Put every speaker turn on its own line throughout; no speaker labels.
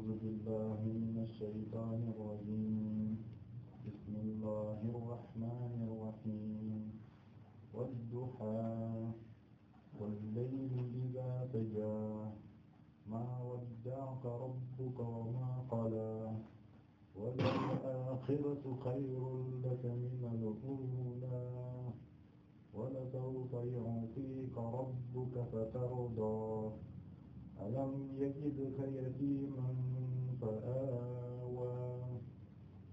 أعوذ بالله من الشيطان الرجيم بسم الله الرحمن الرحيم والضحى والليل إذا سجى ما ودعك ربك وما قلى وللآخرة خير لك من الأولى ولسوف يعطيك ربك فترضى ألم يجدك يتيما فآوى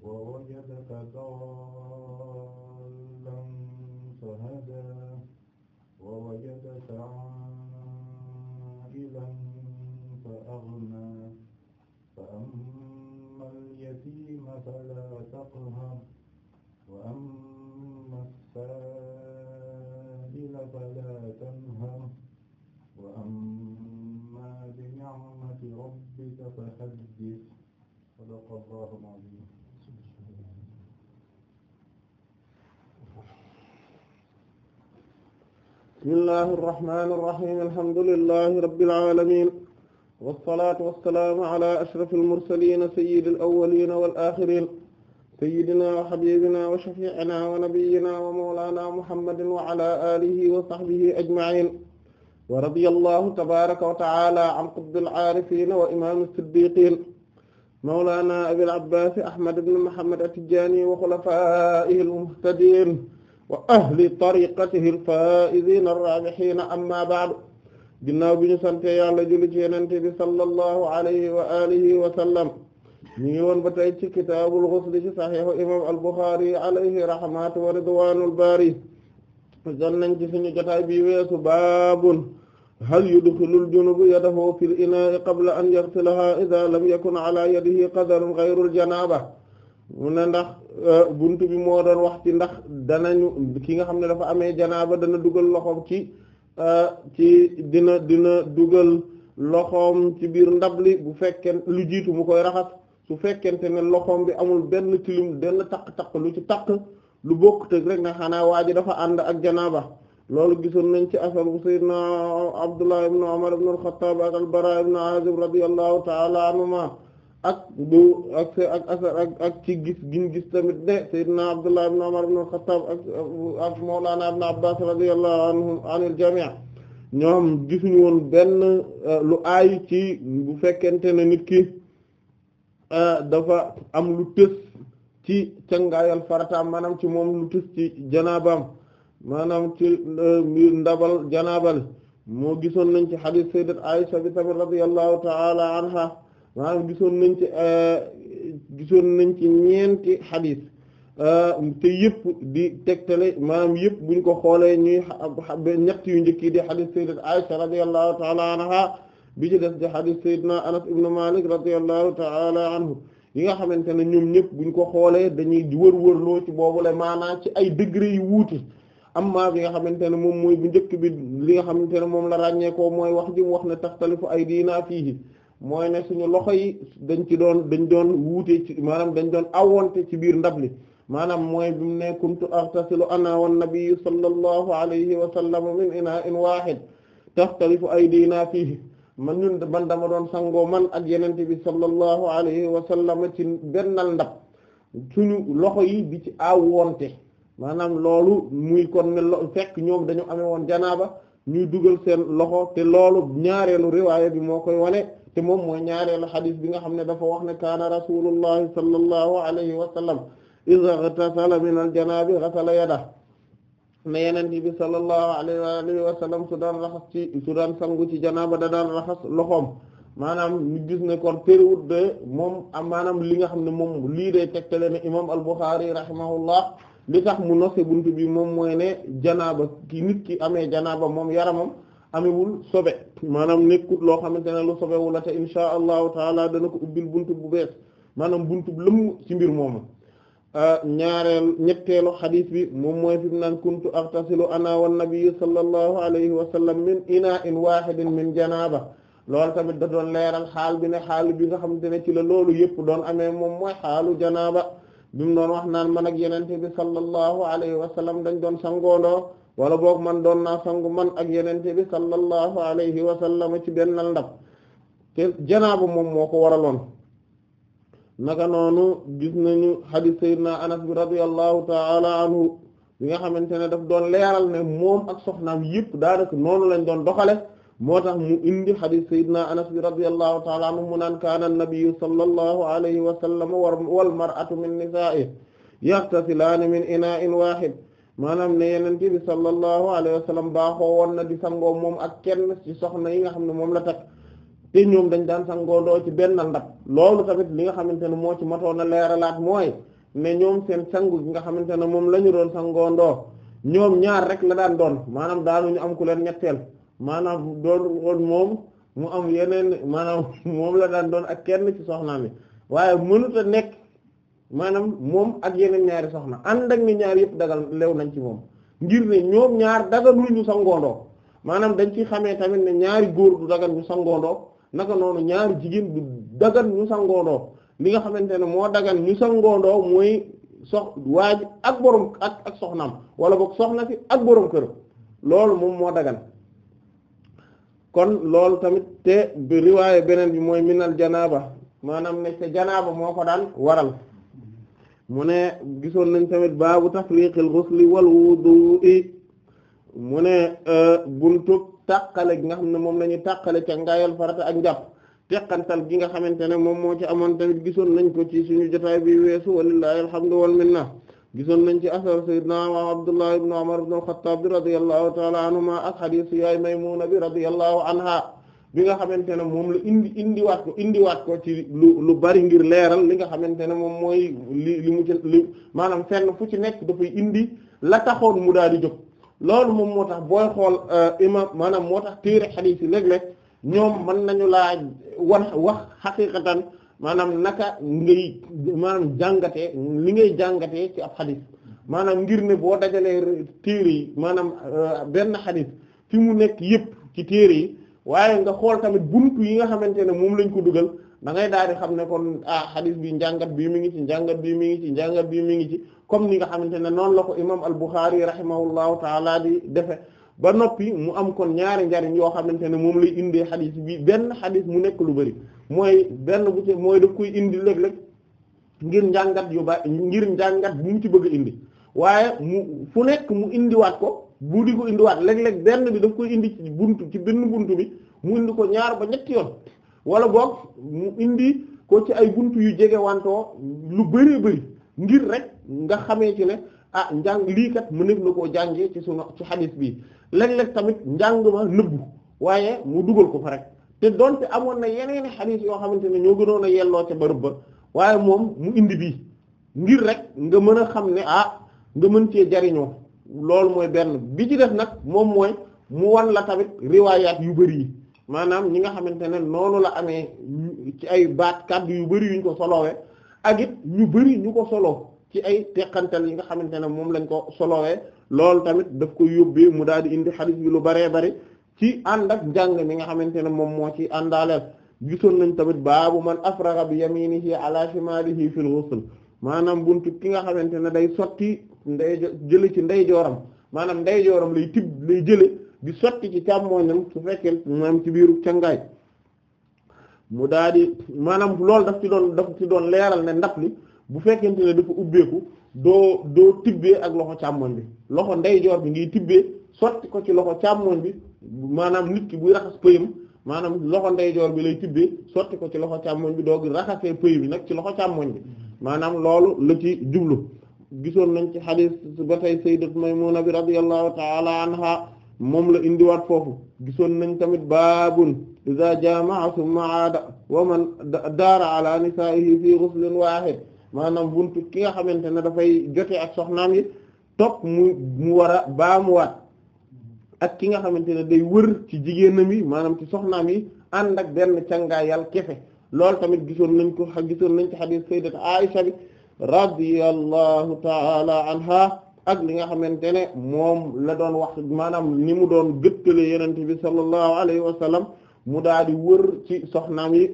ووجدك ضالا فهدى ووجدك عائلا فأغنى فأما اليتيم فلا تقهر وأما السائل tey jàppale xadis bi sadaqa Allahu al-azim
bismillahi irrahmani irrahim alhamdulilahi rabilalamin walsalatu walsalaamu ala ashraf almursalina sayidi alawalina walaxirin sayidina wa xabibina wa shafiina wa nabiyina wa mawlana muhammadin wa ala alihi wa sahbihi ajmain wa radiyallahu tabaraka wa taala an qutbil aarifin wa imam siddiqin mawlana abil abbas ahmad ibn muhammad at-tijani wa xulafaihi almuhtadin wa ahli tariqatihi alfaizin arrabihin amma ba'du ginnaaw bi ñu sante yàlla julli ci yenente bi sallallahu alayhi wa alihi wa sallam ñu ngi woon ba tey ci kitaabul ghusl ci saxiixu imam al-Bukhari alayhi rahmatu wa ridwanul baari zon nañ ci suñu jotaay bi weesu baabun hal yudxilul junubu yadahu fil inaa'i qabla an yaghsilaha idha lam yakun ala yadihi qadarun ghayrul janaaba mu ne ndax e, bunt bi moo doon wax ci ndax danañu ki nga xam ne dafa amee janaaba dana dugal loxoom ci e, ci dina dina dugal loxoom ci biir ndab li bu fekkee lu jiitu mu koy raxas su fekkente ne loxoom bi amul benn tilim benn taq-taq lu ci taq lu bokk teg rek ne xanaa waa ji dafa ànd ak janaaba loolu gisoon nañ ci asar bu sayyidina Abdullah ibn Umar ibn al ak ak ci gis gis tamit de sayyidina Abdullah ibn Umar ibn al-Khattab ak ak Mawlana ibn Abbas radiyallahu anhum anil ñoom gisuñu woon benn euh, lu aay ci bu fekkente ne nit ki euh, dafa am lu tës ci cangaayal farataam maanaam ci moom lu tus ci janaabaam maanaam ci euh, ndabal janaabal moo gisoon nañ ci hadith sayyidat Aisha bi tamit radiyallahu ta'ala anha maanaam gisoon nañ ci euh, nañ ci ñeenti hadith euh, te yëpp di tegtale maanaam yëpp buñ ko xoolee ñuy ñett yu njëkk yi di hadith sayyidat Aisha radiyallahu ta'ala anha bi ci des di hadith sayyidina Anas ibn Malik radiyallahu ta'ala anhu yi nga xamante ne ñoom ñëpp buñ ko xoolee dañuy wër-wërloo ci boobule maanaa ci ay degré yu wuute amma bi nga xamante ne moom mooy bu njëkk bi li nga xamante ne moom la ràññeekoo mooy wax ji mu wax ne taxtalifu ay diina fiihi mooy ne suñu loxo yi dañ ci doon dañ doon wuute ci maanaam dañ doon awonte ci biir ndab li maanaam mooy bi mu ne kuntu artasilu ana wan nabiyyu sallallahu alayhi wa sallam min ina'in wahid taxtalifu ay diina fiihi man ñun man dama doon sangoo man ak yenente bi sallallahu alayhi wa sallam ci bennal ndab suñu loxo yi bi ci aaw wonte maanaam loolu muy kon ne lo fekk ñoom dañu amee woon janaaba ñuy dugal seen loxo te loolu ñaareelu riwaaya bi moo koy wane te moom mooy ñaareelu xadis bi nga xam ne dafa wax ne kaana rasulullahi sallallahu alayhi wa sallam a ghtasala min al janaabi ghasala yada ne yeneen bi sallallahu alayhi wa sallam su daan raxas ci su daan sangu ci janaaba da daan raxas loxoom maanaam ñu gis ne kon période de moom maanaam li nga xam ne moom lii day tegtale ne imam al-Bukhari rahimahullah li tax mu nose bunt bi moom mooy ne janaaba ki nit ki amee janaaba moom yaramam amewul sobe maanaam nekkut loo xamante ne lu sobe wala te insha allahu taala dana ko ubbil bunt bu bees maanaam buntu lëmm ci mbir moomu ñaareel ñetteelu xadis bi moom mooy fi mu naan kuntu aghtasilu ana wan nabiyyu sallallahu alayhi wa sallam min inaa'in waahidin min janaaba lool tamit da doon leeral xaal bi ne xaal bi nga xamante ne ci la loolu yëpp doon amee moom mooy xaalu janaaba bi mu doon wax naan man ak yenente bi sallallahu alayhi wa sallam dañ doon sangoondoo wala boog man doon naa sangu man ak yenente bi sallallahu alayhi wa sallam ci benn ndab te janaaba moom moo ko waraloon naka noonu gis nañu hadith sayyidina anas bi radiyallahu ta'ala anhu bi nga xamante ne daf doon leeral ne moom ak soxnaam yëpp daanaka noonu lañ doon doxale moo tax mu indi hadith sayyidina anas bi radiyallahu ta'ala anhu mu naan kaana nabiyyu sallallahu alayhi wa sallam wal mar'atu min nisaa'i yaktasilaani min inaa'in waahid maanaam ne yenente bi sallallahu alayhi wa sallam baaxoo woon na di sangoo moom ak kenn ci soxna yi nga xam ne moom la takk te ñoom dañ daan sangoondoo ci benn ndab loolu tamit li nga xamante ne moo ci matoon a leeralaat mooy ne ñoom seen sangu nga xamante ne moom la ñu doon sangoondoo ñoom ñaar rek la daan doon maanaam daanuñu am ku leen ñetteel maanaam doon woon moom mu am yeneen maanaam la daan doon ak kenn ci soxnaam mi waaye mënut a nekk maanaam moom ak yeneen ñaari soxna ànd ak ni ñaar yëpp dagal lew nañ ci moom ngir ne ñoom ñaar dagal lu ñu sangoondoo maanaam dañ ci xamee tamit ne ñaari góor du dagal ñu sangoondoo naka noonu ñaar jigéen du dagan ñu sangoondoo li nga xamante ne moo daggan ñu sangoondoo mooy sox waaj ak borom ak soxnaam wala boog soxna si ak borom kër loolu moom moo dagan kon loolu tamit te bi riwaaye beneen bi mooy minal janaaba maanaam ne te janaaba moo ko daan waral mu ne gisoon nañ tamit baabu tafriqil ghusli wal wudu'i mu ne euh, buntub tàqale gi nga xam ne moom la ñu tàqale ca ngaayal farata ak njàpp teqantal gi nga xamante ne moom moo ci amoon tamit gisoon nañ ko ci suñu jotaay bi weesu walillahi alhamdu wal minna gisoon nañ ci asar sayyidina Abdullah ibn Umar ibn al-Khattab bi radiyallahu ta'ala anhuma ak hadith yaay Maymuna bi radiyallahu anha nga xamante ne moom la indi indiwaat ko indiwaat ko ci lu lu bari ngir leeral li nga xamante ne moom mooy li li mu ci li maanaam fenn fu ci nekk dafay indi la taxoon mu daal di jóg loolu moom moo tax booy xool euh, imam maanaam moo tax téere xadiis yi léeg-léeg ñoom mën nañu laa wan wax xaqiqatan maanaam naka ngay maanaam jàngatee li ngay jàngatee ci ab xadiis maanaam ngir ne boo dajalee téere yi maanaam euh, benn xadiis fi mu nekk yëpp ci téere yi waaye nga xool tamit buntu yi nga xamante ne moom lañ ko dugal da daal di xam ne kon a ah, xadiis bi njàngat bii mi ngi ci njàngat bi mi ngi ci njàngat bii mi ngi ci comme ni nga xamante ne noonu la ko imam al-Bukhari rahimahullahu taala di defe ba noppi mu am kon ñaari njariñ yoo xamante ne moom lay indee xadis bi benn xadis mu nekk lu bari mooy benn bu mooy daf koy indi léeg-léeg ngir njàngat yu ba ngir njàngat bu mu ci bëgg indi waaye mu nekk mu indiwaat ko bu indiwaat léeg benn bi daf koy indi ci buntu ci benn buntu bi mu indi ko ñaar ba ñetti yoon wala boog mu indi ko ci ay buntu yu jege wantoo lu bari bari ngir rek nga xamee ci ne ah njàng lii kat mu nekk na ko jàngee ci sunu ci xadis bi léeg-léeg tamit njàng ma nëbbu waaye mu dugal ko fa rek te donte amoon na yeneen xadis yoo xamante ne ñoo gënoon a yelloo ca bërëb ba waaye moom mu indi bii ngir rek nga mën a xam ne ah nga mën cee jariñoo loolu mooy benn bi ci def nag moom mooy mu wan la tamit riwaayaat yu bari yi maanaam ñi nga xamante ne noonu la amee ci ay baat kàddu yu bari yuñ ko solowee ak it ñu bari ñu ko soloo ci ay teqantal yi nga xamante ne moom lañ ko solowee loolu tamit daf koy yóbbee mu daal di indi xadis bi lu baree bari ci ànd ak njàng mi nga xamante ne moom moo ci àndaaleel gisoon nañ tamit baabu man afraga bi yaminihi ala shimalihi fil ghusl maanaam buntu ki nga xamante ne day sotti nday jële ci ndeyjooram maanaam ndeyjooram lay tib lay jële di sotti ci na su fekkee maanaam ci biiru cangaay mu daal di maanaam loolu daf ci doon daf ci doon leeral ne ndab li bu fekkente ne dafa ubbeeku doo doo tibbee ak loxo càmmoñ bi loxo ndeyjoor bi ngiy tibbee sotti ko ci loxo càmmoñ bi maanaam nit ki buy raxas pëyam maanaam loxo ndeyjoor bi lay tibbee sotti ci loxo càmmoñ bi doogi raxasee pëy bi nag ci loxo càmmoñ bi maanaam loolu la ci jublu gisoon nañ ci xadis ba tey sayyidat Maymuna bi radiyallahu ta'ala anha moom la indiwaat foofu gisoon nañ tamit baabun iza jamaa summa aada wa man daara ala nisaa'ihi fi ghuslin waahid maanaam buntu ki nga xamante ne dafay jote ak soxnaam yi toog mu mu war a baamuwaat ak ki nga xamante ne day wër ci jigéenam yi maanaam ci soxnaam yi ànd ak benn cangaayal kefe loolu tamit gisoon nañ ko gisoon nañ ci xadiis sayyidat Aisha bi radiyallahu taala anha ak li nga xamante ne moom la doon wax maanaam ni mu doon gëttale yenente bi sallallahu alayhi wa sallam mu daal di wër ci soxnaam yi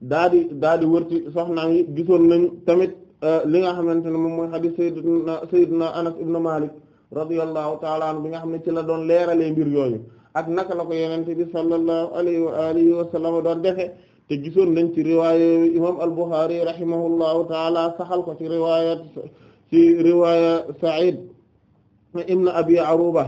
daa di daa di wër ci soxnaam gisoon nañ tamit euh, li nga xamante ne moom mooy xadis sayyidina sayyidina Anas ibn Malik radiyallahu ta'ala anhu bi nga xam ne ci la doon leeralee mbir yooyu ak naka la ko yenente bi sallallahu alayhi wa alihi wa sallam doon defee te gisoon nañ ci riwaaya imam al-Bukhari rahimahullahu ta'ala saxal ko ci riwaaya ci riwaaya Sa'id ibn Abi Aruba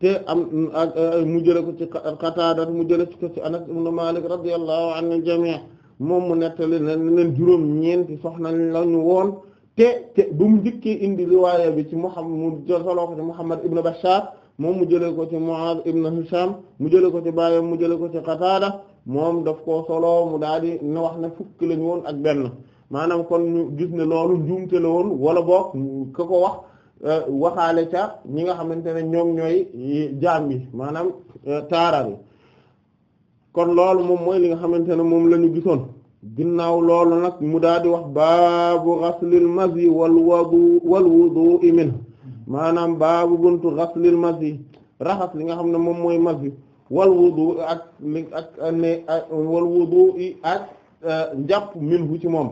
te am euh, jële ko ci Qataada mu jële ko ci Anas ibn Malik radiyallahu anhu jami' moom mu nettali na leen juróom ñeenti soxna lañu woon te te bu mu njëkkee indi riwaaya bi ci mu Muhammad mu jëlsoloo ko ci Muhammad ibn Bashar moom mu jëlee ko ci Mu'aaz ibn Hisham mu jëlee ko ci baayam mu jëlee ko ci Qataada moom daf koo soloo mu daal di ne wax na fukki lañu woon ak benn maanaam kon ñu gis ne loolu njuumte la woon wala boog ka ko wax euh, waxaale ca ñi nga xamante ne ñoom ñooy jaam yi maanaam euh, taara bi kon loolu moom mooy li nga xamante ne moom la ñu gisoon ginnaaw loolu nag mu daal di wax baabu ghaslil mazi wal wudu wal wudu'i min maanaam baabu buntu ghaslil mazi raxas li nga xam ne moom mooy mazi wal wudu ak li ak ne eh, ci moom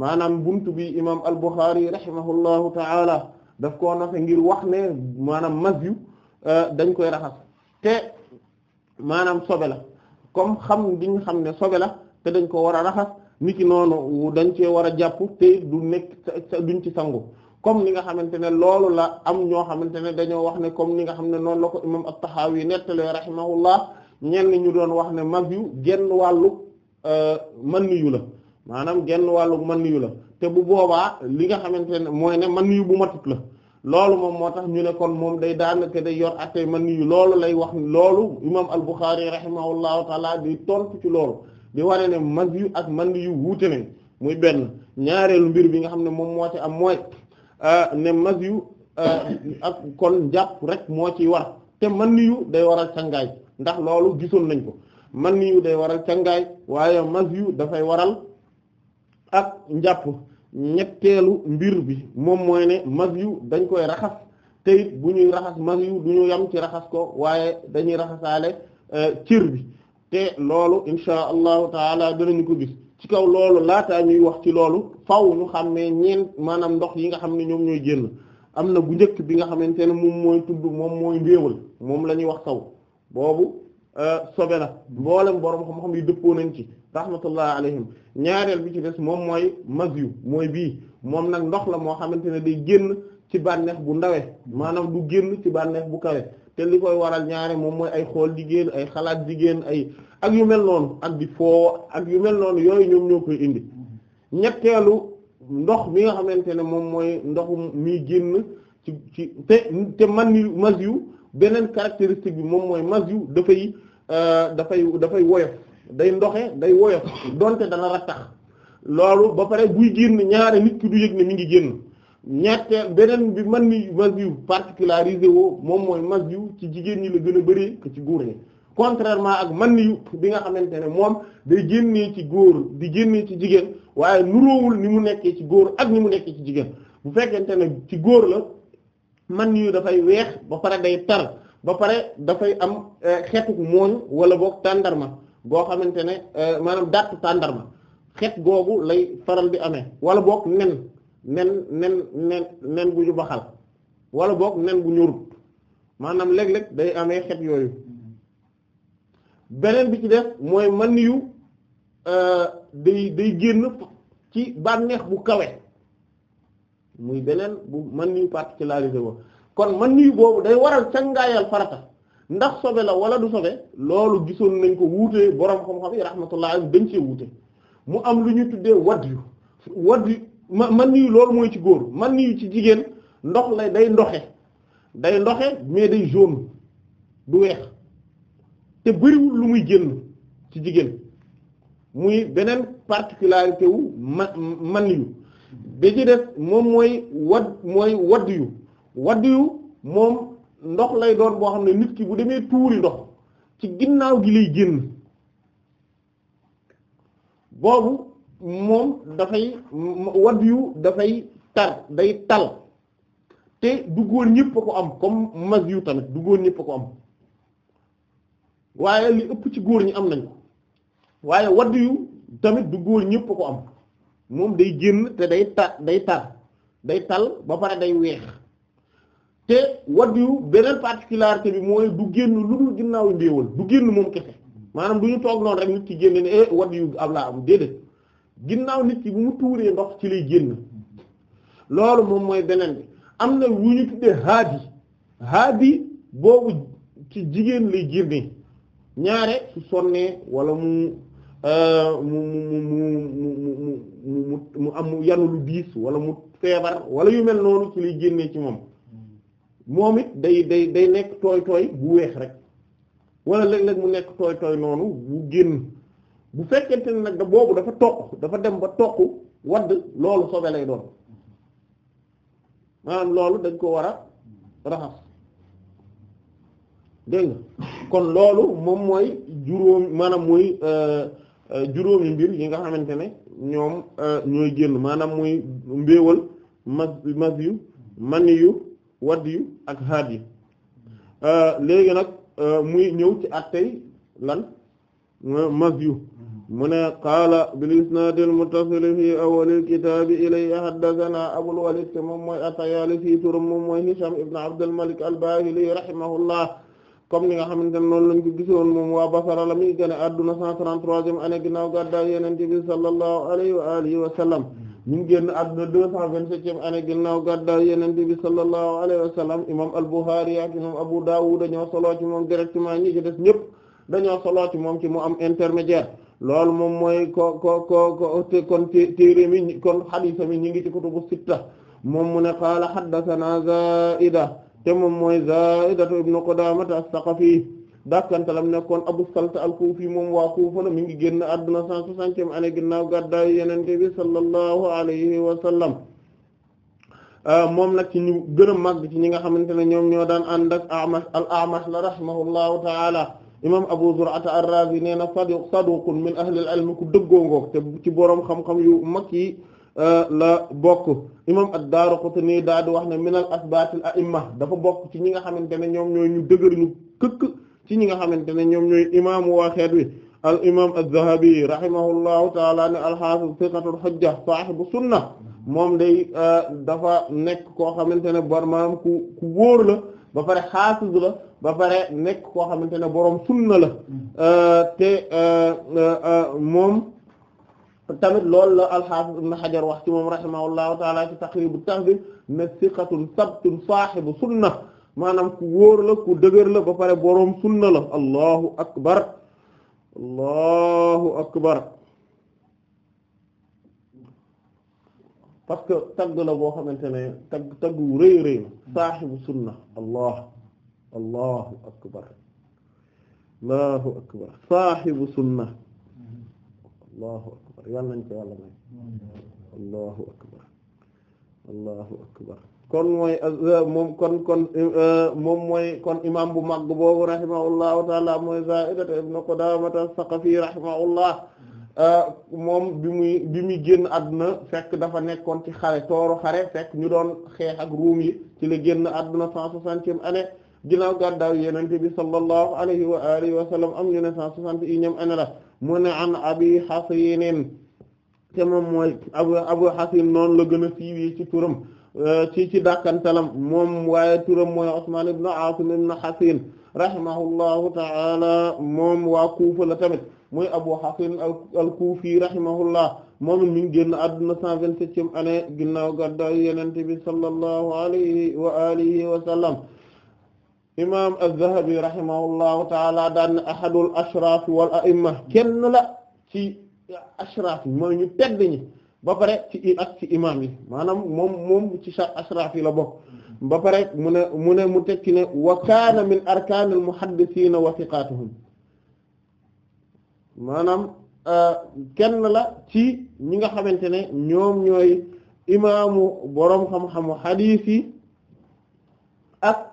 maanaam buntu bi imaam al-Bukhari rahimahullahu ta'ala daf koo nafe ngir wax ne maanaam mazi eh, dañ koy raxas te maanaam sobe la comme xam di xam ne sobe la te dañ koo war a raxas niki noonu dañ cee war a jàpp te du nekk duñ ci sangu comme ni nga xamante ne loolu la am ñoo xamante ne dañoo wax ne comme ni nga xam ne noonu la ko imam at-Tahawi nettale rahimahullah ñenn ñu doon wax ne mag yu genn wàllu euh, man yu la maanaam genn wàllu man yu la te bu boobaa li nga xamante ne mooy ne man yu bu matut la loolu moom moo tax ñu ne kon moom day daanaka day yor attey man yu loolu lay wax loolu imam al-Bukhari rahimahullahu taala di tontu ci loolu di wane ne man yu ak man yu wuute nañ muy benn ñaareelu mbir bi nga xam ne moom moo ci am mooy euh, ne mas yu euh, ak kon jàpp rek moo ciy war te man yu day waral cangaay ndax loolu gisoon nañ ko man yu day waral cangaay waaye mas yu dafay waral ak njàpp ñetteelu mbir bi moom mooy ne mas yu dañ koy raxas te bu ñuy raxas mas yu du ñu yam ci raxas ko waaye dañuy raxasaale euh, cër bi te loolu insha allahu taala danañu ko gis ci kaw loolu laataa ñuy wax ci loolu faw ñu xam ne ñeent maanaam ndox yi nga xam ne ñoom ñooy génn am na bu njëkk bi nga xamante ne moom mooy tudd moom mooy ndéewal moom la ñuy wax saw boobu Euh, sobe na mboolem borom xam-xam yi dëppoo nañ ci rahmatullah alayhim ñaareel bi ci des moom mooy mazyu mooy bii moom nag ndox la moo xamante ne day génn ci bànneex bu ndawee maanaam du génn ci bànneex bu kawe te li koy waral ñaare moom mooy ay xool jigéen ay xalaat jigéen ay ak yu mel noonu ak di foo ak yu mel noonu yooyu ñoom ñoo koy indi ñetteelu ndox mi nga xamante ne moom mooy ndoxu mi génn ci ci te te man ni mazyu beneen caractéristique bi moom mooy mas yu dafay euh, dafay dafay woyof day ndoxe day woyof donte dana tax loolu ba pare buy génn ñaare nit ki du yëg ne mi ngi génn ñetteel beneen bi man ni mas yu particularisé woo moom mooy mas yu ci jigéen ñi la gën a bëree que ci góor ñi contrairement ak man yu bi nga xamante ne moom day génnee ci góor di génnee ci jigéen waaye nuróowul ni mu nekkee ci góor ak ni mu nekkee ci jigéen bu fekkente ne ci góor la man yu dafay weex ba pare day tar ba pare dafay am eh, xeetu mooñ wala boog tàndarma boo xamante ne eh, maanaam dàtt tàndarma xeet googu lay faral di ame wala boog nen nen nen nen bu ñu baxal wala boog nen bu ñorut maanaam léeg-léeg day amee xeet yooyu beneen bi ci def mooy man yu eh, day day génn ci bànneex bu kawe muy beneen bu mën niyu particularisé bo kon man niyu boobu day waral cangaayal farata ndax sobe la wala du sobe loolu gisoon nañ ko wuutee boroom xam-xam yi rahmatullah dañ cee wuute mu am lu ñu tuddee wadd yu wadd yu ma mën niyu loolu mooy ci góor man niyu ci jigéen ndox la day ndoxe day ndoxe mais day jaune du weex te bëriwul lu muy génn ci jigéen muy beneen particularité wu ma man yu bi ci def moom mooy wad mooy wadd yu wadd yu moom ndox lay doon boo xam ne nit ki bu demee tuuri ndox ci ginnaaw gi lay génn boobu moom dafay wadd yu dafay tar day tal te du góor ñëpp a ko am comme mag yu tamit du góor ñëpp ko am waaye li ëpp ci góor ñi am nañ ko waaye wadd tamit du góor ñëpp a ko am moom day génn te day ta day tal day tal ba pare day weex te yu beneen particularité bi mooy du génn lu dul ginnaaw ndéewal du génn moom kese maanaam du ñu toog noonu rek nit ci génn ne eh yu am laa am déedéet ginnaaw nit ci bu mu tuuree ndox ci lay génn loolu moom mooy beneen bi am na wu ñu tuddee haadi haadi boobu ci jigéen lay génne ñaare su sonnee wala mu. Euh, mu mu mu mu mu mu am mu yanu lu diis wala mu feebar wala yu mel noonu ci liy génnee ci moom moom it day day day nekk tooy tooy bu weex rek walla léeg-léeg mu nekk tooy tooy noonu bu génn bu fekkente ne nag boobu dafa toq dafa dem ba toq wadd loolu sobe lay doon maanaam loolu dañ ko war a raxas dégg kon loolu moom mooy juróom maanaam muy Euh, juróomi mbir yi nga xamante ne ñoom euh, ñooy génn maanaam muy mbéewal mas mas yu mani yu wadd yu ak haad yi euh, léegi nag muy ñëw ci attey lan mas yu mu ne qaala bil isnaadil muttasil fi awwalil kitaabi ilay haddathana abul walid te moom mooy atayali fii turam moom mooy hisham ibn abdul malik al bahili rahimahullah comme ni nga xamante ne noonu lañ ko gisoon moom waa Basra la mi gën a adduna 133e année ginnaaw gàddaay Yonent bi alayhi wa alihi génn adduna 227 ginnaaw gàddaay Yonent bi sallallahu alayhi wa sallam imam al-Bukhari imam Abu Dawud dañoo solo ci moom directement ñi ci des ñëpp dañoo solo ci moom ci mu am intermédiaire loolu moom mooy ko ko ko ko kon téere mi kon hadiis ñu ngi ci kutubu sitta moom mu ne qaala haddathana Zaa'ida te moom mooy Zaidatu ibnu Qudaamata as-Saqafi dakkantalam nekkoon Abu Salt al-Kufi moom waa Kufa mi ngi génn àdduna 160e année ginnaaw gàddaayu Yonent bi sallallahu alayhi wa sallam euh, moom nag ci ñu gën a màgg ci ñi nga xamante ne ñoom ñoo daan ànd ak A'mash al-A'mash la rahimahullahu ta'ala imam Abu Zur'ata ar-Razi nee na saduqun min ahli al-ilm ku dëggoo ngoog te ci boroom xam-xam yu mag yi Euh, la bokk imam ad-Daaraqutni daal di wax ne minal asbaatil a'imma dafa bokk ci ñi nga xamante ne ñoom ñooy ñu dëgër këkk ci ñi nga xamante ne ñoom ñooy imaamu waa xeet wi al imam az-Zahabi rahimahullahu taala ne al-hafiz thiqatul hujja saahibu sunna moom day euh, dafa nekk koo xamante ne bor maanaam ku wóor la ba pare xaafiz la ba pare nekk koo xamante ne boroom sunna la mm. euh, te moom tamit loolu la al-Hafiz Ibn Hajar wax ci moom rahimahullahu taala ci Taqrib at-Tahdhib ne siqatun sabtun saahibu sunna maanaam ku wóor la ku dëgër la ba pare boroom sunna la allahu akbar allahu akbar parce que tagg la boo xamante ne tagg tagg wu rëy rëy saahibu sunna allah allahu akbar allahu akbar saahibu sunna allahu akbar akbar yàlla nañ ko yàlla may
allahu akbar allahu akbar
kon mooy euh, moom kon kon euh, moom mooy kon imam bu mag boobu rahimahullahu taala mooy Zaa'ida ibn Qudaamata as-Saqafi rahimahullah euh, moom bi muy bi muy génn àdduna fekk dafa nekkoon ci xare tooru xare fekk ñu doon xeex ak ruum yi ci la génn àdduna cent soixantième année ginnaaw gàddaaw yonent bi sallallahu alayhi wa alihi wa sallam am ñu ne cent soixante-unième la mu ne an abi xasinin te moom mooy abu abu xasin noonu la gën a siiwee ci turam euh, ci ci dàkkantalam moom waaye turam mooy Usmaan ibn Aasim ibn Xasin rahimahullahu taala moom waa Kuufa tamit mooy Abu Xasin al-Kuufi rahimahullah moom mi ngi génn àdduna 127e année ginnaaw gàddaay Yonent bi sallallahu alayhi wa alihi wa sallam imaam az-Zahabi rahimahullahu taala daan na ahadul wal a'imma kenn la ci ashraf yi mooy ñu tedd ñi ba pare ci ak ci imaam yi maanaam moom moom ci sa ashraf yi la bokk ba pare mu ne mu ne mu tekki ne wa kaana min arkaanil muhaddisiina wa thiqaatuhum maanaam euh, kenn la ci ñi nga xamante ne ñoom ñooy imaamu boroom xam-xamu xadiis ak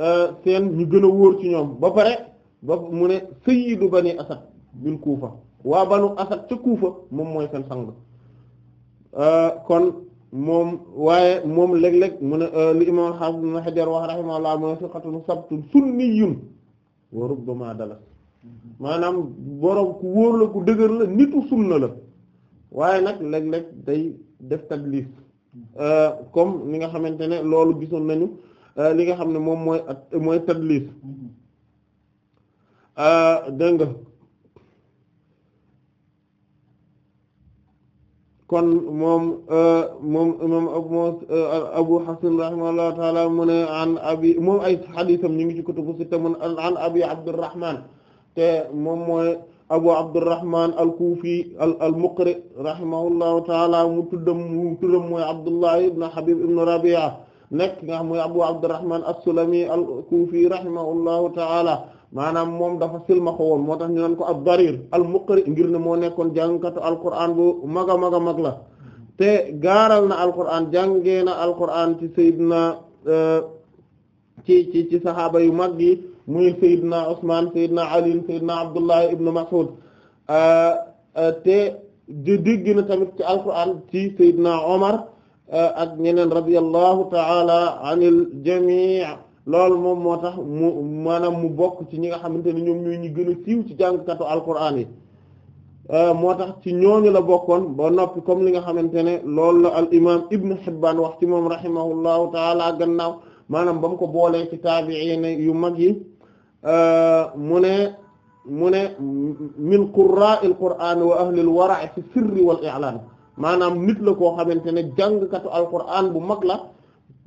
Euh, seen ñu gën a wóor ci ñoom ba pare ba mu ne sayyidu bani asad bil kuufa waa banu asad ca kuufa moom mooy seen sang euh, kon moom waaye moom léeg-léeg mu ne euh, li imam xaafis ibn Hajar wax rahimahullah mu ne siqatun sabtun sunniyun wa rubbama dala maanaam boroom ku wóor la ku dëgër la nitu sunna la waaye nag léeg-léeg day def tadlis comme ni nga xamante ne loolu gisoon nañu Euh, li nga xam ne moom mooy mooy tadlis euh, dégg kon moom euh, moom moom Abu Hasan rahimahullahu taala mu ne abi moom ñu ngi ci kutubu sitta mun an te moom mooy Abu Abdurrahman al al-Muqri rahimahullahu taala mu tuddam mu tuddam mooy Abdullah ibn Habib ibn Rabi'a nekk nga xam Abu Abdurrahman as-Sulami al-Kufi rahimahullahu ta'ala maanaam moom dafa silmaxo woon moo tax ñu naan ko ad-Darir al-Muqri ngir ne moo nekkoon jàngkatu Alqur'an bu mag a mag a mag la te gaaral na Alqur'an jàngee na Alqur'an ci euh, ci ci ci yu mag yi muy Seydina Usman Seydina Ali Seydina Abdullah ibn Mas'ud euh, euh, te di na tamit ci Alqur'an ci Seydina Omar. Euh, ak ñeneen radiyallahu taala anil jamii loolu moom moo tax mu maanaam mu bokk ci ñi nga xamante ne ñoom ñooy ñi gën a siiw ci jàngkatu alquran yi euh, moo tax ci ñooñu la bokkoon ba noppi comme li nga xamante ne loolu la al imaam Ibn Hibbaan wax ci moom rahimahullahu taala gannaaw maanaam ba ko boolee ci taabi'iin yu mag yi euh, mu ne mu ne min qurra'il qur'aan wa ahlil wara'i fi sirri wal i'laan maanaam nit la koo xamante ne jàngkatu alquran bu mag la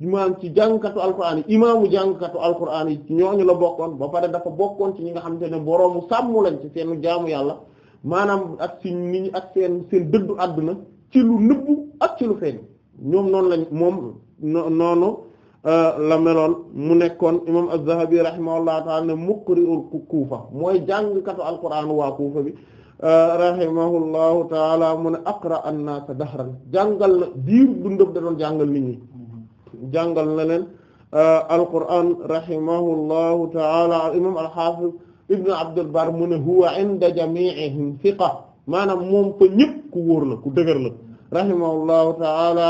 maanaam ci jàngkatu alquran yi imaamu jàngkatu alquran yi ñooñu la bokkoon ba pare dafa bokkoon ci ñi nga xamante ne boroomu sàmm lañ ci seen yàlla maanaam ak ci nit ñi ak seen seen dëddu ci lu nëbbu ak ci lu feeñ ñoom noonu lañ moom noonu euh, la meloon mu nekkoon imam az-Zahabi rahimahullahu ta'ala ne muqri'ul Kuufa mooy jàngkatu alquran waa Kuufa bi rahimahullahu taala mu ne aqra annaasa dahran jàngal na diir dundam da doon jàngal nit ñi jàngal na leen uh, alquran rahimahullahu taala imam alxaafis ibnu abdul bar mu ne huwa inda jami'ihim thiqa maanaam moom ko ñëpp ku wóor la ku dëgër la rahimahullahu taala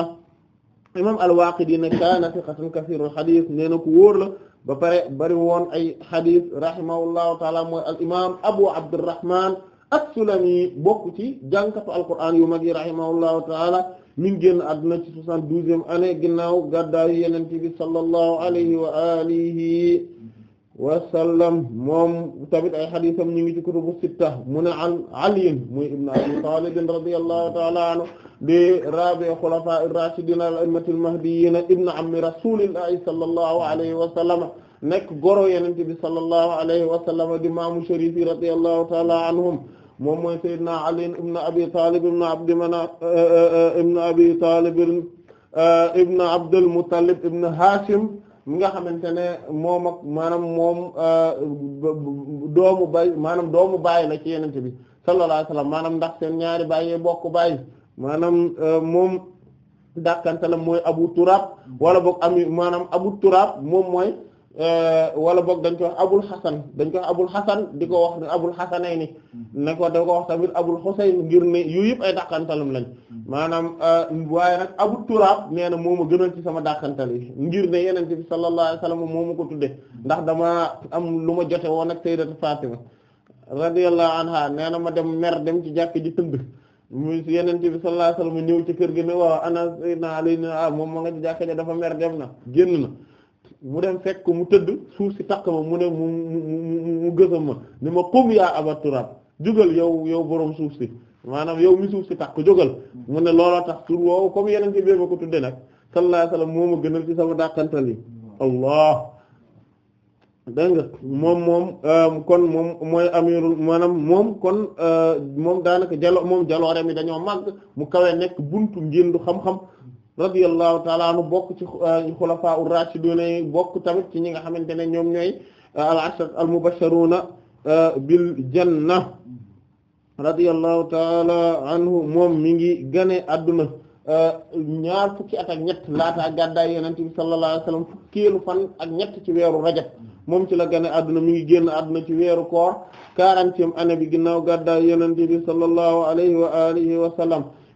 imam al-Waaqidi ne kaana thiqatan kasiirul xadiis nee na ku wóor la ba pare bari woon ay xadiis rahimahullahu taala mooy al imam abu abdurrahman as-Sulami bokk ci jànkatu alqur'aan yu mag yi rahimahullahu taala mi ngi génn àdduna ci soixante-douzième année ginnaaw gàddaayu Yonent bi sallallahu alayhi wa alihi wa sallam moom tamit ay xadiisam ñu ngi ci kutubu sitta mu ne an Ali muy ibn Abi Talib radiyallahu taala anhu di rabi xulafaa ibn ammi rasuulillahi sallallahu alayhi wa sallam nekk goro yenente bi sallallahu alayhi wa sallam di maamu sharif yi radiyallahu taala anhum moom mooy sayyidina ali ibn abi talib ibn mana eh, eh, eh, ibn abi talib ibn abdul muttalib ibn hashim mi nga xamante ne moom ak maanaam moom doomu bay maanaam doomu bàyyi la ci yenente bi sallallahu alayhi wa maanaam ndax seen ñaari bàyyee bokk bàyyi maanaam moom dàkkante la mooy abu turab wala boog ami maanaam abu turab moom mooy Eh, wala boog dañ ko wax abul xasan dañ ko wax abul xasan di ko wax ne abul xasanay ni mm-hmm. ne ko da ko tamit abul xusayn ngir ne yu yëpp ay dàqantalam lañ mm-hmm. maanaam eh, waaye nag abu turaab nee na moo ma gënal ci sama dàqantal ngir ne yenente bi sallallahu alayhi wasallam moo ma ko tudde mm-hmm. ndax dama am lu ma jote woon ak sayyidatu Fatima radiyallahu anha nee na ma dem mer dem ci jàkk ji tënd muy yeneen bi sallallahu alayhi wasallam ci kër gi ne waaw ana sayyidina Ali ah, moom ma nga ci dafa mer dem na génn na mu dem fekk mu tëdd suuf si takk ma mu ne mu mu mu gësam ma ni ma qum yaa Aba Turab jógal yow yow borom suuf si maanaam yow mi suuf si takk jógal mu ne looloo tax tur woowu comme yeneen ci bee ma ko tudde nag sallallahu alayhi wa sallam ma gënal ci sama dàqantal yi allah dégg nga moom moom euh, kon moom mooy amirul maanaam moom kon euh, moom daanaka jalo moom jaloore mi dañoo màgg mu kawee nekk buntu ngéndu xam-xam radiyallahu taala anhu bokk ci eh, xulafaa ur-raashidun bokk tamit ci ñi nga xamante ne ñoom ñooy eh, al-ashara al-mubashsharuna eh, bil janna radiyallahu taala anhu moom mi ngi gane adduna ñaar fukki at ak ñett laata gàddaay yonent bi sallallahu alayhi wasallam fukkeelu fan ak ñett ci weeru rajab moom ci la gane adduna mi ngi génn adduna ci weeru koor quarantième année bi ginnaaw gàddaay yonent bi sallallahu alayhi wa alihi wa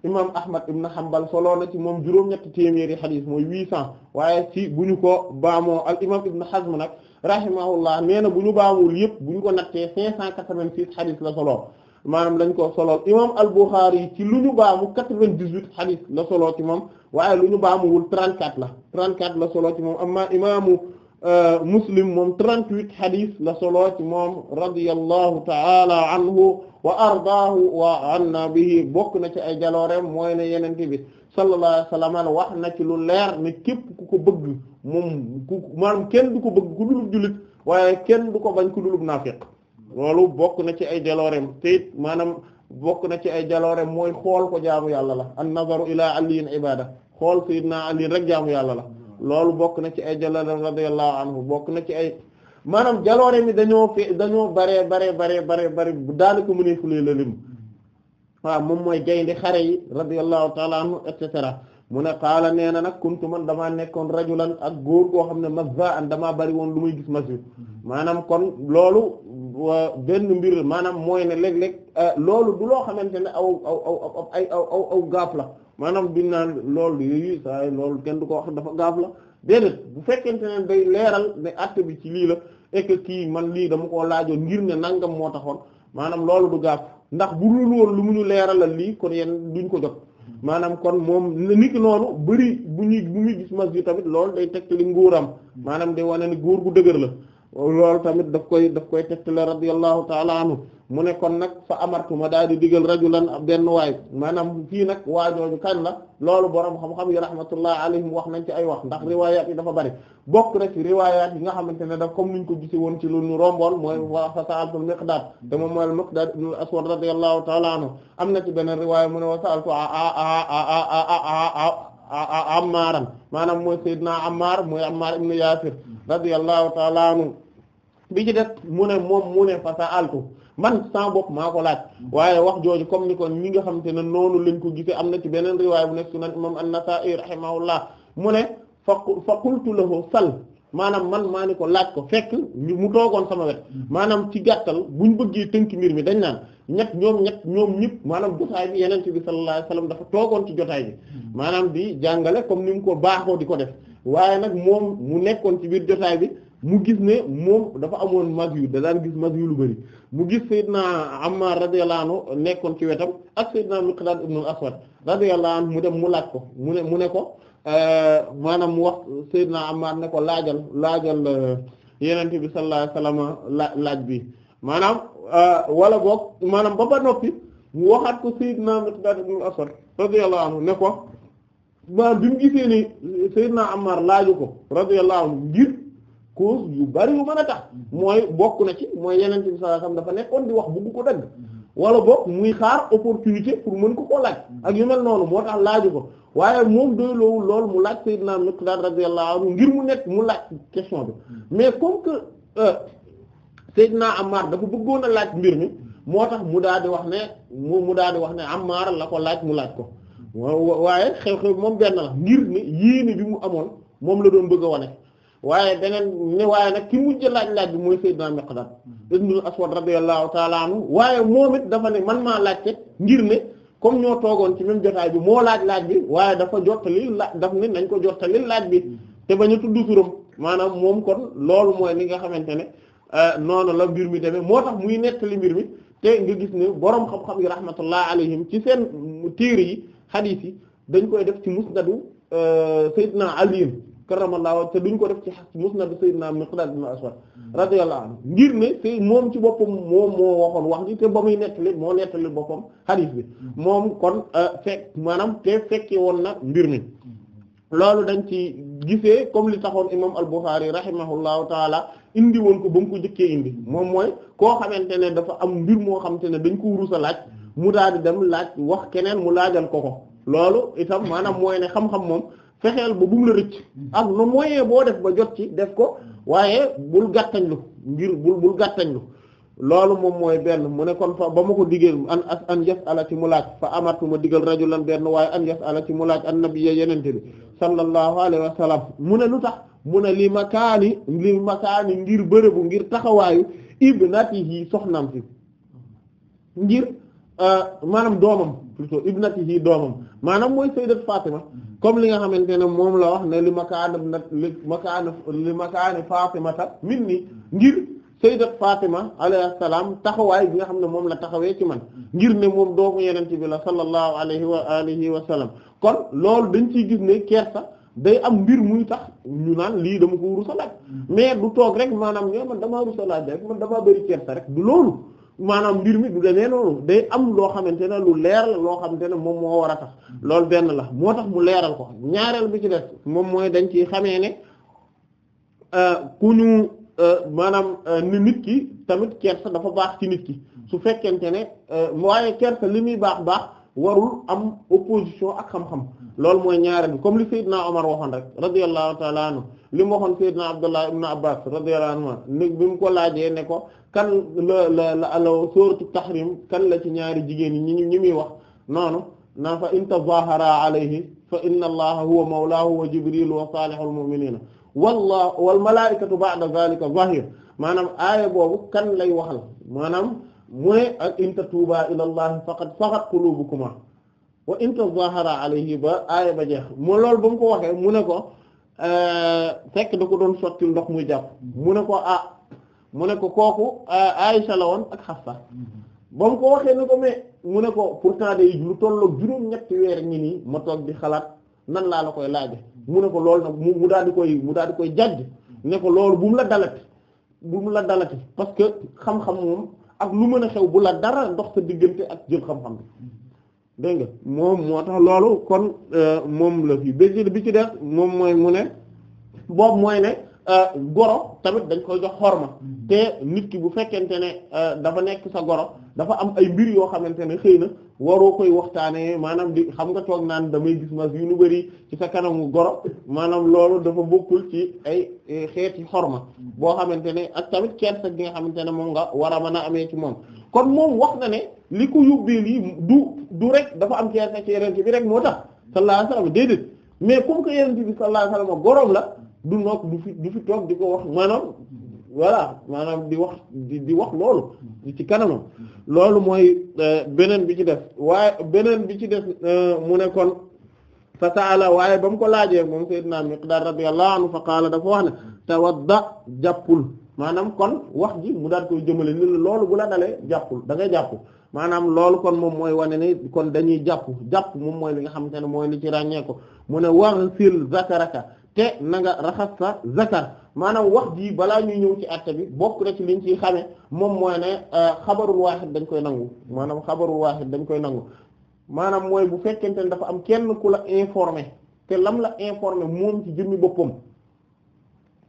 imam ahmad ibn hanbal solo na ci moom juróom-ñetti téeméeri xadis mooy huit cent waaye ci bu ñu ko baamoo al imam ibn hazm nag rahimahullah nee na bu ñu baamul yëpp bu ñu ko nattee cinq cent quatre-vingt-six xadis la soloo maanaam lañ ko solo imam al-Bukhari ci lu ñu baamu quatre-vingt-dix-huit xadis la solo ci moom waaye lu ñu baamuwul trente-quatre la trente-quatre la solo ci moom amma imaamu Euh, muslim moom 38 xadis la solo moom radiyallahu ta'ala anhu wa ardaahu wa bi bihi bokk na ci ay jaloorem mooy ne yeneen bi sallallahu wa sallam wax na ci lu leer ne képp ku ko bëgg moom ku kenn du ko bëgg ku dulub jullit waaye kenn du ko bañ ku dulub naafiq loolu bokk na ci ay jaloorem te it maanaam bokk na ci ay jaloorem mooy xool ko jaamu yàlla la an nazaru ila aliyin ibada xool sayyidina ali rek jaamu yàlla la loolu bokk na ci ay jalalam radiyallahu anhu bokk na ci ay maanaam jaloore mi dañoo fi dañoo baree baree baree baree bare daal ko ne fu lee la lim waaw moom mooy gaynde xare yi radiyallahu ta'ala anhu et mu ne qaala nee na nag kuntu man damaa nekkoon rajulan ak góor goo xam ne mazza an damaa bari woon lu muy gis masjid maanaam kon loolu benn mbir maanaam mooy ne léeg-léeg euh, loolu du loo xamante ne aw aw aw gaaf la maanaam biñ naan loolu yooyu saa loolu kenn du ko wax dafa gaaf la déedéet bu fekkente ne day leeral ne acte bi ci lii la et kii man lii dama koo laajoon ngir ne nangam moo taxoon maanaam loolu du gaaf ndax bu dul woon lu mu ñu leeralal lii kon yéen duñ ko jot. maanaam kon moom nit noonu bëri bu ñuy bu muy gis masjid tamit loolu day tegtali nguuram maanaam de wane ni góor gu dëgër la loolu tamit daf koy daf koy tegtale radiyallahu ta'ala anhu mu ne nag fa amartuma daal di digal rajulan benn waay maanaam fii nag waajooju kan la loolu borom xam-xam yi rahmatullah alayhim wax nañ ci ay wax ndax riwaayaat yi dafa bari bokk na ci riwaayaat yi nga xamante ne daf comme niñ ko gise woon ci lu ñu romboon mooy wa sa'altul Miqdaad te moom mooy al-Miqdaad ibn al-Aswad radiyallahu ta'ala anhu am na ci beneen riwaaya mu ne wa sa'altu Ammaaran maanaam mooy Seydina Ammaar mooy Ammaar ibn Yaasir radiyallahu ta'ala anhu bi ci def mu ne moom mu ne fa sa'altu man sans bopp maa ko laaj waaye wax jooju comme ni kon ñi nga xam te ne noonu lañ ko gisee am na ci beneen riwaay bu nekk sunan imam an-Nasa'i rahimahullah mu ne fa fa qultu lahu sal maanaam man maa ni ko laaj ko fekk mu toogoon sama wet maanaam ci gàttal buñ bëggee tënk mbir mi dañ naan ñett ñoom ñett ñoom ñëpp maanaam jotaay bi yeneen bi sallallahu alayhi wasallam dafa toogoon ci jotaay bi maanaam di jàngale comme ni mu ko baaxoo di ko def waaye nag moom mu nekkoon ci biir jotaay bi mu gis ne moom dafa amoon mas yu da daan gis mas yu lu bari mu gis Seydina Ammar radiyallahu anhu nekkoon ci wetam ak Seydina Miqdad ibn al-Aswad radiyallahu dem mu laaj ko mu ne mu ne ko euh, maanaam mu wax Seydina Ammar ne ko laajal laajal euh, yenente la laaj bi maanaam euh, wala boog maanaam baba noppi mu waxaat ko Seydina Miqdad ibn al-Aswad radiyallahu anhu ne ko maanaam bi mu gisee ni laaju ko radiyallahu anhu cause yu bari yu mën a tax mm-hmm. mooy bokk na ci mooy yeneen bi sallallahu alayhi wasallam dafa nekkoon di wax bëgg ko dagg mm-hmm. wala bokk muy xaar opportunité pour mën ko koo laaj mm-hmm. ak yu mel noonu moo tax laaju ko waaye moom doyloowul lool mu laaj sayyidina Miqdaad radiyallahu anhu ngir mu nekk mu laaj question bi mais comme que euh, sayyidina Ammar dafa bëggoon a laaj mbir mi moo tax mu daal di wax ne mu mu daal di wax ne Ammar la ko laaj mu laaj ko waaye xew-xew moom benn la ngir ne yéene bi mu amoon moom la doon bëgg a wane waaye beneen ne waaye nag ki mujj laaj laaj bi mooy Seydina Miqdad ibnul Aswad radiyallahu ta'ala anhu waaye moom it dafa ne man maa laajte ngir ne comme ñoo toogoon ci même jotaay bi moo laaj laaj bi waaye dafa jottali laaj daf ne nañ ko jottali laaj bi te bañ a tudd turam maanaam moom kon loolu mooy li nga xamante ne euh, noonu la mbir mi demee moo tax muy nettali mbir mi te nga gis ne borom xam-xam yi rahmatullah alayhim ci seen téere yi hadith yi dañ koy def ci musnadu euh, Seydina Ali karamallahu wajh te duñ ko def ci musnad sayyidina Miqdad ibn Aswad mm. radiyallahu anhu ngir ne moom ci boppam moom moo waxoon wax ji te ba muy nettali moo nettali boppam hadith bi mm. moom kon euh, fekk maanaam te fekke woon na mbir ni mm. loolu dañ ci gisee comme li taxoon imam al-Bukhari rahimahullahu taala indi woon ko ba mu ko jëkkee indi moom mooy koo xamante ne dafa am mbir moo xam xamante ne dañ ko rusa laaj mu daal di dem laaj wax keneen mu laajal ko ko loolu itam moom fexeel ba bu la rëcc hmm. am na moyen boo def ba jot ci def ko waaye bul gàttañlu ngir bul bul lu loolu moom mooy benn mu ne kon ba mu ko digeel an an yas ala ci mu laaj fa amatu ma digal rajulan benn waaye an yas ala ci mu laaj an nabiyya yenente bi sallallahu alayhi wa sallam mu ne lu tax mu ne li makaani li makaani ngir bërëbu ngir taxawaayu yi soxnaam si ngir euh, maanaam doomam plutôt ibnatihi doomam maanaam mooy sayyidat Fatima mm-hmm. comme li nga xamante ne moom la wax ne li makaana li makaana li makaani Fatimata minni mm-hmm. ngir sayyidat Fatima alayhi salaam taxawaay bi nga xam ne moom la taxawee ci man mm-hmm. ngir ne moom doomu yenente bi la sallallahu alayhi wa alihi wa sallam kon loolu dañ ciy gis ne kersa day am mbir muy tax ñu naan lii dama ko rusalaat mais du toog rek maanaam ñoo man damaa rusalaat rek man damaa bëri kersa rek du loolu maanaam mbir mi du demee noonu day am loo xamante ne lu leer la loo xamante ne moom moo war a tax loolu benn la moo tax mu leeral ko ñaareel bi ci des moom mooy dañ ci xamee ne euh, ku ñu euh, maanaam euh, ni nit ki tamit kersa dafa baax ci nit ki su fekkente ne waaye kersa li muy baax baax warul am opposition ak xam-xam loolu mooy ñaare bi comme li Seydina Omar waxoon rek radiyallahu ta'ala anhu li mu waxoon Seydina Abdullah ibn Abbas radiyallahu anhu ne bi mu ko laajee ne ko kan la la la la sooratu tahrim kan la ci ñaari jigéen ñi ñu ñi muy wax noonu naa fa in tazahara alayhi fa inna allaha huwa mawlaahu wa jibril wa salihul mu'minina wallah wal malaikatu ba'da zalika zahir maanaam aaya boobu kan lay waxal maanaam mu ne ak in tatuuba ilallahi faqad saxat ma wa in tazahara alayhi ba aaya ba jeex mu lool ba mu ko waxee mu ne ko euh, fekk da ko doon sotti ndox muy jàpp mu ne ko ah mu ne ko kooku euh, Aisha la woon ak Hafsa ba mu ko waxee ne ko mais mu ne ko pourtant day lu tolloog juróom-ñetti weer ñi nii ma toog di xalaat nan laa la koy laaj mu ne ko loolu nag mu daal di koy mu daal di koy jàjj ne ko loolu bu mu la dalati bu mu la dalati parce que xam moom ak lu mën a xew bu la dara dox sa diggante ak jël xam-xam bi dégg nga moom moo tax loolu kon euh, moom la fi béjjil bi ci def moom mooy mu ne boobu mooy ne Euh, goro tamit dañ koy jox xorma mm-hmm. te nit ki bu fekkente ne euh, dafa nekk sa goro dafa am ay mbir yoo xamante ne xëy na waroo koy waxtaanee maanaam di xam nga toog naan damay gis mas yu nu bari ci sa kanamu goro maanaam loolu dafa bokkul ci ay eh, xeeti ma boo xamante ne ak tamit kersa gi nga xamante ne moom nga war a mën a amee ci moom kon moom wax na ne li ko yóbbee lii du du rek dafa am kersa ci yeneen bi rek moo tax sallallahu alayhi wasallam déedéet mais comme que yeneen bi sallallahu alayhi wasallam la du nokk du fi du fi toog di ko wax maanaam voilà maanaam di wax di di wax loolu ci kanamam loolu mooy euh, beneen bi ci def waaye beneen bi ci des euh, mu ne kon fa taala waaye ba mu ko laajee moom sayyidina Miqdaar radiyallahu anhu fa qaala dafa wax ne tawadda jàppul maanaam kon wax ji mu daal koy jëmale ni loolu bu la dalee jàppul da ngay jàpp maanaam loolu kon moom mooy wane ni kon dañuy jàpp jàpp moom mooy li nga xamante ne mooy li ci ràññeeku ko mu ne waghsil zakaraka te na nga raxas sa zakar maanaam wax jii balaa ñuy ñëw ci àtte bi bokk na ci liñ ci xamee moom mooy ne euh, xabarul waaxid dañ koy nangu maanaam xabarul waaxid dañ koy nangu maanaam mooy bu fekkente ne dafa am kenn ku la informé te lam la informé moom ci jëmmi boppam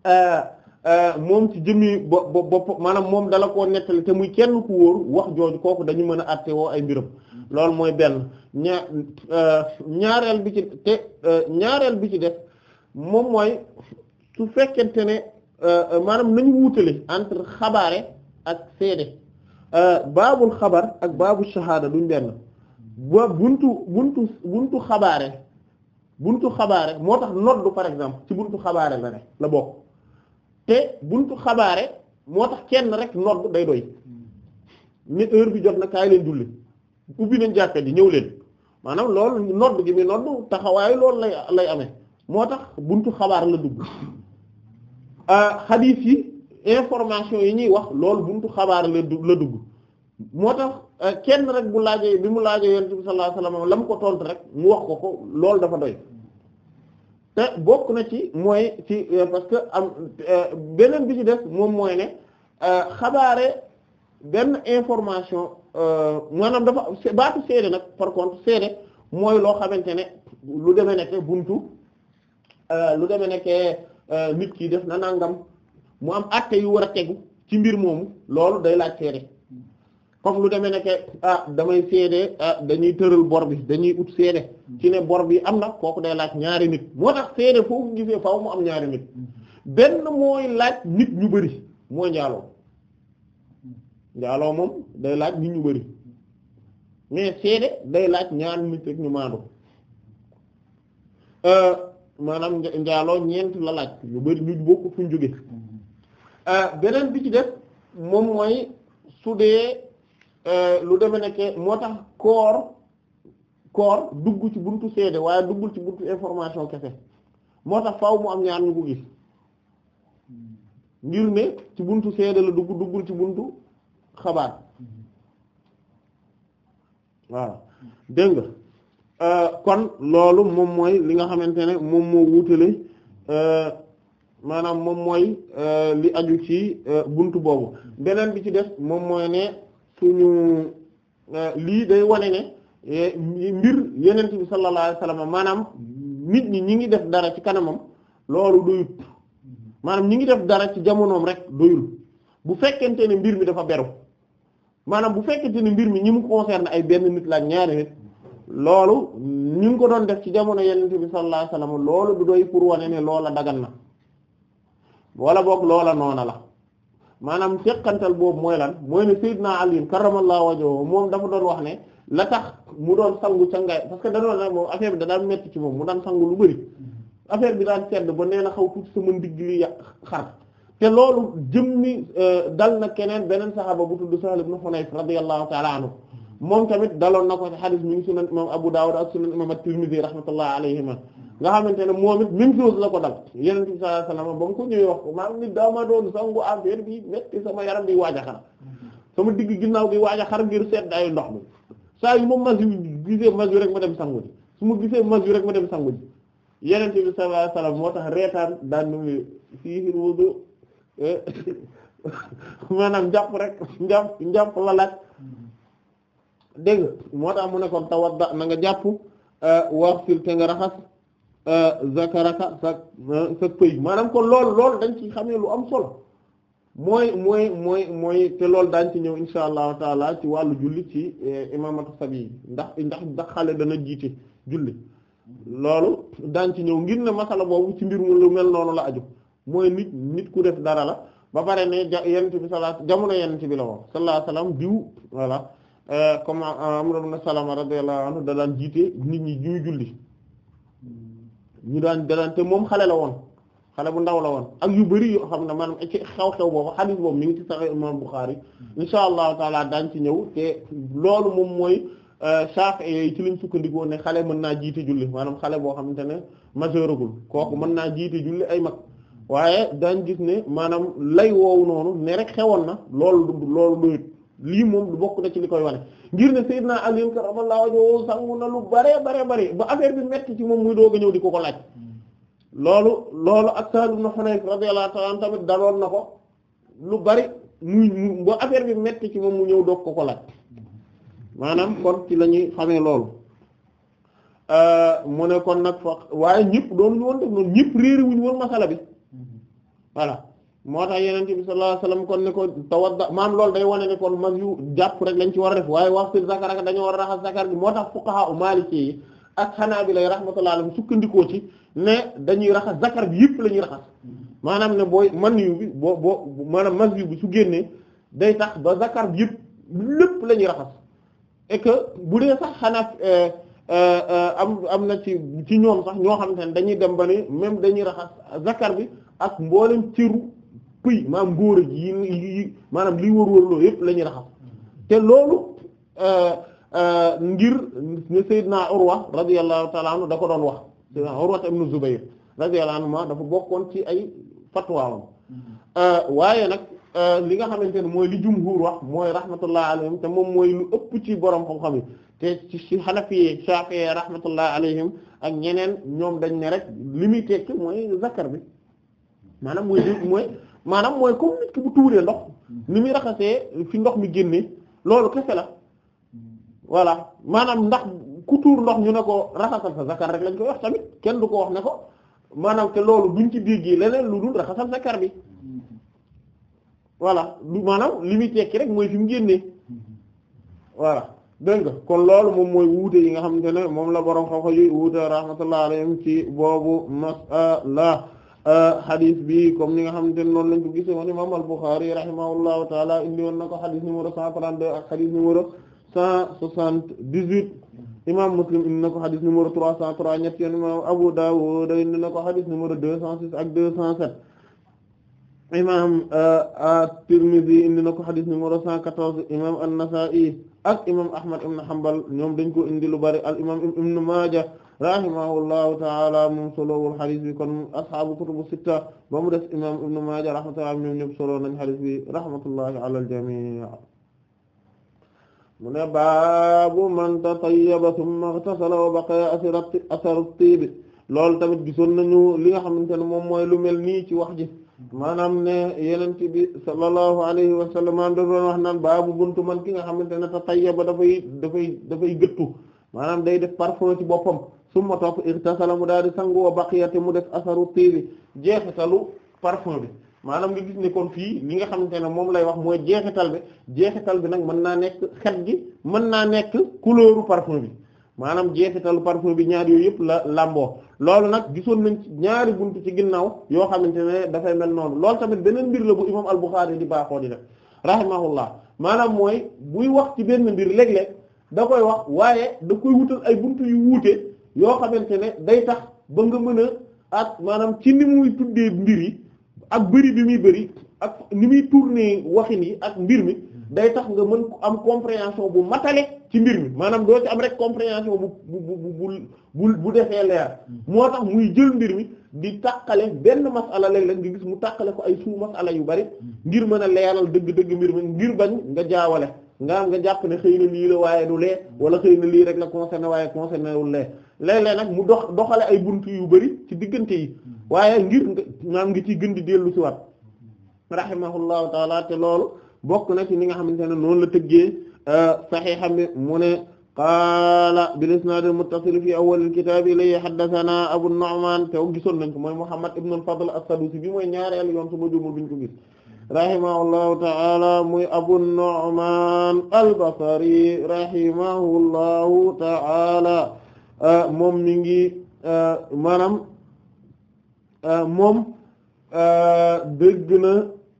euh, euh, moom ci jëmmi bopp maanaam moom dala koo nettali te muy kenn ku wóor wax jooju kooku dañu mën a àtte woo ay mbiram loolu mooy benn ña ñaareel bi ci te ñaareel bi ci def moom mooy su fekkente ne euh, euh, maanaam nañu wutale entre xabaare ak seede euh, baabul xabar ak baabu shahaada duñ benn ba buntu buntu buntu xabaare buntu xabaare moo tax noddu par exemple ci buntu xabaare la ne la bokk te buntu xabaare moo tax kenn rek noddu day doy ni heure bi jot na kaay leen julli ubbi nañ jàkka ji ñëw leen maanaam loolu noddu gi mi noddu taxawaayu loolu lay lay amee moo tax buntu xabaar la dugg euh, xadiis yi information yi ñuy wax lool buntu xabaar la la dugg moo tax euh, kenn rek bu laajee bi mu laajee yonent bi sallallahu alayhi wasallam la mu ko tontu rek mu wax ko ko loolu dafa doy te bokk na ci mooy ci euh, parce que am beneen bi ci def moom mooy ne xabaare benn information maanaam dafa baatu seede nag par contre seede mooy loo xamante ne lu demee nekk buntu. Euh, lu demee nekkee euh, nit kii def na nangam mu am atte yu war a tegu ci mbir moomu loolu day laaj seede comme lu deme nekke ah, damay seede ah, dañuy tëral bor bi dañuy ut seede ci ne bor bi am na kooku day laaj ñaari nit moo tax seede foofu gisee faaw mu am ñaari nit benn mooy laaj nit ñu bari mooy njaaloo njaaloo moom day laaj nit ñu bari mais seede day laaj ñaar nit rek ñu maandu. Euh, maanaam njaaloo ñeent la laaj yu bari ñu bokk fuñ jóge mhm. euh, beneen bi ci def moom mooy su dee euh, lu deme nekke moo tax koor koor dugg ci buntu seede waaye duggul ci buntu information kese moo tax faw mu am ñaar ñu ko gis mhm. ngir ne ci buntu seede la dugg duggul ci buntu xabaar waaw mhm. dégg Euh, kon loolu moom mooy li nga xamante ne moom moo wutale euh, maanaam moom mooy euh, li aju ci bunt boobu beneen bi ci def moom mooy ne suñu lii day wane ne e, mbir yeneen bi sallallahu alayhi maanaam nit ñi ñi ngi def dara ci kanamam loolu doyut maanaam ñi ngi def dara ci jamonoom rek doyul bu fekkente ne mbir mi dafa beru maanaam bu fekkee te ne mbir mi ñi mu concerne ay benn nit laa ñaari nit loolu ñu ko doon def ci jamono yenente bi sallallahu alayhi wasallam loolu du doy pour wane ne loola dagan na wala boog loola noona la maanaam teqantal boobu mooy lan mooy ne Seydina Ali karramallahu wajhahu moom dafa doon wax ne la tax mu doon sangu cangaay parce que da doon moom affaire bi daan metti ci moom mu daan lu bari affaire bi daan sedd ba nee na xaw tuuti sama ndigg li yàq xar te loolu jëm ni euh, dal na keneen beneen saxaaba bu tudd Sahl ibn Hunayf radiyallahu ta'ala moom tamit daloon na ko ci xadis mi ngi sunan imam Abu Dawud ak sunan imam at-Tirmidhi rahmatullahi alayhima nga xamante ne moom it même chose la ko dal yeneen bi sallallahu alayhi wasallam ba mu ko ñëwee wax ko maam nit dama doon sangu affaire bi metti sama yaram bi waaj xar sama digg ginnaaw gi waaj a xar ngir seet daayu ndox mi saa yu moom mas yu gisee mas rek ma dem sangu ji su ma gisee mas yu rek ma dem sangu ji yeneen bi sallallahu alayhi moo tax reetaan daan nu fii wudu eh, maanaam njàpp rek njàpp njàpp la laaj dégg nga moo tax mu ne kon tawadda na nga jàpp euh, waxsil te nga raxas euh, zakaraka sa sa pëy maanaam kon lool lool dañ ci xamee lu am solo mooy mooy mooy mooy te loolu daañ ci ñëw insha allahu taala ci wàllu julli ci euh, imamatu sabi ndax ndax ndax xale dana jiite julli loolu daañ ci ñëw ngir ne masala boobu ci mbir mu lu mel noonu la aju mooy nit nit ku def dara la ba pare ne yenent bi sallallahu jamono yenent bi la wax sallallahu alayhi diw voilà Euh, comme Amr ibn Salama radiyallahu anhu da daan jiite nit ñi ñuy julli ñu daan daan te moom xale la woon xale bu ndaw la woon ak yu bari yoo xam ne maanaam ci xew-xew boobu mi ngi ci Sahih Imam Bukhari hmm. insha daañ ci ñëw loolu moom mooy euh, Shafi'i ci lañ sukkandikoo ne xale mën naa jiite julli maanaam xale boo xamante ne majeuragul kooku mën naa jiite julli ay mag waaye daañ gis ne maanaam lay woowu noonu ne rek xewoon na loolu loolu doyut lii moom bokk na ci li koy wane ngir ne Seydina Ali karramallahu wajhahu sangu na lu bare bare bare ba affaire bi metti ci moom muy doog a di ko ko laaj loolu loolu ak Sahl ibn Hunayf na ko lu bi metti ci moom mu ñëw doog ko ko laaj maanaam kon ci la ñuy xamee loolu euh, mu ne kon nag fa waaye ñëpp doon ñu woon def noonu ñëpp réeri wuñu woon masala bi voilà moo tax yeneen bi sallallahu alayhi wasallam kon ne ko tawadda maam loolu day wane ne kon mag yu jàpp rek lañ ci war a def waaye waxtu zakar ak dañoo war a raxas zakar bi moo tax fuqaha u maliki yi ak hanabila yi rahmatullahi alayhim sukkandikoo ci ne dañuy raxas zakar bi yëpp la ñuy raxas maanaam ne booy man yu bi boo boo maanaam mag yu bi su génnee day tax ba zakar bi yëpp lépp la ñuy raxas et que bu dee sax xanaa euh, euh, am am na ci ci ñoom sax ñoo xamante ne dañuy dem ba ni même dañuy raxas zakar bi ak mboolem ciru pëy maanaam góor yi yi maanaam liy wër-wër loolu yëpp la raxas te loolu euh, euh, ngir ne Seydina Urwa radiyallahu ta'ala anhu da ko doon wax Seydina Urwa ibn Zubayr radiyallahu anhu ma dafa bokkoon ci ay fatwaawam euh, waaye nag li nga xamante ne mooy li jumhur wax mooy rahmatullah alayhim te moom mooy lu ëpp ci borom xam-xam yi te ci Hanafi Shafi'i rahmatullah alayhim ak ñeneen ñoom dañ ne rek li muy tekki mooy zakar bi maanaam mooy mooy maanaam mooy comme nit ki bu tuuree ndox ni muy raxasee fi ndox mi génnee loolu kese la voilà maanaam ndax ku tuur ndox ñu ne ko raxasal sa zakar rek lañ koy wax tamit kenn du ko wax ne ko maanaam te loolu duñ ci déggee leneen lu dul raxasal zakar bi voilà du maanaam li muy tekki rek mooy fi mu génnee voilà dégg nga kon loolu moom mooy wuute yi nga xamante ne moom la borom xam-xam yi wuute rahmatullah alayhim ci boobu la xadis bi comme ni nga xamante ne noonu lañ ko gisee woon imam al-Bukhari rahimahullahu taala indi woon na xadis numéro xadis numéro 178 imam indi na ko xadis numéro 303 ñetti yoon imam Abu Dawud indi na ko xadis ak imam euh, at-Tirmidhi indi na ko xadis numéro 114 imam an-Nasa'i ak imam Ahmad ibn Hanbal ñoom dañ ko indi lu bari al imam Ibn Maaja rahimahullahu ta'ala moom solowul xadis bi kon ashaabu kutubu sitta ba mu des imam ibnu maaja rahmatullahi ñoom ñëpp solo nañ xadis bi mu ne baabu man tatayyaba thumma ightasala wa baqiya atharu tiibi loolu tamit gisoon nañu li nga xamante ne moom mooy lu mel nii ci wax ji maanaam ne yenent bi sallallahu alayhi wa sallam da doon wax naan baabu buntu man ki nga xamante ne tatayyaba dafay dafay dafay gëttu maanaam day def parfum ci boppam summa topp irtasala mu daal di sangu wa baqiyate mu def asaru tiibi jeexitalu parfum bi maanaam nga gis ne kon fii li nga xamante ne moom lay wax mooy jeexital bi jeexital bi nag mën naa nekk xet gi mën naa nekk couleuru parfum bi maanaam jeexitalu parfum bi ñaar yooyu yëpp la lamboo loolu nag gisoon nañ ñaari buntu ci ginnaaw yoo xamante ne dafay mel noonu loolu tamit beneen mbir la bu imam al-Bukhari di baaxoo di def rahimahullah maanaam mooy buy wax ci benn mbir léeg-léeg da koy wax waaye da koy wutal ay buntu yu wuute yoo xamante ne day tax ba nga mën a at maanaam ci ni muy tuddee mbir yi ak bëri bi muy bëri ak ni muy tourner waxin yi ak mbir mi day tax nga mën am compréhension bu matale ci mbir mi maanaam doo ci am rek compréhension bu bu bu bu bu defee leer moo tax muy jël mbir mi di tàqale benn masala léeg-léeg nga gis mu tàqale ko ay suu masala yu bari ngir mën a leeral dëgg-dëgg mbir mi ngir bañ nga jaawale nga nga jàpp ne xëy na lii la waaye du lee wala xëy na lii rek la concerné waaye concerné wul lee léeg-léeg nag mu dox doxale ay bunt yu bari ci diggante yi waaye ngir maam ngi ci gën di dellu ci wat rahimahullahu taala te loolu bokk na ci ni nga xamante ne noonu la tëggee euh, saxiixam bi mu ne qaala bil isnaad al muttasil fi awwal al kitaab ilayhi haddathana abu nu'man te gisoon nañ ko mooy muhammad ibn fadl as-sadusi bi mooy ñaareelu yoon su ma rahimahullahu ta'ala muy Abu Nu'man al-Basri rahimahullahu ta'ala ah, moom mi ngi ah, maanaam ah, moom dégg na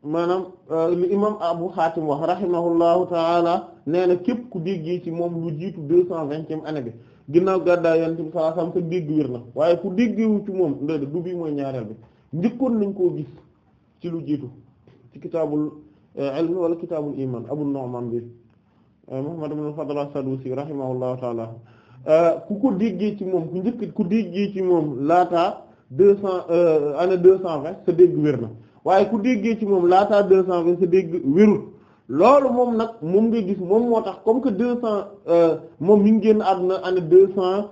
maanaam li imam Abu Hatim wax rahimahullahu ta'ala nee na képp ku dégg ci moom lu jiitu deux cent vingtième bi ginnaaw gàddaay Yonent bi sallallahu alayhi na waaye ku déggewu ci moom ndede du bi mooy ñaareel bi njëkkoon nañ ko gis ci lu jiitu ci kitaabul eh, ilmi wala kitaabul iman abu nu'man bi eh, muhammad ibn al-fadl as-sadusi rahimahullahu taala eh, ku ko déggee ci moom ku njëkk ku déggee ci moom laata deux cent année deux cent vingt sa dégg wér na waaye ku déggee ci moom laata deux cent vingt sa dégg wérut loolu moom nag moom ngay gis moom moo tax comme que deux cent moom mi ngi génn àdduna année deux cent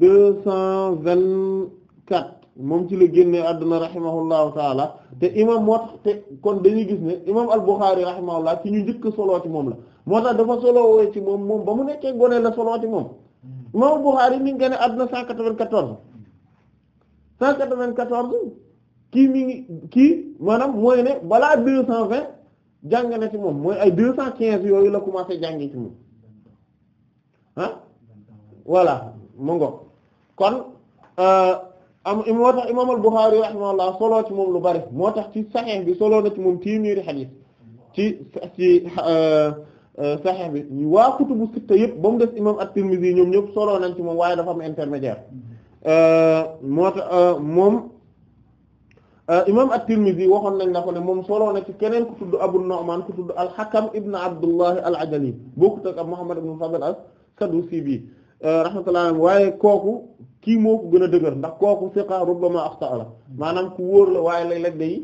deux cent vingt quatre moom ci la génne àdduna rahimahullahu taala te imam moo te kon dañuy gis ne imam al-Bukhari rahimahullah ci ñu njëkk soloo ci moom la moo tax dafa solowee ci moom moom ba mu nekkee gone la soloo ci moom hmm. imam al-Bukhari mi ngi génne àdduna cent quatre-vingt-quatorze cent quatre-vingt-quatorze kii mi ngi kii maanaam mooy ne balaa deux cent vingt jàng na ci moom mooy ay deux cent quinze yooyu la commencé jàngi ci moom ah voilà mu kon euh, am moo tax imaam al-Bukhari rahimahullah solo ci moom lu bari moo tax ci saxeex bi solo na ci moom téeméeri xadiis ci ci euh, euh, saxeex bi waa kutubu sitta yëpp ba mu des imaam at-Tirmidhi ñoom ñëpp solo nañ ci moom waaye dafa am intermédiaire euh, moo tax moom imaam at-Tirmidhi waxoon nañ la moom solo na ci keneen ku tudd Abu Nu'man ku tudd al-Hakam ibn Abdullah al-Ajali bokkut ak Muhammad ibn Fadl as-Sadusi bi. Euh, rahmatullahi alayhi waaye kooku kii moo gën a dëgër ndax kooku siqa rubbama axta la maanaam ku wóor la waaye léeg-léeg day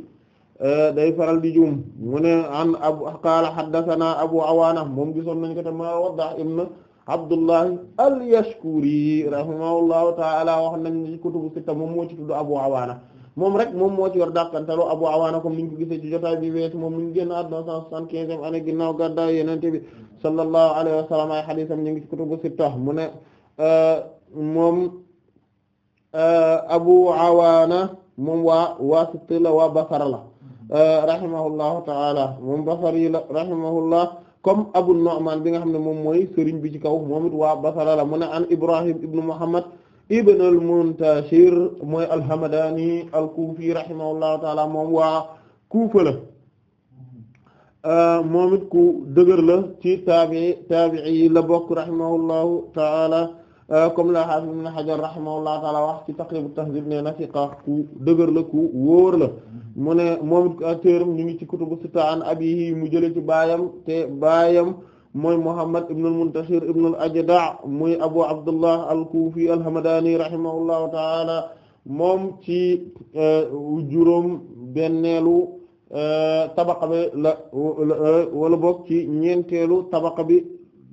euh, day faral di juum mu ne an abu qaala haddathana abu awaana moom gisoon nañ ko tam ma wadda ibn abdullahi al-yashkuri rahimahullahu taala wax nañ ci kutubu sitta moom moo ci tudd abu awaana moom rek moom moo ci war dàqantalo abu awaana comme niñ ko gisee ci jotaay bi weesu moom mi ngi génn àdduna cent soixante-quinzième année ginnaaw gàddaay yenente bi sallallahu alayhi wa sallam ay xadisam ñu ngi ci kutubu sitta mu ne euh, moom euh, Abu Awaana moom waa wa Sitta wa waa Basara la euh, rahimahullahu taala moom Basari la rahimahullah comme Abu Nu'man bi nga xam ne moom mooy sëriñ bi ci kaw moom it waa Basara la mu ne an Ibrahim ibnu Muhammad ibn muntashir mooy al-Hamadani al-Kufi rahimahullahu taala moom waa Kufa la Euh, moom it ku dëgër la ci taabii taabii yi la bokk rahimahullahu taala euh, comme la hafiz a Hajar rahimahullahu taala wax ci Taqrib at-Tahdhib ne na siqa ku dëgër la ku wóor la mu ne moom it ñu ngi ci kutubu sitta an abihi mu jële ci baayam te baayam mooy Muhammad ibn al-Muntashir ibn al-Ajda' muy Abu Abdullah al-Kufi al-Hamdani rahimahullahu taala moom ci euh, juróom benneelu Euh, tabaqa bi la euh, wala bokk ci ñeenteelu tabaqa bi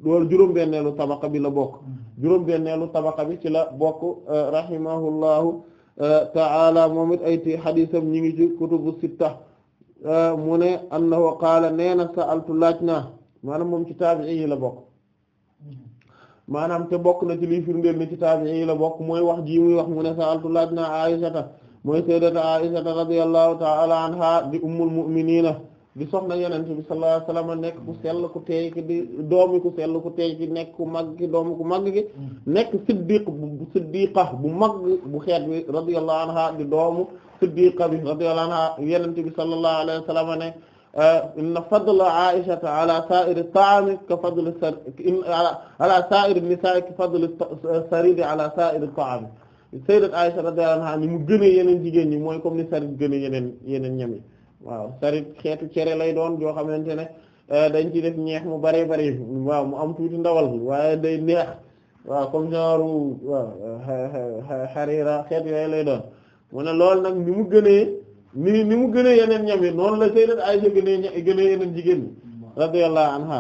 wala juróom-benneelu tabaqa bi la bokk juróom-benneelu bi ci la bokk euh, rahimahullahu ta'ala moom it ay ti xadiisam ñi ngi ci kutubu sitta mu ne annahu qaala nee na sa'altu laaj naa maanaam moom ci taabi'i yi la bokk maanaam te bokk na ci liy firndeel ni ci taabi'i yi la bokk mooy wax jii muy wax mu ne sa'altu laaj naa Aysata mooy sayyidatu Aisha radiyallahu ta'ala anha di ummul mu'minina di soxna yonent bi sallallahu alayhi wasallam nekk ku sell ku teey ki di doomi ku sell ku teey ki nekk ku mag ki doomi ku mag ki nekk siddiq bu siddiqa bu mag bu xeet bi radiyallahu anha di doomu siddiqa bi radiyallahu anha yonent bi sallallahu alayhi wasallam ne eh, inna fadla Aisha ala sa'iri ta'ami ka fadli ala sa'iri nisa'i ka fadli saridi ala sa'iri ta'ami sayyidat Aisha radiyallahu anha ni mu gënee yeneen jigéen ñi mooy comme ni sarit gënee yeneen yeneen ñam yi waaw sarit xeetu cere lay doon joo xamante ne euh, dañ ci def ñeex mu bare bare waaw mu am tuuti ndawal waaye day neex waaw comme genre waaw xarira xeet yooyu lay doon mu ne loolu nag ni mu gënee ni ni mu gënee yeneen ñam yi noonu la sayyidat Aisha gënee gënee yeneen jigéen ñi mm-hmm. radiyallahu anha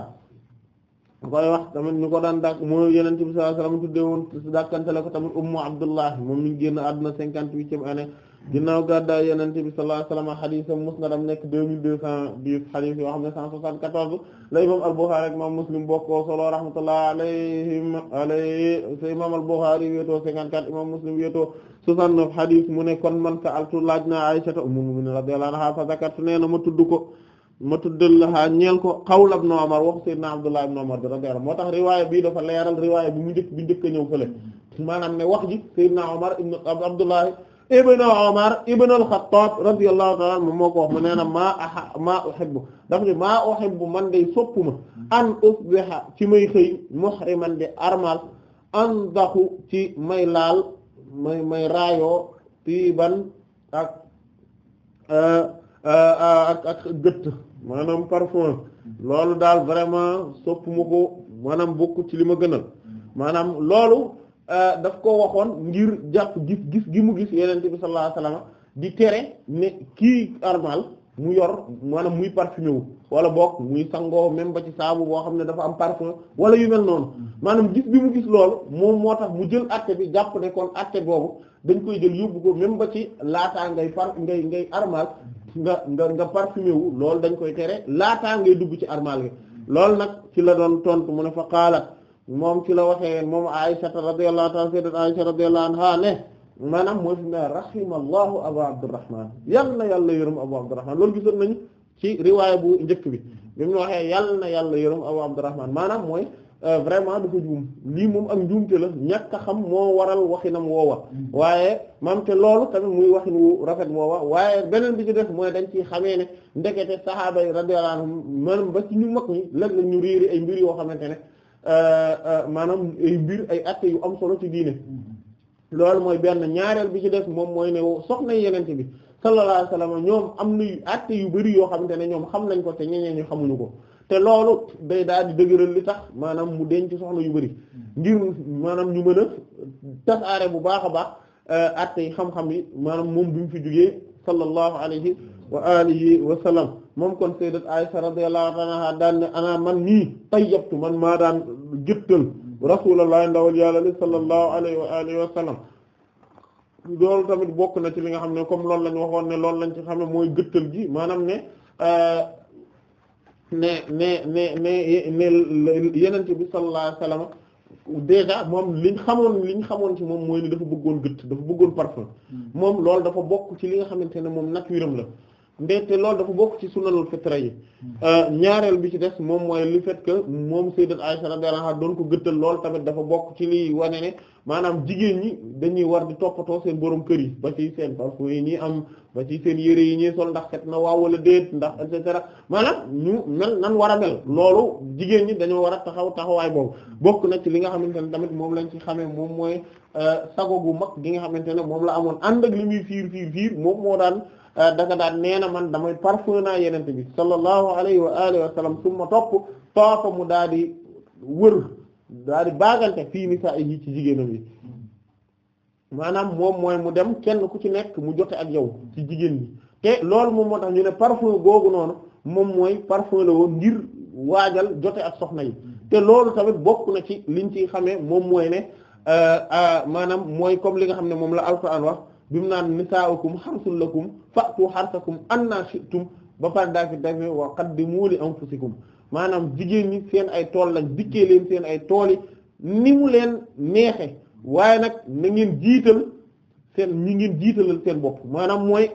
koy wax tamit ñu ko daan dàq mu yeneen bi sallallahu alayhi wasallam tudde woon dàkkantele ko tamit ummu abdullah moom mi génn àdduna cinquante-huitième année ginnaaw gàddaay yeneen bi sallallahu alayhi wasallam xadisam musnadam nekk deux mille deux cent dix xadis yoo xam ne cent soixante-quatorze la imam al-Bukhari ak imam Muslim bokkoo solo rahmatullah alayhim alayhi sa imam al-Bukhari wéetoo cinquante-quatre imam Muslim wéetoo soixante-neuf xadis mu ne kon man sa'altu laaj naa Aysata ummul mu'minin radiyallahu anha fa na ma tudd ko ma tuddal la ñeel ko xawla ibn Umar wax sayyidina Abdullah ibn Umar bi radiyallahu anhu moo tax riwaaya bii dafa leeral riwaaya bi mu njëkk bi njëkk a ñëw fële maanaam ne wax ji sayyidina Umar ibn Abdullah ibn Umar ibn al-Khattab moo ko wax mu nee maa a maa uhibbu daf ne maa uhibbu man day soppuma an usbiha ci may xëy muhriman di armal an ci may laal may may raayoo tiiban euh, ak euh, ak gëtt maanaam parfum loolu daal vraiment sopp ko maanaam bokk ci li ma gënal maanaam loolu euh, daf ko waxoon ngir jàpp gis gis gi mu gis yenente bi sallallahu alayhi di tere ne kii armal mu yor maanaam muy parfumé wu wala boog muy sangoo même ba ci saabu boo xam ne dafa am parfum wala yu mel noonu maanaam gis bi mu gis loolu moom moo tax mu jël atte bi jàpp ne kon boobu dañ koy jël yóbbu ko même ba ci laataa ngay par ngay ngay armal nga nga nga parfumé wu loolu dañ koy tere laataa ngay dugg ci armal gi loolu nag ci la doon tontu mu ne fa qaalat moom ci la waxee moom Aisha radiyallahu ta'ala sayyidat Aisha radiyallahu anha ne maanaam mooy fi mu ne rahimallahu abu abdurrahman yal na yàlla yërëm abu abdurrahman loolu gisoon nañu ci riwaaya bu njëkk bi bi mu waxee yal na yàlla yërëm abu abdurrahman maanaam mooy euh, vraiment dafa juum lii moom ak njuumte la ñàkk xam moo waral waxinam woowa waaye maam te loolu tamit muy waxin wu rafet woowa waaye beneen bi ci def mooy dañ ci xamee ne ndekete sahaaba yi radiyallahu anhum maanaam ba ci ñu mag ñi léeg-léeg ñu réeri ay mbir yoo xamante ne euh, euh, maanaam ay ay atte yu am ci diine loolu mooy benn ñaareel bi ci des moom mooy ne soxna yenente bi sallallahu alayhi wasallam ñoom am na àtte yu bari yoo xamante ne ñoom xam nañ ko te ñeneen ñu xamuñu ko te loolu day daal di dëgëral li tax maanaam mu denc soxna yu bari ngir maanaam ñu mën a tasaare bu baax a baax euh, àtte yi xam-xam yi maanaam moom bi mu fi jugee sallallahu alayhi wa alihi wa sallam moom kon sayyidat Aisha radiyallahu anha daan ne ana man nii tayyabtu man maa daan jëttal rasulullah ndawal yàlla li sallallahu alayhi wa alihi wa sallam loolu tamit bokk na ci li nga xam ne comme loolu lañ waxoon ne loolu lañ ci xame mooy gëttal gi maanaam ne euh, ne ne ne ne ne yenente bi sallallahu alayhi wa sallam déjà moom liñ li ñu xamoon ci moom mooy ni dafa bëggoon gëtt dafa bëggoon parfum hmm. moom loolu dafa bokk ci li nga xamante ne moom naturam la ndete loolu dafa bokk ci sunanul fitra yi hmm. euh, ñaareel bi ci des moom mooy li fait que moom sayyidat Aisha radhiyallahu anha doon ko gëttal lool tamit dafa bokk ci liy wane ne maanaam jigéen ñi dañuy war di toppatoo seen borom kër yi ba ci seen parfum yi ñuy am ba ci seen yére yi ñuy sol ndax set na waaw wala déet ndax et cetera maanaam ñu mel nan war a mel loolu jigéen ñi dañoo war a taxaw taxawaay boobu bokk nañ ci li nga xamante ne tamit moom lañ ci xamee moom mooy euh, sago mag gi nga xamante ne moom la amoon ànd ak li fiir fiir fiir moom moo daan Euh, danga daan nee na man damay parfum naa yenente bi sallallahu alayhi wa alihi wa sallam summa topp toofa mu daal di wër daa di baagante fii ni sa yi ci jigéenam yi maanaam moom mooy mu dem kenn ku ci nekk mu jote ak yow ci jigéen bi te loolu moom moo tax ñu ne parfum googu noonu moom mooy parfum la woon ngir waajal jote ak soxna yi te loolu tamit bokk na ci liñ ci xamee moom mooy ne euh, euh, maanaam mooy comme li nga xam ne moom la alquran wax bi mu naan la harsul lakum fa'tu harsakum anna shi'tum ba pare daa fi dafe wa qaddimu li anfusikum maanaam jigéen ñi seen ay tool lañ dikkee leen seen ay tool yi ni mu leen neexe waaye nag na ngeen jiital seen ñi ngeen jiitalal seen bopp maanaam mooy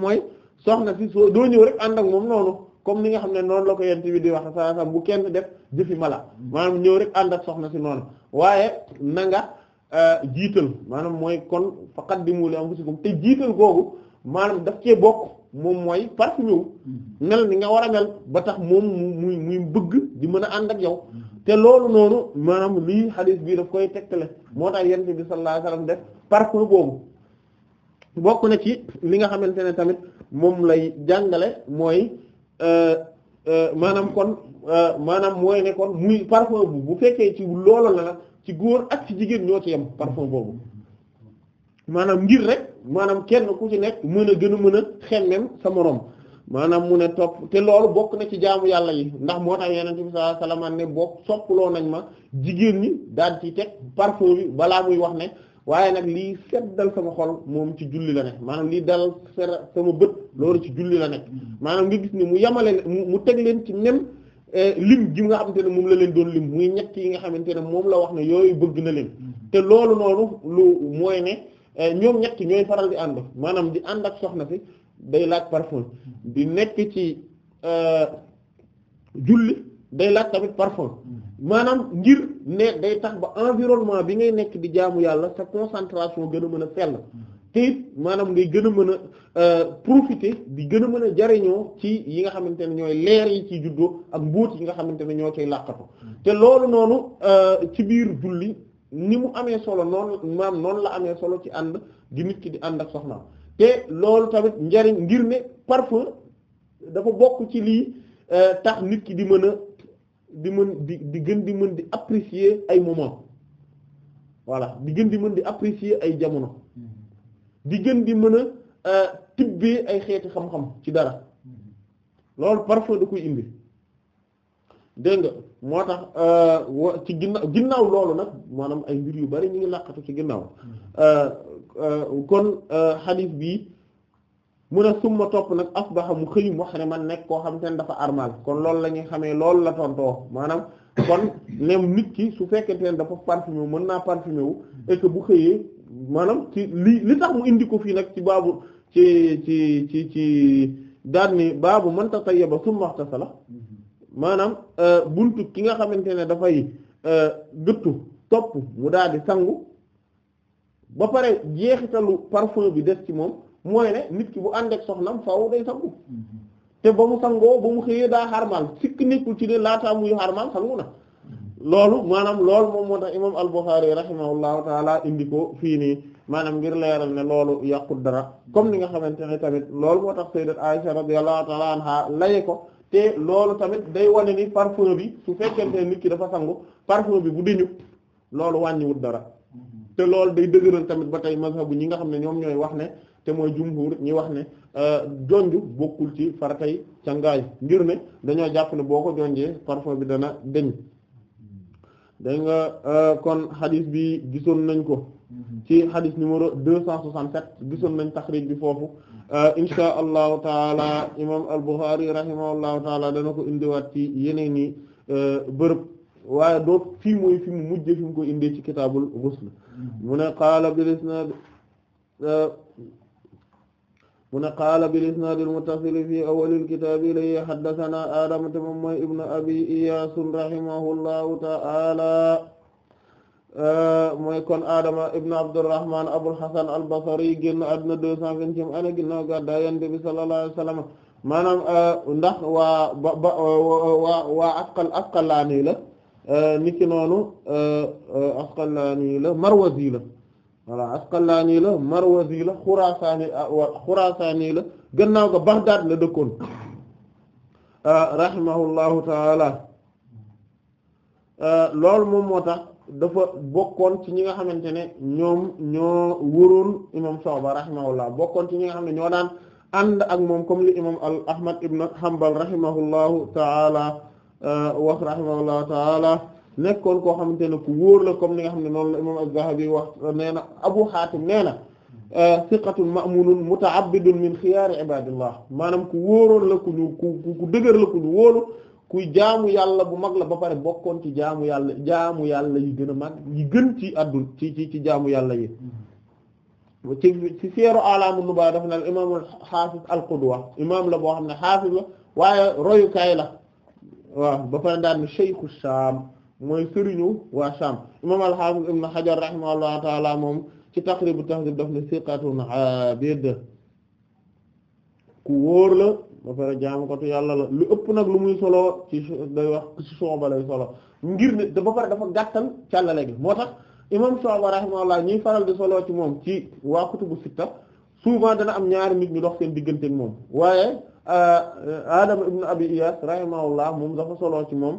mooy soxna si soo doo ñëw rek ànd ak moom noonu comme ni nga xam ne noonu la ko yent bi di wax saa saa bu kenn def jëfi mala maanaam ñëw rek ànd ak soxna si noonu waaye na Euh, jiital maanaam mooy kon mu li anfusikum te jiital googu maanaam daf cee bokk moom mooy parfumé wu
mm-hmm.
mel ni nga war a mel ba tax moom muy muy bëgg di mën a ànd ak yow mm-hmm. te loolu noonu maanaam lii xadiis bii daf koy tegtale moo tax yonent bi sallallahu alayhi wasallam def parfum boobu bokk na ci li nga xamante ne tamit moom lay jàngale mooy euh, euh, maanaam kon maanaam mooy ne kon muy parfum bu bu fekkee ci loolu la la ci góor ak ci jigéen ñoo ci yem parfum boobu maanaam ngir rek maanaam kenn ku ci nekk mën a gën a mën a xemmem sa moroom maanaam mu ne topp te loolu bokk na ci jaamu yàlla yi ndax moo tax yeneen bi sallallahu alayhi wasallam ne bokk soppaloo nañ ma jigéen ñi daal ci teg parfum bi balaa muy wax ne waaye nag lii seddal sama xol moom ci julli la ne maanaam lii dal sama bët loolu ci julli la nekk maanaam nga gis ne mu yamale mu teg leen ci nem Euh, lim gi nga xamante ne moom la leen doon lim muy ñett yi nga xamante ne moom la wax ne yooyu bëgg na leen mm-hmm. te loolu noonu lu mooy ne euh, ñoom ñett ñooy faral di ànd maanaam di ànd ak soxna si day laaj parfum mm-hmm. di nekk ci euh, julli day laaj tamit parfum mm-hmm. maanaam ngir ne day tax ba environnement bi ngay nekk di jaamu yàlla sa concentration gën a mën a sell te it maanaam ngay gën a mën a euh, profiter di gën a mën a jariñoo ci yi nga xamante ne ñooy leer yi ciy juddoo ak mbóot yi nga xamante ne ñoo cay làqatu te loolu noonu euh, ci biir julli ni mu amee solo noonu maam la amee solo ci ànd di nit ki di ànd ak soxnaam te loolu tamit njariñ ngir ne parfois dafa bokk ci lii euh, tax nit ki di mën a di mën di di gën di mën di apprécier ay moment voilà di gën di mën di apprécier ay jamono hmm. di gën di mën a euh, tibbee ay xeeti xam-xam ci dara loolu parfois da koy indi dégg nga moo tax euh, ci ginnaaw ginnaaw loolu nag maanaam ay mbir yu bari ñu ngi làqatu ci ginnaaw euh, kon hadith bii mu ne summa topp nag asbaha mu xëy mu ne man nekk koo xam te dafa armal kon loolu la ñuy xamee loolu la tontoo maanaam kon nem nit ki su fekkente ne dafa parfumé mën naa parfumé wu bu xëyee maanaam ci li li tax mu indi ko fii nag ci baabu ci ci ci ci daan ni baabu man tatayyaba summa ihtasala mm-hmm. maanaam euh, buntu ki nga xamante ne dafay euh, gëttu topp mu daal di sangu ba pare jeexitalu parfum bi des ci moom mooy ne nit ki bu ànd ak soxnam faaw day sangu mm-hmm. te ba mu sangoo ba mu xëyee daa xarmaal sikk nekkul ci ne laataa muy xarmaal sangu na loolu maanaam lool moom moo tax imam al-Bukhari rahimahullahu taala indi ko fii nii maanaam ngir leeral ne loolu yàqul dara comme ni nga xamante ne tamit lool moo tax sayyidat Aisha radiyallahu taala anha laye ko te loolu tamit day wane ni parfum bi su fekkente nit ki dafa sangu parfum bi bu diñu loolu wàññiwul dara te loolu day dëgëral tamit ba tey mazhabu ñi nga xam ne ñoom ñooy wax ne te mooy jumhur ñi wax ne euh, jonj bokkul ci faratay cangaay ngir ne dañoo jàpp ne boo ko jonjee parfum bi dana deñ dégg nga euh, kon xadis bi gisoon nañ ko mm-hmm. ci xadis numéro deux cent gisoon nañ taxrij bi foofu euh, insha allahu taala imam al-Bukhari rahimahullahu taala dana ko indiwaat ci yeneen i euh, bërëb waaye doot fii mooy fi mu mujj fi ko indee ci kitaabul ghusl mm-hmm. mu ne qaala bil isnaad mu ne qaala bil isnaadil muttasili fii awwalil kitaabi ilayhi haddasanaa Aadama te moom mooy ibnu abi Iyaas rahimahullahu ta'aala mooy kon Aadama ibnu Abdurrahmaan Abul Hasan al-Basri génn àdduna deux cent vingtième année ginnaaw gàddaay Yonent bi sallallahu alayhi wa sallam maanaam ndax waa ba ba waa waa asqal asqalaani la niki noonu asqalaani la marwazi la. voilà Asqalaani la Marwazi la Xuraasaani Xuraasaani ah, la gannaaw ga Baghdad la dëkkoon ah, rahimahullahu taala ah, loolu moom moo tax dafa bokkoon ci ñi nga xamante ne ñoom ñoo wóoroon imam Shu'ba rahimahullah bokkoon ci ñi nga xam ne ñoo daan ànd ak moom comme li imam al Ahmad ibn Hanbal rahimahullahu taala wax rahimahullahu taala nekkoon koo xamante ne ku wóor la comme ni nga xam ne noonu la imam Az-Zahabi wax nee na Abu Hatim nee na siqatun euh, ma'munun muta'abbidun min xiyaari ibadillah maanaam ku wóoroon la ku ñu ku ku la ku ñu wóolu kuy jaamu yàlla bu mag la ba pare bokkoon ci jaamu yàlla jaamu yàlla yi gën a mag yi gën ci addun ci ci jaamu yàlla yi ci ci seeru alaamu na al imaamul la boo xam ne xaafis la royukaay la waaw ba pare daan ne shaykhu Shaam mooy sëriñu waa Sham imam al-Hafiz ibn Hajar rahimahullahu taala moom ci Taqrib Tahdhib daf ne siqatun abid ku wóor la ba pare jaamu ko yàlla la lu ëpp nag lu muy solo ci day wax ci Shu'ba lay solo ngir ne ba pare dafa gàttal càllale gi moo tax imam Shu'ba rahimahullah ñuy faral di solo ci moom ci waa kutubu sitta souvent dana am ñaari nit ñu dox seen diggante moom waaye euh, Adam ibn Abi Iyas rahimahullah moom dafa solo ci moom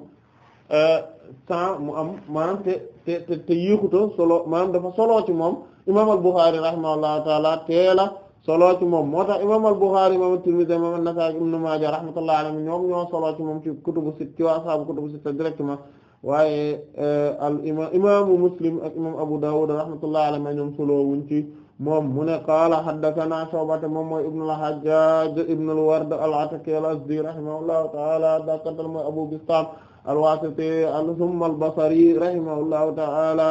sans euh, mu am maanaam te te te yéexuta solo maanaam dafa solo ci moom imam al-Bukhari rahimahullahu taala teela solo ci moom moo tax imam al-Bukhari imam at-Tirmidhi imam an-Nasa'i ibn Maaja rahmatullahi alayhim ñoom ñoo solo ci moom ci kutubu sitta ci waa ashaabu kutubu sitta directement waaye euh, al imam imaamu Muslim ak imam Abu Dawud rahmatullahi alayhim ñoom solo wuñ ci moom mu ne qaala haddathana Shu'bata moom mooy ibn al-Hajjaj ibn al-Ward al-Ataki al-Azdi rahimahullahu al-Wasiti al-Summa al-Basri rahimahullahu ta'ala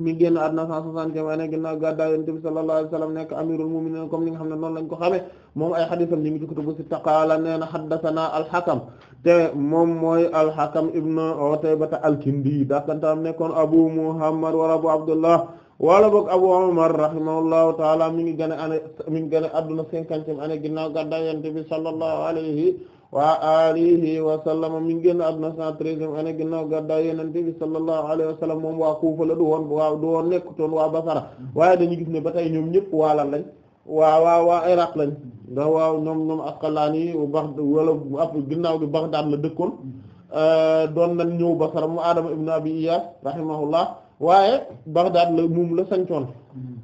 mi génn àdduna 160 année ginnaaw gàddaay Yonent bi sallallahu alayhi wa sallam ne noonu lañ ko xamee moom ay xadisam ñu ngi ci kutubu sitta qaala nee na haddathana al-Hakam te moom mooy al-Hakam ibn Utaybata al-Kindi dakantaam nekkoon Abu Muhammad wala Abu Abdullah wala boog Abu Umar rahimahullahu ta'ala mi ngi génn année mi ngi génn àdduna 50e année ginnaaw gàddaay sallallahu alayhi wa alihi wa sallama mi ngi génn àdduna cent treizième année ginnaaw gàddaay Yonent bi sallallahu alayhi wa sallam moom waa Kuufa la du woon waa du woon toon waa Basara waaye dañu gis ne ba tey ñoom ñëpp waalal lañ waa waa waa Iraq lañ ndax waaw ñoom ñoom Asqalaani bax wala ab ginnaaw bi Baghdad la dëkkoon euh, doon nañ ñëw Basara mu Adama ibn Abi Iyaas rahimahullah waaye Baghdad la moom la sancoon mm-hmm.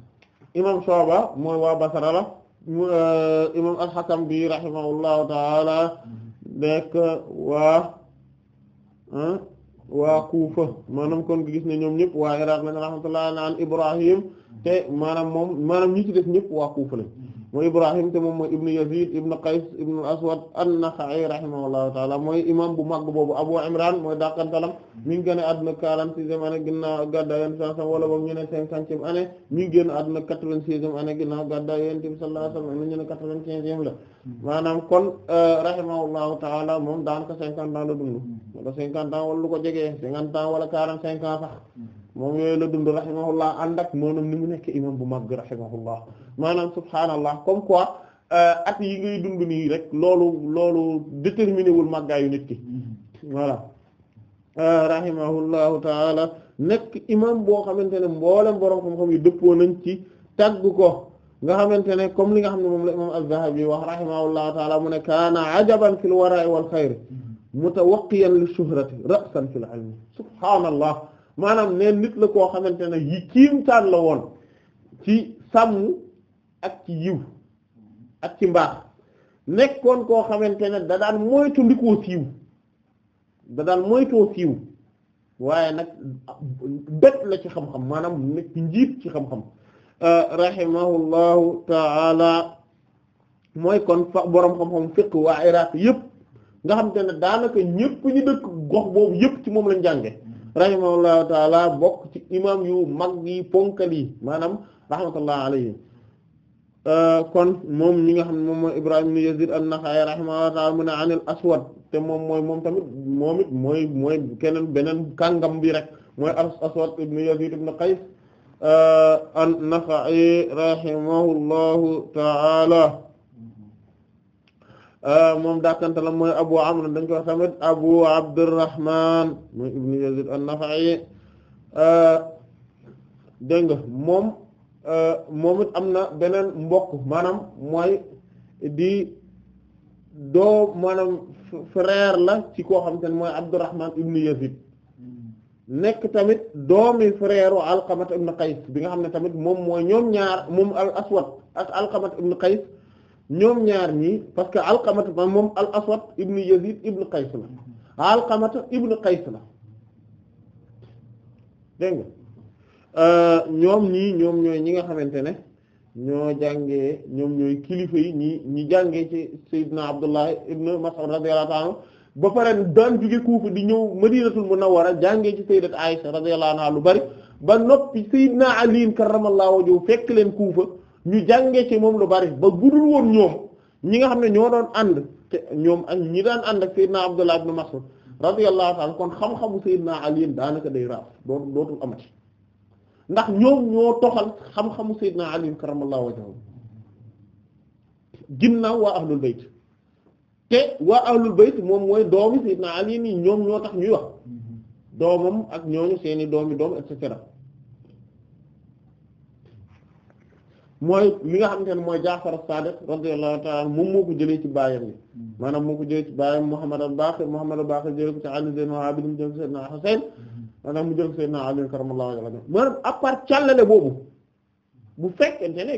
imam Shu'ba mooy waa Basara la Uh, imam al-Hakam bi rahimahullahu taala nekk waa waa ma maanaam kon gis ne ñoom ñëpp waa Iraq lañ rahmatullahi naan Ibrahim te maanaam moom maanaam ñi ci def ñëpp waa Kufa lañ mooy Ibrahim te moom mooy ibnu Yazid ibnu Qays ibnu Aswad an-Nakha'i rahimahullahu ta'ala mooy imam bu mag boobu Abu Imran mooy dàqantalam mi ngi génn àdduna quarante-sixième année ginnaaw gàddaay Yonent bi sallallahu alayhi wasallam wala boog ñu ne cinquantième année mi ngi génn la maanaam kon euh, rahimahullahu ta'ala moom daanaka cinquante la dund wala cinquante ans wala lu ko jege cinquante ans wala quarante-cinq moom yooyu la dund rahimahullah ànd ak maanaam ni mu nekk imam bu mag rahimahullah maanaam subhaanallah comme quoi euh, at yi ngay dund nii rek loolu loolu déterminé wul màggaayu nit ki voilà euh, rahimahullahu taala nekk imam boo xamante ne mboolem borom xam-xam yi dëppoo nañ ci tagg ko nga xamante ne comme li nga xam ne moom la imam az-Zahabi wax rahimahullahu taala mu ne kaana ajaban fil wara'i wal xayri mm-hmm. mutawaqqiyan li shuhrati ra'san fil ilmi subhaanallah maanaam ne nit la koo xamante ne yi taan la woon ci sàmm ak ci yiw ak ci mbaax nekkoon koo xamante ne da daan moytu ndikoo siiw da daan moytoo siiw waaye nag bet la ci xam-xam maanaam nekk njiit ci xam-xam euh, rahimahullahu taala mooy kon fa boroom xam-xam fiqh waa iraq yëpp nga xam te ne daanaka ñëpp ñu dëkk gox boobu yëpp ci moom lañ jànge rahimahullahu taala bokk ci imam yu mag yi ponkal yi maanaam rahmatullah alayhi euh, kon moom mi nga xam ne moom mooy Ibrahim ibn Yazid an-Nakha'i rahimahullahu taala mu ne anil aswad te moom mooy moom tamit moom it mooy mooy keneen beneen kàngam bi rek mooy aswad ibn Yazid ibn Qays euh, an-Nakha'i taala Euh, moom daakantalam mooy Abu Amr dañ ko wax tamit Abu Abdurrahman mooy ibnu Yazid an-Naxa'i euh, dégg nga moom euh, moom it am na beneen mbokk maanaam mooy di doo maanaam frère la ci koo xam te mooy mooy Abdurrahman ibnu Yazid nekk tamit doomi frère Alqamat ibnu Qays bi nga xam ne tamit moom mooy ñoom ñaar moom al ibnu Qays ñoom ñaar ñii parce que alxamat moom al aswad ibn yazid ibn qays na alqamata ibn qays la dégg euh, ñoom ñii ñoom ñooy ñi nga xamante ne ñoo jàngee ñoom ñooy kilifa yi ñii ñi jàngee ci sayyidina abdullah ibn mas'ud radiyallahu anhu ba pare daan jóge Kuufa di ñëw madinatul munawwara jàngee ci sayyidat aisha radiyallahu anha lu bari ba noppi sayyidina ali karramallahu wajhu fekk leen Kuufa ñu jàngee ci moom lu bari ba gudul woon ñoom ñi nga xam ne ñoo doon ànd te ñoom ak ñi daan ànd ak Seydina Abdullah ibn Mas'ud radiyallahu ta'ala kon xam-xamu Seydina Ali daanaka day raaf dootul amati ndax ñoom ñoo toxal xam-xamu Seydina Ali karramallahu wajhahu ginnaaw waa ahlul bayt te waa ahlul bayt moom mooy doomi na Ali nii ñoom ñoo tax ñuy wax doomam ak ñooñu seeni doomi doom et mooy li nga xam ne mooy Jaafar Saadiq radiyallahu ta'ala moom moo jëlee ci baayam yi hmm. maanaam moo ko jëlee ci baayam Muhammad al-Baqir Muhammad al-Baqir jëlee ko ci Ali ibn Abid mu jël ko Seydina Husayn hmm. maanaam mu jël ko Seydina Ali karamallahu wajhahu maanaam à part càllale boobu bu fekkente ne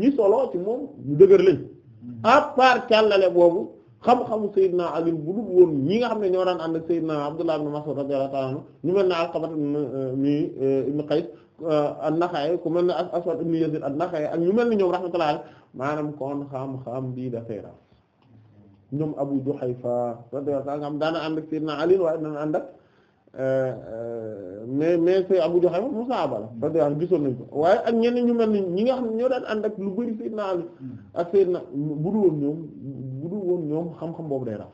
ñi solo ci moom ñu dëgër lañ hmm. à part càllale boobu xam-xamu Seydina Ali bu dul woon ñi nga xam ne ñoo daan ànd ak Abdullah ibn Mas'ud radiyallahu ta'ala anhu ñu mel ne Alqama mi eh, ibn Qays eh, an-Nakha'i ku mel ne Aswad ibn Yazid an-Nakha'i ñu mel ne ñoom rahmatullahi maanaam kon xam-xam bii dafay raaf ñoom Abu Juhayfa radiyallahu ta'ala anhu daana ànd ak Seydina waaye dana ànd ak Euh, euh, mais mais c'est Abu Juhayfa mu saaba la radiyallahu gisoon nañ ko waaye ak ñenn ñu mel ni ñi nga xam ne ñoo daan ànd ak lu bari Seydina Ali mm. ak Seydina bu dul woon bu dul woon ñoom xam-xam boobu de raaf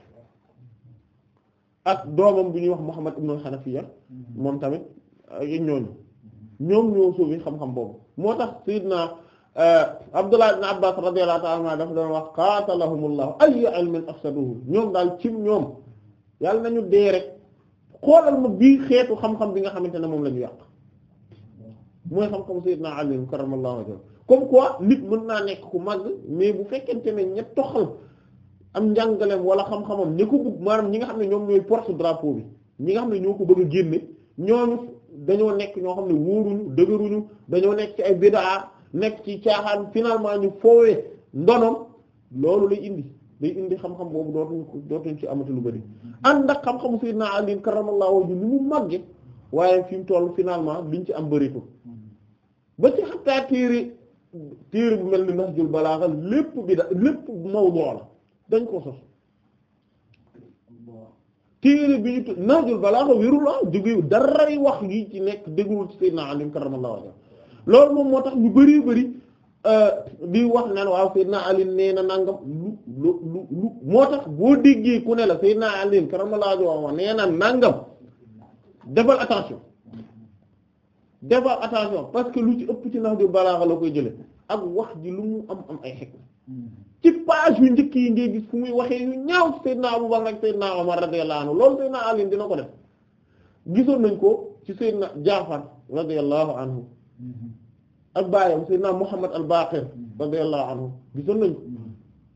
ak doomam bu ñuy wax Muhammad ibn al mm. moom tamit ak ñooñu mm. ñoom ñoo suufi xam-xam boobu moo tax Seydina euh, Abdullah ibn Abbas radiyallahu ta'ala dafa doon wax qatalahumullahu ayyu ilmin afsaduhu ñoom daal cim ñoom yàlla nañu dee rek xoolal ma bii xeetu xam-xam bi nga xamante ne moom la ñu yàq mooy xam-xam sayyidina Ali karramallahu wajhu comme quoi nit mën naa nekk ku màgg mais bu fekkente ne ña toxal am njàngaleem wala xam-xamam ñi ko bëgg maanaam ñi nga xam ne ñoom ñooy porte drapeau bi ñi nga xam ne ñoo ko bëgg a génne ñooñu dañoo nekk ñoo xam ne wóoruñu dëgëruñu dañoo nekk ci ay bid'a nekk ci caaxaan finalement ñu foowee ndonom loolu lay indi day indi xam-xam boobu dootuñ ci amati lu bari ànd ak xam-xamu sayyidina Ali karramallahu wajhu ni mu màgge waaye fi mu toll finalement liñ ci am bëritu ba ci xattaa téere téere bu mel ni Nahjul Balaaxa lépp bi da lépp mawdu la dañ ko sos téere bi ñu Nahjul Balaaxa wérul la ah, jóge daray wax yi ci nekk déggul naa sayyidina Ali karramallahu wajhu loolu moom moo tax ñu bari bari Euh, di wax nan waaw Seydina Ali nee na nangam lu lu lu lu moo tax boo déggee ku ne la Seydina Ali karamallahu wajhahu nee na nangam defal attention defal attention parce que lu ci ëpp ci Nahju Balaaxa la koy jële ak wax ji lu mu am am ay xekk ci page yu njëkk yi ngay gis fu muy waxee yu ñaaw Seydina Abu Bakr ak Seydina Umar radiyallahu anhu loolu Seydina Ali dina ko def gisoon nañ ko ci Seydina Jaafar radiyallahu anhu mm-hmm. ak baayam Seydina Muhammad al-Baqir mm. radiyallahu anhu gisoon nañ ko mm.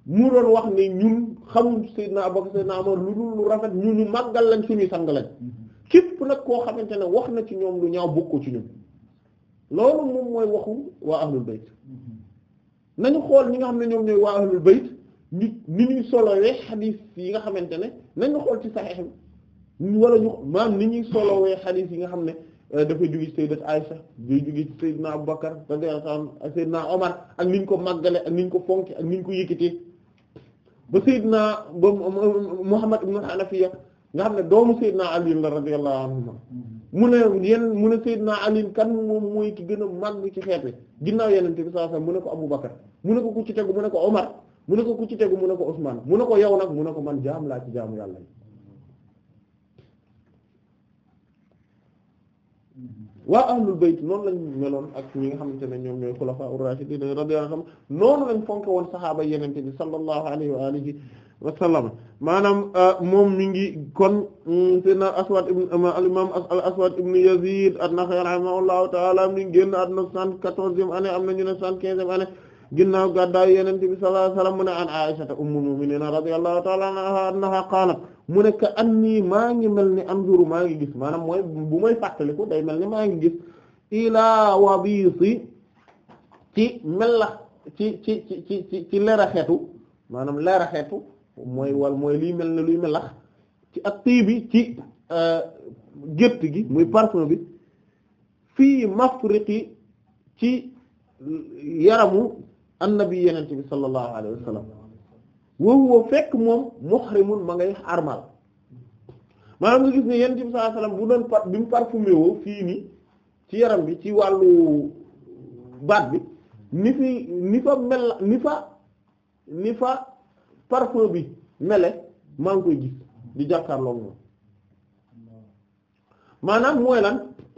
mu doon wax ne ñun xamul Seydina Abubakar Seydina Umar lu dul lu rafet ñu ñu màggal lañ suñuy sang lañ mm-hmm. képp nag koo xamante ne wax na ci ñoom lu ñaaw bokkoo ci ñun loolu moom mooy waxu waa ahlul bayt mm-hmm. nañu xool ñi nga xam ne ñoom ñooy waa ahlul bayt nit ni ñuy solowee xadiis yi nga xamante ne nañu xool ci saxiix bi wala ñu maam ni ñuy solowee xadiis yi nga xam ne Euh, dafa jóge ci sayyidat Aisha day jóge ci sayyidna Abu Bakar radiyallahu anhu ak sayyidna Omar ak niñ ko màggale ak niñ ko fonki ak niñ ko yëkkatee ba sayyidna ba Muhammad ibn Hanafiya nga xam ne doomu sayyidna Ali la radiyallahu anhu mu ne yenn mu ne sayyidna Ali kan moom mooy ki gën a màgg ci xeet wi ginnaaw yenente bi sallallahu alayhi wasallam mu ne ko Abu Bakar mu ne ko ku ci tegu mu ne ko Omar mu ne ko ku ci tegu mu ne ko Usman mu ne ko yow nag mu ne ko man jaam laa ci jaamu yàlla yi waa ahlul bayt noonu lañ meloon ak ñi nga xamante ne ñoom ñooy xulafaa ur-raashidin radiyallahu anhum noonu lañ fonke woon saxaaba yenente bi sallallahu alayhi wa alihi wa sallam maanaam euh, moom mi ngi kon mm, sayyidina aswad ibn al imam al aswad ibn yazid an-Nakha'i rahimahullahu ta'ala mi ngi génn àdduna soixante-quatorzième année am na ñu ne soixante-quinzième ginnaaw gàddaayu yonent bi sallallahu alayhi wasallam mu ne an Aisha ummul mu'minin radiyallahu ta'ala anha annaha qalat mu ne ka anni maa mel ni anzuru maa gis maanaam mooy bu may fàttaliku day mel ni maa ngi gis ilaa wabisi ci melax ci ci ci ci ci ci lera xeetu maanaam lera xeetu mooy li mooy mel ne luy melax ci ak tii bi ci euh, gétt gi muy parfum bi fii ci yaramu annabi yenent bi sallallahu alayhi wa sallam woowu fekk moom muhrimun ma ngay armal maanaam nga gis ne yenent bi sallallahu alayhi bu doon par bi mu ci yaram bi ci wàllu baat bi ni fi ni fa mel ni fa ni fa parfum bi mele maa ngi koy gis di jàkkaarloo moom maanaam mooy lan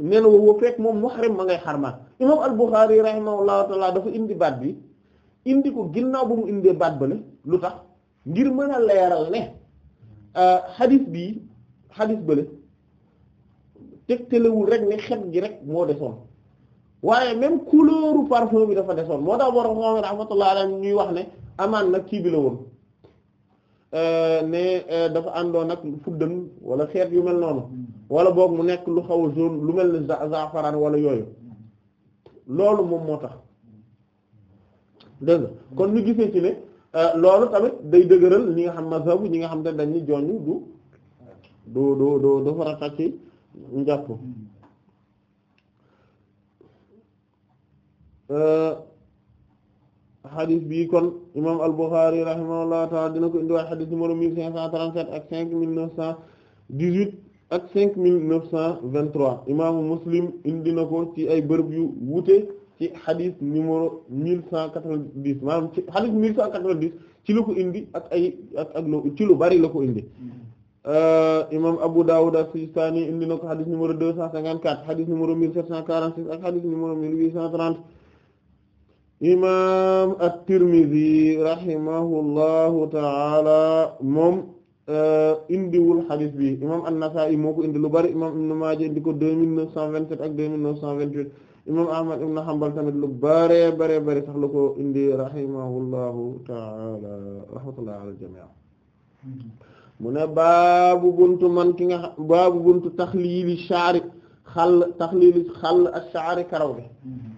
nee na woowu fekk moom muhrim ma ngay xarmal imam al-Bukhari rahimahullahu ta'ala dafa indi baat bi indi ko ginnaaw ba mu indee baat ba lu tax ngir mën a leeral ne euh, xadis bii xadis bële tegtalewul rek ne xet gi rek moo desoon waaye même couleur parfum bi dafa desoon moo tax borom xam rahmatullah alayhi ñuy wax ne amaan na kii bi la woon euh, ne euh, dafa àndoon ak fuddam wala xeet yu mel noonu wala boog mu nekk lu xaw a lu mel ne zafaraan wala yooyu loolu moom moo tax dëgg kon lu gisee ci ne euh, loolu tamit day dëgëral ñi nga xam mazhabu ñi nga xam te dañ ni joñu du du du du du farata ci njàpp xadis euh, bi kon imam al-Bukhari rahimahullahu taala dina ko indiwaat xadis numéro mille cinq cent trente-sept ak cinq mille neuf cent dix-huit ak cinq mille neuf cent vingt-trois imaamu Muslim indi na ko ci ay bërëb yu wuute ci xadis numéro mille cent quatre-vingt-dix maanaam ci xadis mille cent quatre-vingt-dix ci la ko indi ak ay ci lu bari la ko indi euh, imam Abu Dawud as-Sijistani indi na ko xadis numéro deux cent cinquante-quatre xadis numéro mille sept cent quarante-six ak xadis numéro mille huit cent trente imam at-Tirmidhi rahimahullahu taala moom euh, indiwul xadis bi imam an-Nasa'i moo ko indi lu bari imam Ibn Maaja indi ko deux mille neuf cent vingt-sept ak deux mille neuf cent vingt imam Ahmad ibn Hanbal tamit lu bare bare bare sax la ko indi rahimahullahu ta'ala rahmatullahi ala al mu ne baabu buntu man ki nga baabu buntu taxliili shaari xall taxliili xall ash-shaari karaw gi mm-hmm.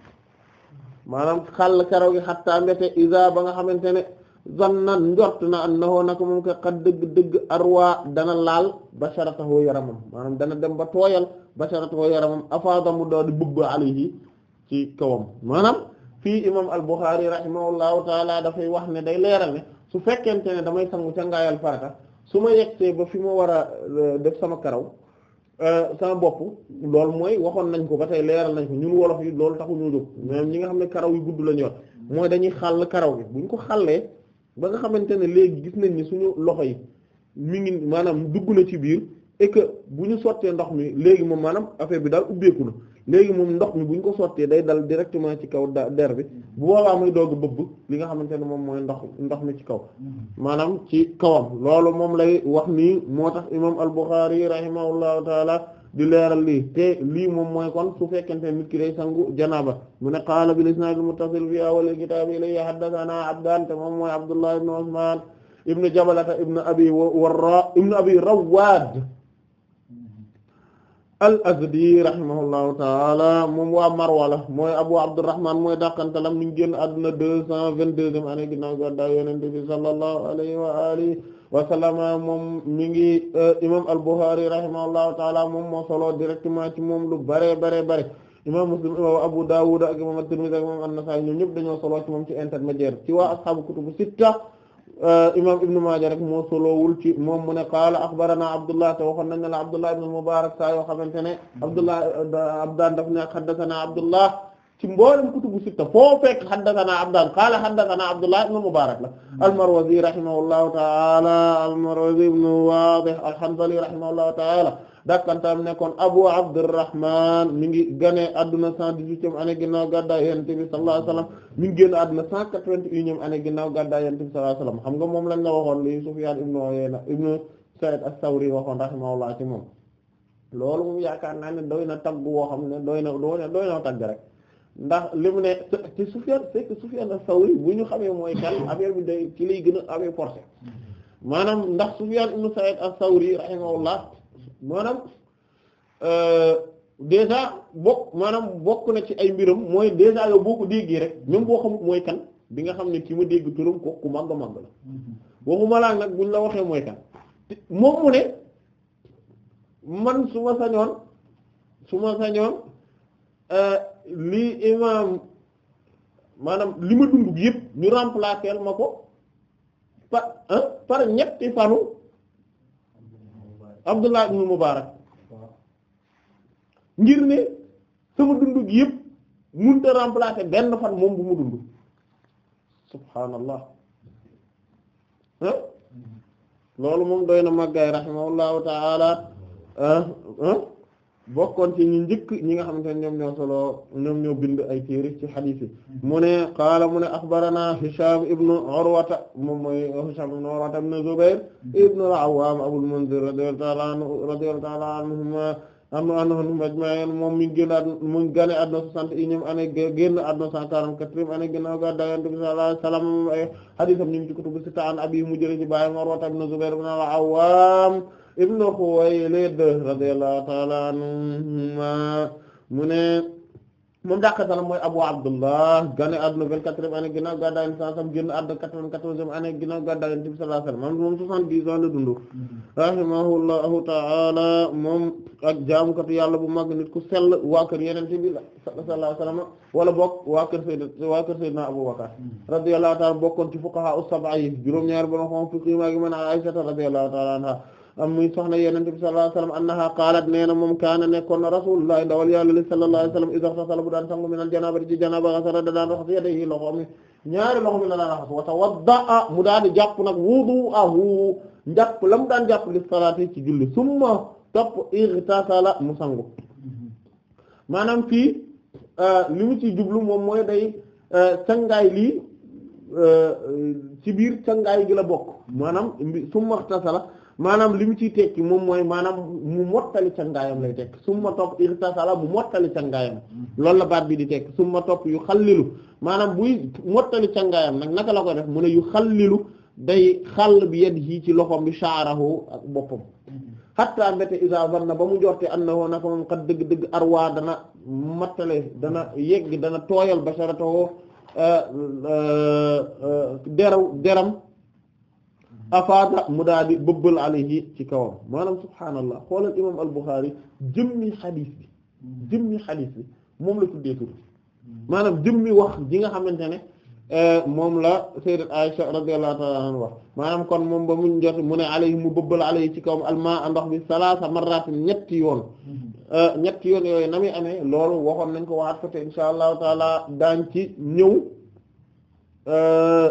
maanaam xall karaw gi xattaa mbete isa ba nga xamante ne zannan njort na annahu naka moom ko xat dëgg-dëgg arwa dana laal basharatahu yaramam maanaam dana dem ba tooyal basharatahu yaramam afaada mu daal di bëgg alayhi ci kawam maanaam fii imam al-Bukhari rahimahullahu taala dafay wax ne day leeral ne su fekkente ne damay sangu cangaayal farata su ma yegsee ba fi ma war a e, def sama karaw e, sama bopp loolu mooy waxoon nañ ko ba tey leeral nañ ko ñun wolof yi loolu taxu ñu jóg même ñi nga xam ne karaw yu gudd lañu yor mooy dañuy xàll karaw gi buñ ko xàllee ba nga xamante ne léegi gis nañ ni suñu loxo yi mi ngi maanaam dugg na ci biir et que bu ñu sottee ndox mi léegi moom maanaam affaire bi daal ubbeeku na léegi moom ndox mi bu ñu ko sottee day dal directement ci kaw der bi bu boobaa muy doog bëbb li nga xamante ne moom mooy ndox ndox mi ci kaw mm-hmm. maanaam ci kawam loolu moom lay wax nii moo tax imam al-Bukhari rahimahullahu taala di leeral lii te lii moom mooy kon su fekkente nit ki day sangu janaaba mu ne qaala bil isnaad al muttasil fi awwal kitaab ilayhi haddathanaa Abdaan te moom mooy Abdullah ibn Usmaan ibn Jabalata ibn Abi Warraa ibn Abi Rawwaad al azdi rahimahullahu taala moom waa Marwa la mooy Abu Abdurrahman mooy dàqantalam mi ngi génn àdduna deux cent vingt-deuxième année ginnaaw gàddaay Yonent bi sallallahu alayhi wa wasallama moom mi ngi euh, imam al-Bukhari rahimahullahu taala moom moo solo directement ci moom lu bare bare bare imam Muslim imam Abu Dawud ak imam at-Tirmidhi ak imam an-Nasa'i ñoom ñëpp dañoo solo ci moom ci intermédiaire ci waa ashabu kutubu sitta euh, imam Ibn Maaja rek moo solowul ci moom mu ne qaala axbarana Abdullah te waxoon nañ ne la Abdullah ibn al-Mubarak saa yoo xamante ne Abdullah abdaan daf ne haddathana Abdullah ci mboolem kutubu sitta foo fekk haddathana Abdaan qaala haddathana Abdullah ibn Mubaarak la hmm. al-Marwazi rahimahullahu ta'ala al-Marwazi ibn Waadih al-Hanzali rahimahullahu ta'ala dakkantaam nekkoon Abu Abdurrahman mi ngi gane adduna cent dix-huitième année ginnaaw gàddaay Yonent bi sallallahu alayhi wasallam mi ngi génn adduna cent quatre-vingt-unième année ginnaaw gàddaay Yonent bi sallallahu alayhi wasallam xam nga moom lañ la waxoon li Sufyaan ibn Uyayna ibn Sa'id as-Sawri waxoon rahimahullah ci moom loolu moom yaakaar naa ne doy na tagg woo xam ne doy na doy rek ndax li mu ne su Sufyan c'est que Sufyan as-Sawri bu ñu xamee mooy kan affaire bi day ci lay gën a amee portée maanaam ndax Sufyan ibn Sa'id as-Sawri rahimahullah maanaam euh, déjà bokk maanaam bokk na ci ay mbiram mooy déjà yow boo ko déggee rek même boo xamut mooy kan bi nga xam ne ki ma dégg turam ko ku màgg màgg
la
waxuma laa nag buñ la waxee mooy kan moom mu ne man su sañoon su sañoon euh, lii imam maanaam li ma dund yëpp ñu remplacer ma ko par ñetti fanu Abdullah ibn Mubarak ngir ne sama dund gi yëpp mënut a benn fan moom bu mu dund subhaanallah ah mm-hmm. loolu moom doy na màggaay rahimahullahu ta'ala ah bokkoon ci ñu njëkk ñi nga xamante ne ñoom ñoo solo bind ay téere ci xadiis yi mu ne qaala mu ne axbarana Hisham ibnu Urwata moom mooy Hisham ibnu Urwata ibnu Zubayr ibnu al-Awwam Abul Munzir radiyallahu ta'ala anhuma am anhum ajma'in moom mi ngi génn mu ngi gane àdduna soixante et unième année génn santa cent quarante-quatrième année ginnaaw ga dagan tu bi sallallahu alayhi wasallam ay xadiisam ñu an abi mu jële ci baayam Urwata ibnu Zubayr ibnu al-Awwam ibnu Khuwaylid radiyallahu ta'ala anhuma mu ne moom dàqasalam mooy Abu Abdullah gane adduna vingt-quatrième année ginnaaw gàddaay Yonent sallallahu alayhi wasallam génn adduna quatre-vingt-quatorzième année ginnaaw gàddaay Yonent bi moom soixante-dix ans la
mm-hmm.
rahimahullahu ta'ala moom ak jaamukatu yàlla bu mag nit ku sell waa kër Yonent bi sallallahu wala bokk waa kër Sayyid waa kër Abu Bakr mm-hmm. radiyallahu ta'ala bokkoon ci fuqaha as-sab'a yi juróom-ñaar ba na xom fiqi maa ngi a Aisha radiyallahu ta'ala anha muy soxna yenente bi sallallahu alayhi wasallam annaha qalat nee moom kaana nekkoon na rasulullah ndawal yàlla li sallallahu alayhi wasallam ightasala bu daan sangu min al janaba ci janaba da daan raxas yadayhi loxo mi ñaari loxo mi la daan raxas wa tawadda'a mu daal di jàpp nag wudu'ahu njàpp la mu daan jàpp li salaati ci julli summa topp ightasala mu sangu maanaam fii euh, li mu ci jublu moom mooy day sangaay euh, lii euh, ci biir sangaay gi la bokk maanaam summa ightasala maanaam li mu ci tekki moom mooy maanaam mu mottali cangaayam lay tekk summa topp irtasala mu mottali cangaayam loolu la baat bi di tekk summa topp yu xallilu maanaam buy mottali cangaayam nag naka la ko def mu ne yu xallilu day xàll bi yedd yii ci loxoom bi shaarahu ak boppam xatta mbéte isa ban na ba mu jorte annahu ko moom kat dëgg-dëgg arwaa dana mattale dana yegg dana tooyal basharatahu euh, euh, euh, deraw deram afaata mu daal di bëbbal alayhi ci kawam maanaam subhaanallah xoolal imam al-Bukhari jëmmi xadiis bi jëmmi xadiis bi moom la tuddee tur maanaam jëmmi wax ji nga xamante ne eh, moom la sayyidat Aisha radiyallahu ta'ala kon moom ba mu jot mu ne alayhi mu bëbbal alayhi ci kawam almaa ndox bi salaasa marratin ñetti yoon eh, ñetti yoon yooyu na muy amee loolu waxoon nañ ko waxaat ko te insha allahu taala daañ ci ñëw eh,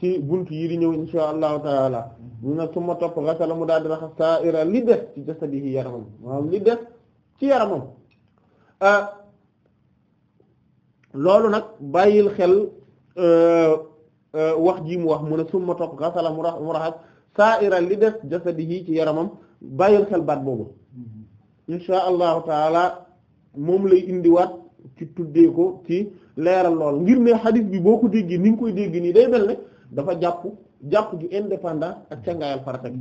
ci buntu yii di ñëw insha allahu taala ñu ne su ma topp gasala mu daal di raxas saa ira li des ci jasadihi yaramam li des ci ah, nag bàyyil xel ah, ah, wax ji mu wax mu ne su ma topp li des jasadihi yaramam bàyyil xel baat boobu insha allahu taala moom lay indiwaat ci tuddee ci leeral lool ngir ne xadis bi boo ko déggee ni koy dégg nii day mel ne. dafa jàpp jàpp gi indépendant ak cangaayal farata bi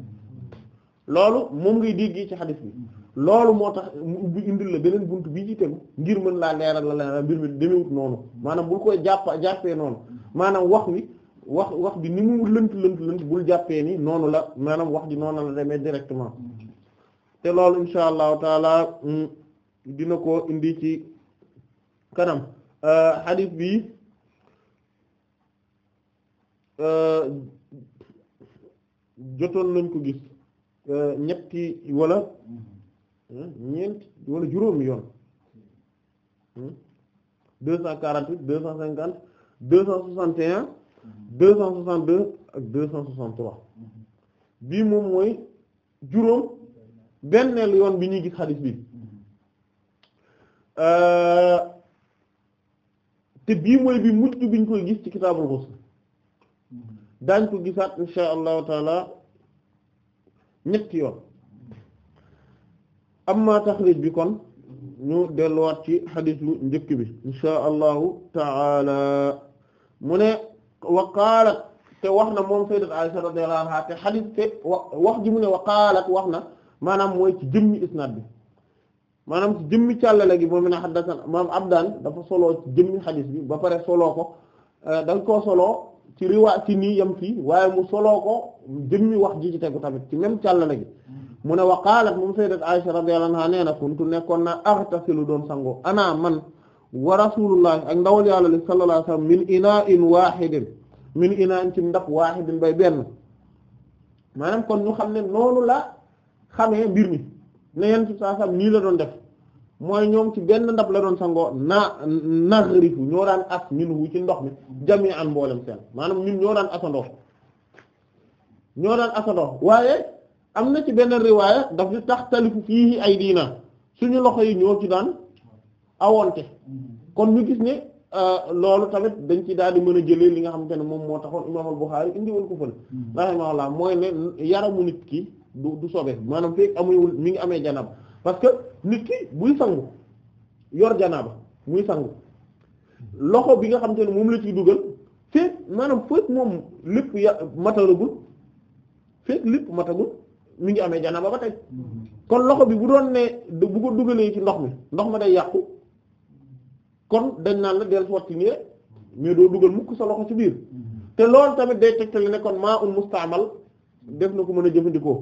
loolu moom ngay dégg ci xadis bi loolu moo tax mu ubbi indil la beneen bunt bi ci tegu ngir mën laa leeral la la mbir mi demewut noonu maanaam bul koy jàpp jàppee noonu maanaam wax wi wax wax bi ni mu lënt lënt lënt bul jàppee ni noonu la maanaam wax ji noonu la demee directement te loolu insha allahu taala mm, dina ko indi ci kanam euh, xadis bi Euh, jotoon nañ ko gis euh, ñetti wala euh, ñeenti wala juróom yoon hmm? deux cent quarante-huit deux cent cinquante deux cent soixante un deux cent soixante-deux ak deux cent soixante-trois bii moom mooy juróom benneel yoon bi ñuy gis xadis bi te bii mooy bi mujj biñ koy gis ci kitaabul ghusl daañ ko gisaat insha allahu taala ñetti yoon amma taxrij bi kon ñu delluwaat ci xadis bu njëkk bi insha allahu taala mu ne wa qaalat te wax na moom sayyidat Aisha radiyallahu anha te xadis te wax ji mu ne wa wax na maanaam mooy ci jëmmi isnaad bi maanaam ci jëmmi càllale gi moom ne xaddasan maam abdaan dafa solo ci jëmmi xadis bi ba pare solo ko eh, dañ koo solo ci riwaa ci nii yam fii waaye mu soloo ko jëmmi wax ji ci tegu tamit ci même càllale gi mu ne wa qalat moom sayyidat Aisha radiyallahu anha nee na kuntu nekkoon naa aghtasilu doon sango ana man wa rasulullah ak ndawal yàlla li sallallahu alayhi wasallam min ina'in wahidin min ina'in ci ndab wahidin bay benn maanaam kon ñu xam ne noonu la xamee mbir mi ne yenn ci saa sam nii la doon def mooy ñoom ci benn ndab la doon sangoo na nagrifu ñoo daan as ñun wu ci ndox mi jami an mboolem seen maanaam ñun ñoo daan asandoo ñoo daan asandoo waaye am na ci benn riwaaya daf di tax talifu fii ay diina suñu loxo yi ñoo ci daan awonte kon ñu gis ne euh, loolu tamit dañ ci daal di mën a jëlee li nga xamante ne moom moo taxoon imaam al-Bukhari indi woon ko fële hmm. rahimahullah mooy ne yaramu nit ki du du maanaam fekk amuy mi ngi amee janab parce que nit ki buy sangu yor janaaba muy sangu loxo bi nga xam te ne moom la ciy dugal fekk maanaam fekk moom lépp ya matalagul fekk lépp matagul mu ngi amee janaaba ba tey kon loxo bi bu doon ne bu ko dugalee ci ndox mi ndox ma day yàqu kon dañ naan la del sotti nii rek mais doo dugal mukk sa loxo ci biir te lool tamit day tegtali ne kon maa un mustaamal def na ko mën a jëfandikoo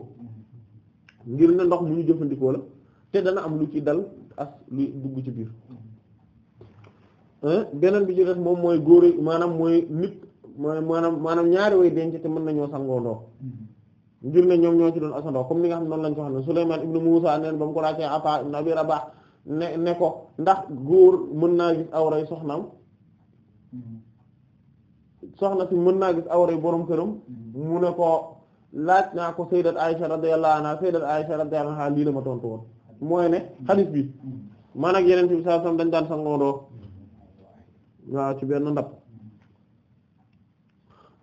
ngir ne ndox mu ñu jëfandikoo la te dana am lu ci dal as lu dugg ci biir beneen bi ci def moom mooy góor maanaam mooy nit maanaam maanaam ñaari way denc te mën nañoo sangoondoo ngir ne ñoom ñoo ci doon asandoo comme ni nga xam noonu lañ ko xam ne Sulaymaan ibnu ko laajtee Ataa ibnu Abi Rabaah ne ne ko ndax góor mën naa gis awray soxnaam soxna si mën naa gis awray borom këram mu ne ko laaj naa ko sayyidat Aysa ay anha sayyidat Aysa radiyallahu anha lii la ma tontu woon mooy ne xadis bi man ak yeneen bi sallallahu alayhi wasallam dañ daan sangoondoo waaw ci benn ndab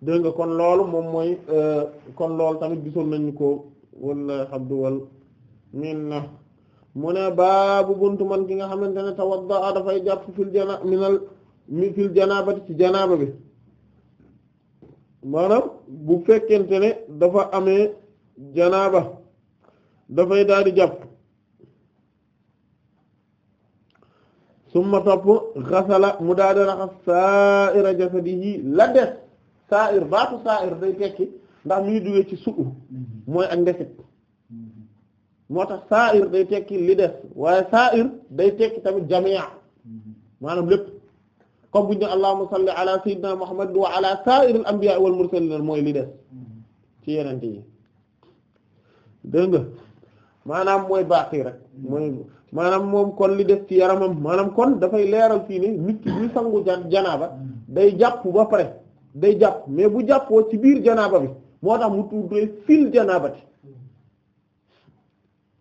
dégg nga kon loolu moom mooy euh, kon loolu tamit gisoon nañu ko wala xabdu wal min na mu ne baabu buntu man ki nga xamante ne tawadda dafay jàpp fil jana minal mi fil janaabati ci janaaba bi maanaam bu fekkente ne dafa amee janaaba dafay daal di jàpp summa topp xasala mu daal di raxas saa'ira jasadihi la des saa'ir baatu saa'ir day tekki ndax mi ngi jógee ci su'u mooy ak ndesit moo tax saa'ir day tekki li des waaye saa'ir day tekki tamit jamia maanaam lépp comme bu ñu allahumma salli ala sayyidina muhammad wa ala saa'iril anbiya wal mursalin mooy li des ci yeneen yi maanaam mooy baaqi rek mooy maanaam moom kon li def ci yaramam maanaam kon dafay leeral fii ne nit ki buy sangu jan janaaba day jàpp ba pare day jàpp mais bu jàppoo ci biir janaaba bi moo tax mu tuddee fil janaabati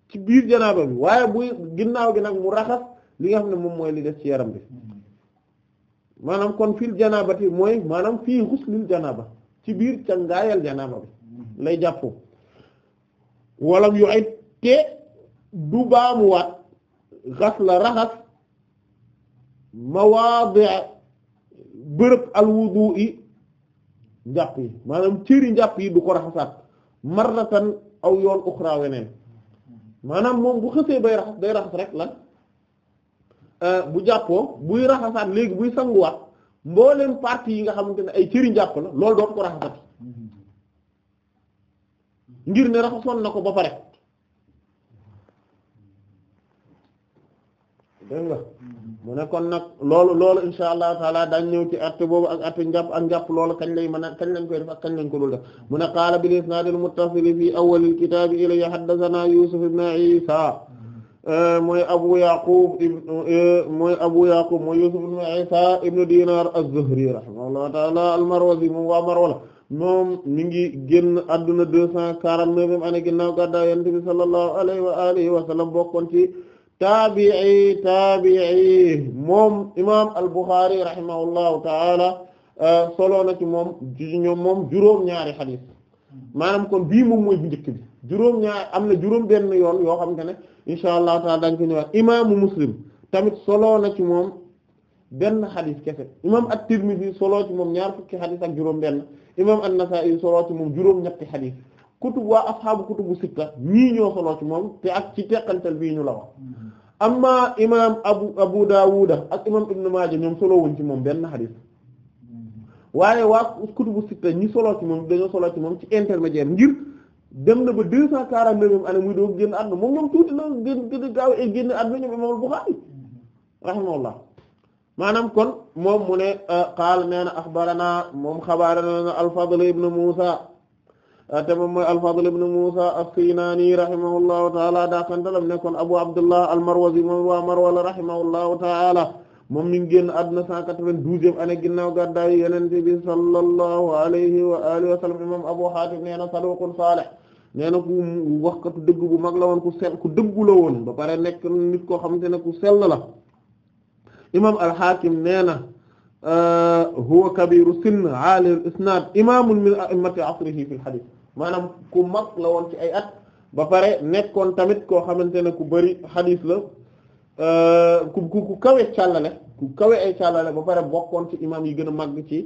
ci biir janaaba bi waaye buy ginnaaw gi nag mu raxas li nga xam ne moom mooy li def ci yaram bi maanaam kon fil janaabati mooy maanaam fii xuslil janaaba ci biir cangaayal janaaba bi lay jàppoo walam yu te du baamuwaat xasla raxas mawaadi bërëb alwudu'i njàpp yi maanaam cëri njàpp yi du ko raxasaat marratan aw yoon uxra weneen maanaam moom bu xësee bay raxas day raxas rek lan euh, bu jàppoo buy raxasaat léegi buy sanguwaat mbooleem partie yi nga xamante ne ay cëri njàpp la loolu doon ko raxasat mm-hmm. ngir ne raxasoon na ko ba pare dégg nga mu ne kon nag loolu loolu insha allah taala daañ ñëw ci atte boobu ak atte njàpp ak njàpp loolu kañ lay mën a kañ lañ koy def a kañ lañ ko dul def mu ne qaala bil isnaadil muttasili fii awwalil kitaabi ilay haddathana yusuf ibn isa eh, mooy abu yaqub eh, mooy abu yaqub mooy yusuf ibn isa ibn dinar az-zuhri rahimahullahu taala al-marwazi moom waa marwa moom mi ngi génn adduna deux cent quarante-neuf ane ginnaaw gàddaay yonent bi sallallahu alayhi wa alihi taabi'i taabi'i moom imaam al-Bukhari rahimahullahu ta'ala euh, solo na ci moom ñoom moom juróom-ñaari xadis maanaam kon bii moom mooy bu njëkk bi juróom-ñaar am na juróom-benn yoon yoo xam te ne insha allahu taala dañ ko ñëwaat imaamu muslim tamit solo na ci moom benn xadis kese imaam at-Tirmidhi solo ci moom ñaar fukki xadis ak juróom-benn imaam an-Nasa'i solo ci moom juróom-ñetti xadis. kutub waa asxaabu kutubu sitta ñii ñoo solo ci moom te ak ci teqantal bii ñu la wax amma imaam abu abu daawuda ak imaam ibnu maaja ñoom solo wuñ ci moom benn xadis waaye waa kutubu sitta ñi solo ci moom dañoo solo ci moom ci intermédiaire ngir dem na ba deux cent quarante-neuvième année muy doog génn àdduna moom ñoom tuuti la gën a gaaw ay génn àdduna ñoom imaam al-Buxaari rahimahullah maanaam kon moom mu ne euh, qaal nee na axbarana moom xabaarana al-Fadl Muusa Ah, te moom mooy ibn Musa as rahimahullahu taala daakantalam nekkoon Abu Abdullah al-Marwazi moom waa Marwa la rahimahullahu taala moom mi ngi génn àdduna 192e année ginnaaw gàddaay Yonent bi sallallahu alayhi wa alihi wa sallam imam Abu Hatim nee na saduqun salih nee ku waxkatu dëgg bu mag la woon ku sell ku dëggu woon ba pare nekk nit koo xamante ne ku sell la imam al-Hakim nee na huwa kabiru sinn aalil isnad imamun min a'immati asrihi fil hadith maanaam ku mag la woon ci ay at ba pare nekkoon tamit koo xamante ne ku bari hadith la ku ku ku kawe càllale ku kawe ay càllale ba pare bokkoon ci imam yi gën a màgg ci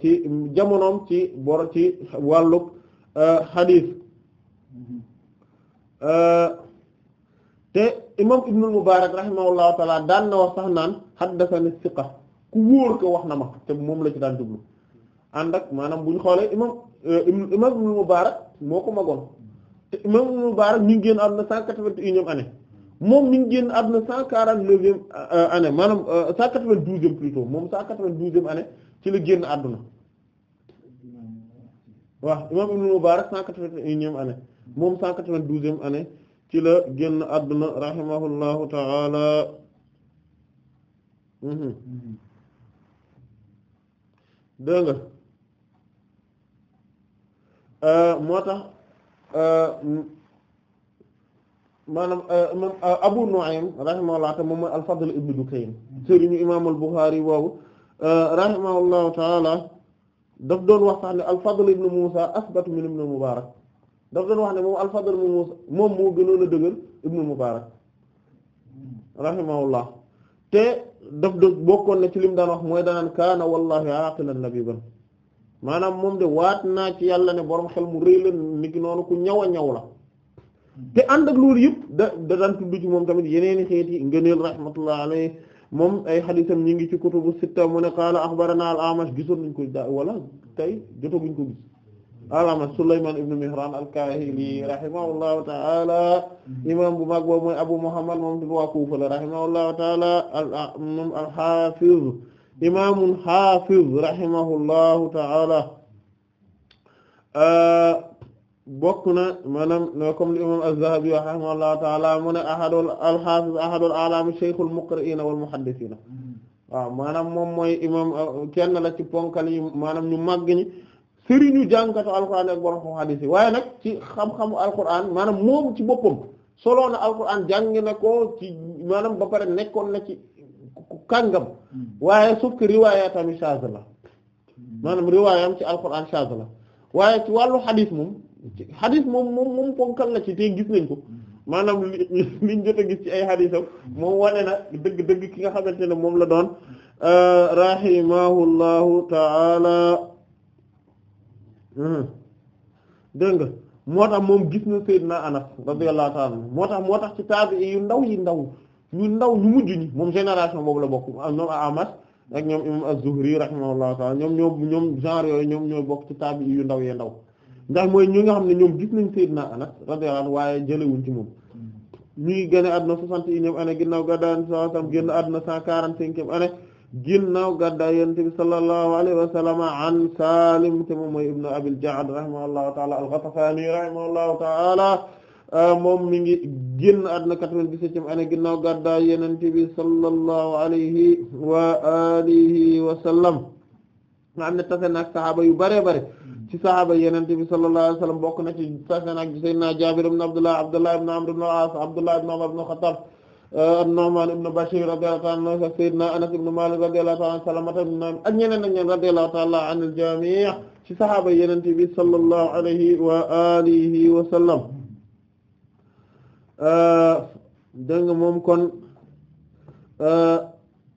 ci jamonoom ci bor ci wàllug hadith te imam ibnul Mubarak rahimahullahu taala daan na wax sax naan haddathani siqa ku wóor ko wax na ma te moom la ci daan jublu ànd ak maanaam bu ñu xoolee imam euh, imam Ibn Mubarak moo ko magoon te imam Ibn Mubarak ñu génn àdduna cent quatre-vingt-unième année moom ñu ngi génn àdduna cent quarante-neuvième euh, année maanaam euh, cent quatre-vingt-douzième plutôt moom cent quatre ci la génn àdduna waaw imam Ibn Mubarak cent quatre-vingt-unième année moom cent quatre-vingt-douzième année ci la génn àdduna rahimahullahu ta'ala mm-hmm. Mm-hmm. dégg nga euh, moo tax euh, maanaam imam euh, Abu Nu'aym rahimahullah te moom mooy al-Fadl ibn Dukayn sëriñu imam al-Bukhari boobu rahimahullahu taala daf doon wax sax ne al-Fadl ibn Musa asbatu min ibn Mubarak daf doon wax ne moom al-Fadl ibn Musa moom moo gënoon a dëgër ibn Mubarak rahimahullah te daf da bokkoon na ci lim daan wax mooy daan kaana wallahi aqilan labiban maanaam moom de waat naa ci yàlla ne borom xel mu rëy la ni ki noonu ku ñaw a ñaw la te ànd ak loolu yëpp da da daan tudd ci moom tamit yeneeni xeeti ngëneel rahmatullah alayhi moom ay xadiisam ñi ngi ci kutubu sitta mu ne qaala axbarana al-Amash gisoon nañ ko wala tey jotaguñ ko gis alama Sulaymaan ibn Mihraan al-Kaahili rahimahullahu ta'ala imam bu mag boobu mooy Abu Muhammad moom waa Kuufa la rahimahullahu ta'ala moom al-Haafiz imaamul Haafiz rahimahullahu ta'ala bokk na maanaam comme li imam az-Zahabi wax rahimahullahu ta'ala mu ne al-Haafiz ahadul a'laam wal muhaddisiina waaw maanaam moom mooy imam kenn ponkal yi maanaam ñu màgg ñi sëriñu jàngkatu alquran ak borom xam hadis yi waaye nag ci xam-xamu alquran maanaam moom ci boppam soloo na alquran jàng na ko ci maanaam ba pare nekkoon na ci kàngam hmm. waaye sauf que riwaaya tamit shaaz la
hmm. maanaam
riwaayam ci alquran shaaz la waaye ci wàllu hadis moom hadis moom moom moom ponkal la ci te gis nañ ko hmm. maanaam li liñ jot gis ci ay hadisam moom wane na dëgg-dëgg ki nga xamante ne moom la doon euh, rahimahullahu taala Hmm. dégg nga moo tax moom gis na Seydina Anas radiyallahu ta'ala moo tax moo tax ci taabi yu ndaw yi ndaw ñu ndaw ñu mujj ñi moom génération boobu la bokk ñoom Amath ak ñoom imam Az-Zuhri rahimahullahu ta'ala ñoom ñoom ñoom genre yooyu ñoom ñooy bokk ci taabi yu ndaw yee ndaw ndax mooy ñi nga xam ne ñoom gis nañ Seydina Anas radiyallahu anhu waaye jëlewuñ ci moom hmm. ñu ngi génne àdduna soixante et unième année ginnaaw gàddaay sallallahu alayhi wasallam génn àdduna cent ginnaaw gàddaay yonent bi sallallahu alayhi wa sallam an Salim te moom mooy ibnu Abil Ja'd rahimahullahu ta'ala al-Ghatafani rahimahullahu ta'ala moom mi ngi génn àdduna 97e année ginnaaw gàddaay yonent bi sallallahu alayhi wa alihi wa sallam nga am ne tase nag saxaaba yu bare bare ci saxaaba yonent bi sallallahu alayhi wa sallam bokk na ci tase nag Seydina Jaabir ibn Abdullah Abdullah ibn Amr ibn al-As Abdullah ibn Umar ibn Khattab an-Nu'man ibn Bashir radiyallahu ta'ala anhu sayyidina Anas ibn Malik radiyallahu ta'ala Salamata ibn ak ñeneen ak ñeneen radiyallahu ta'ala anil jami' ci sahaaba Yonent bi sallallahu alayhi wa alihi wa sallam dégg nga moom kon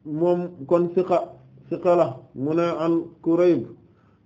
moom kon siqa siqa la mu ne an Kurayb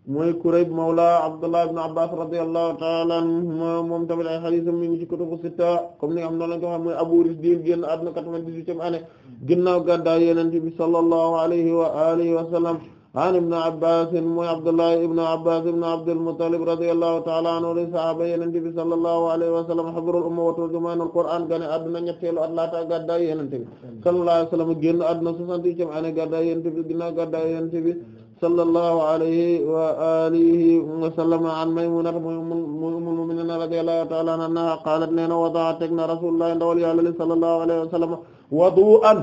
mooy Kurayb mawla Abdullah ibn Abbas radiyallahu ta'ala anhuma moom tamit ay hadiis mi ngi ci kutubu sitta comme ni nga xam noonu lañu ko xam mooy Abu Risdin génn àdduna quatre-vingt-dix-huitième année ginnaaw gàddaay bi sallallahu alayhi wa alihi wa sallam an ibn Abbas mooy Abdullah ibn Abbas ibn Abdul Muttalib radiyallahu ta'ala anhu li sahaaba Yonent bi sallallahu wa sallam habrul umma wa turjumaanul Qur'aan gane àdduna ñetteelu at laata gàddaay Yonent bi sallallahu alayhi wa sallam génn àdduna soixante-huitième année gàddaay Yonent bi ginnaaw gàddaay Yonent bi sallallahu alayhi wa alihi wa sallama an Maymunata ummul mu'minin radiyallahu ta'ala anha qalat nee na wada'a teg na rasulullah ndawal yàlla li sallallahu alayhi wa sallama wadu'an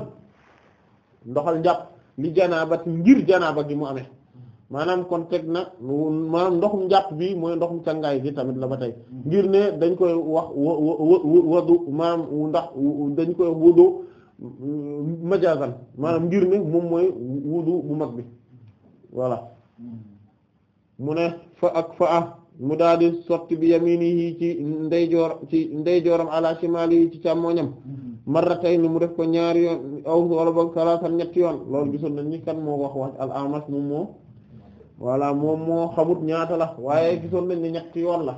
janaaba gi mu amee maanaam kon teg na maanaam ndoxum njàpp bi mooy ndoxum cangaay bi tamit la ba tey ngir ne dañ koy wax wadu maanaam ndax dañ koy wudu mm, majaazan maanaam ngir ne moom mooy wudu bu mag bi voilà mu ne fa ak fa ah mu daal di sotti bi yaminihi ci ndeyjoor ci ndeyjooram ala shimalihi ci càmmoñam marratayni mu def ko ñaari yoon aw wala boog salaasan ñetti yoon loolu gisoon nañ ni kan moo wax wax al amas moom moo voilà moom moo xamut ñaata la waaye gisoon nañ ni ñetti yoon la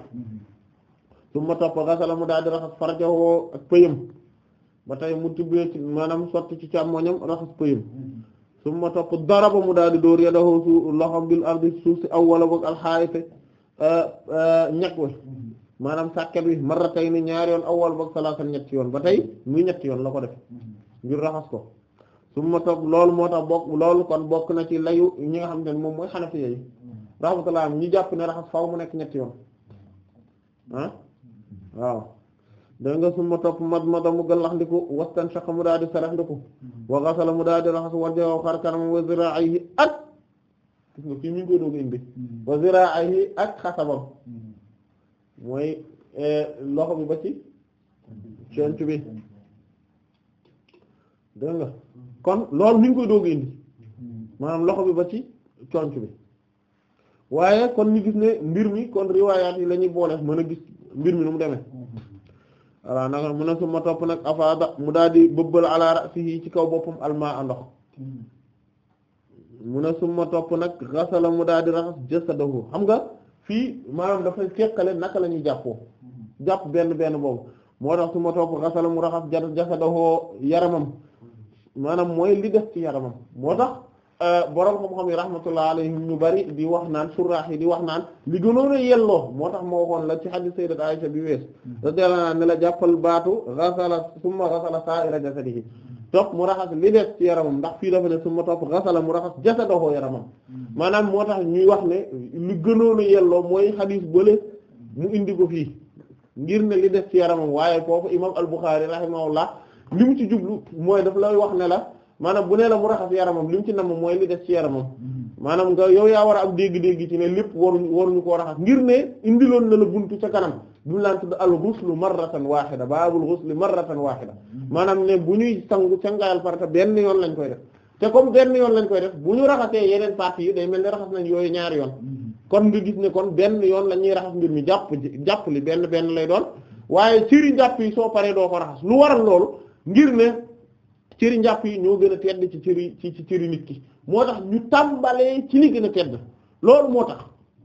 su ma topp gasala mu daal di raxas farjawoo ak pëyam ba tey mu tibbee ci maanaam sotti ci càmmoñam raxas pëyam summa topp daraba mu daal di dóor yadahu su loxom bil ardi suuf si aw wala boog alxaarite euh, euh, ñag wi maanaam sàkket wi marratayni ñaari yoon aw wala boog salaasan ñetti yoon ba tey muy ñetti yoon la ko def ngir raxas ko summa topp loolu moo tax bokk loolu kon bokk na ci layu ñi nga xam ne moom mooy xanafi yi rahmatullah ñi jàpp ne raxas faaw mu nekk ñetti yoon ah? waaw dégg nga suma topp mad mada mu gallax ndiku wastan shaq mu daadi sarax ndiku mm-hmm. wa ghasala mu daadi raxas wajhahu xar kanam wa zira'ihi ak mm-hmm. wa zira'ihi ak xasabam mm-hmm. mooy eh, loxo bi ba ci conc bi dégg nga kon lool mi ngi koy dooga indi maanaam loxo bi ba ci conc bi waaye kon ñu gis ne mbir mi kon riwaayaat yi la ñuy boole mën a gis mbir mi nu mu deme voilà naka mu ne suma topp nag afaada mu daal di bëbbal ala ra'sihi ci kaw boppam almaa ndox mu ne suma topp nag xasala mu daal di raxas jasadahu xam nga fii maanaam dafay teqale naka lañuy ñuy jàppoo jàpp benn benn boobu moo tax suma topp xasala mu raxas jasadahu yaramam maanaam mooy li ci yaramam moo tax Euh, borom xam-xam yi rahmatullah alayhim ñu bari di wax naan surraax yi di wax naan li gënoon a yelloo moo tax moo waxoon la ci hadith sayyidat Aisha bi wees radiyallahu anha ne la jàppal baatu ghasala summa ghasala sa'ira jasadihi topp mu raxas li des ci yaramam ndax fii dafa ne summa topp ghasala mu raxas jasadahu yaramam maanaam moo tax ñuy wax ne li gënoon a yelloo mooy hadith bële mu indi ko fii ngir ne li des ci yaramam waaye foofu imam al-Bukhari rahimahullah li mu ci jublu mooy daf lay wax ne la maanaam bu nee la mu raxas yaramam li mu ci nam mooy li des ci yaramam maanaam nga yow yaa war a am dégg-dégg ci ne lépp waruñu waruñu koo raxas ngir ne indiloon na la buntu ca kanam bi mu laan tudd al ghuslu marratan wahida baabul ghusli marratan wahida maanaam ne bu ñuy sangu cangaayal farata benn yoon lañ koy def te comme benn yoon lañ koy def bu ñu raxasee yeneen parties yi day mel ne raxas nañ yoon kon gis ne kon benn yoon la ñuy raxas mbir mi jàpp jàpp li benn benn lay doon waaye ciri jàpp yi soo paree doo ko raxas lu waral loolu ngir ne cëri njàpp yi ñoo gën a tedd ci cëri ci ci cëri nit ki moo tax ñu tàmbalee ci li gën a tedd loolu moo tax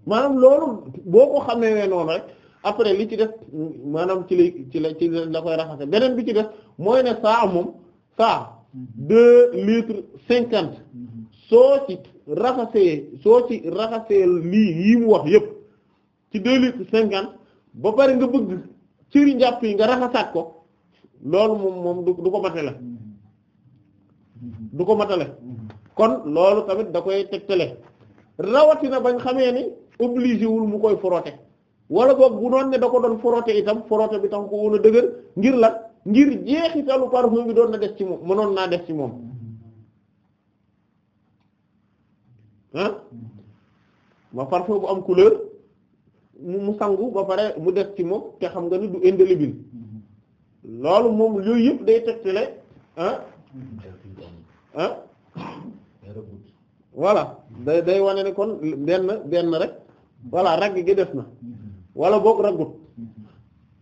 maanaam loolu boo ko xamee noonu rek après li ci def maanaam ci la ci la ci la koy raxase beneen bi ci def mooy ne saa moom saa mhm. deux litres cinquante mhm. soo ci raxasee soo ci raxasee lii yii mu wax yépp ci deux litres cinquante ba pare nga bëgg cëri njàpp yi nga raxasaat ko loolu moom moom du ko mate la du ko matale kon loolu tamit da koy tegtale rawatina bañ xamee ni obligé wul mu koy frotter wala boog bu doon ne da ko doon frotter itam frotter bi tax ko woon a dëgër ngir lan ngir jeexitalu parfum bi doon na des ci moom mënoon naa des ci moom ah ma parfum bu am couleur mu sangu ba pare mu des ci moom te xam nga ni du indélébile loolu moom yooyu yëpp day tegtale ah voilà day wane ne kon benn benn rek voilà ragg gi des na wala boog raggut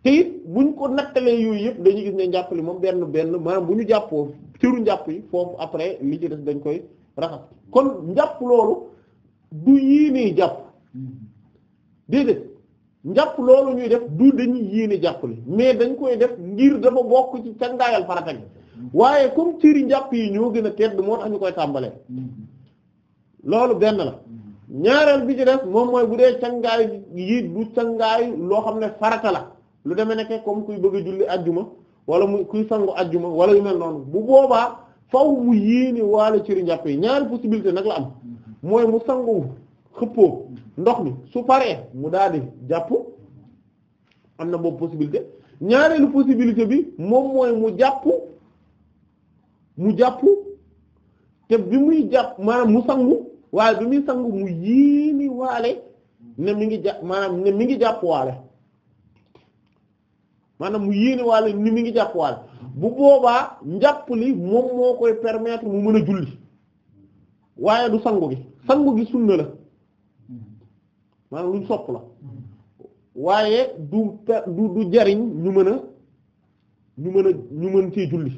te it buñ ko nattalee yooyu yëpp dañuy gis ne njàpp li moom benn benn maanaam bu ñu jàppoo cëru njàpp yi foofu après li ci des dañ koy raxas kon njàpp loolu du yéenee jàpp déedéet njàpp loolu ñuy def du dañuy yéene jàpp li mais dañ koy def ngir dafa bokk ci cangaayal farata gi waaye comme ciri njàpp yi ñoo gën a tedd moo ak ñu koy tàmbalee loolu benn la ñaareel bi ci def moom mooy bu dee cangaay yi du cangaay loo xam ne farata la lu deme nekk comme kuy bëgg a julli ajjuma wala mu kuy sangu ajjuma wala yu mel noonu bu boobaa faw mu yéene waale ciri njàpp yi ñaari possibilité nag la am mooy mu sangu xëppoo ndox mi su paree mu daal jàpp am na boobu possibilité ñaareelu possibilité bi moom mooy mu jàpp mu jàpp te bi muy jàpp maanaam mu sangu waaye bi muy sangu mu yéene waale ne mu ngi jàpp maanaam ne mi ngi jàpp waale maanaam mu yéene waale ni mi ngi jàpp waale bu boobaa njàpp li moom moo koy permettre mu mën a julli waaye du sangu gi sangu gi sunna la maanaam luñ sopp la waaye du du du jariñ ñu mën a ñu mën a ñu mën cee julli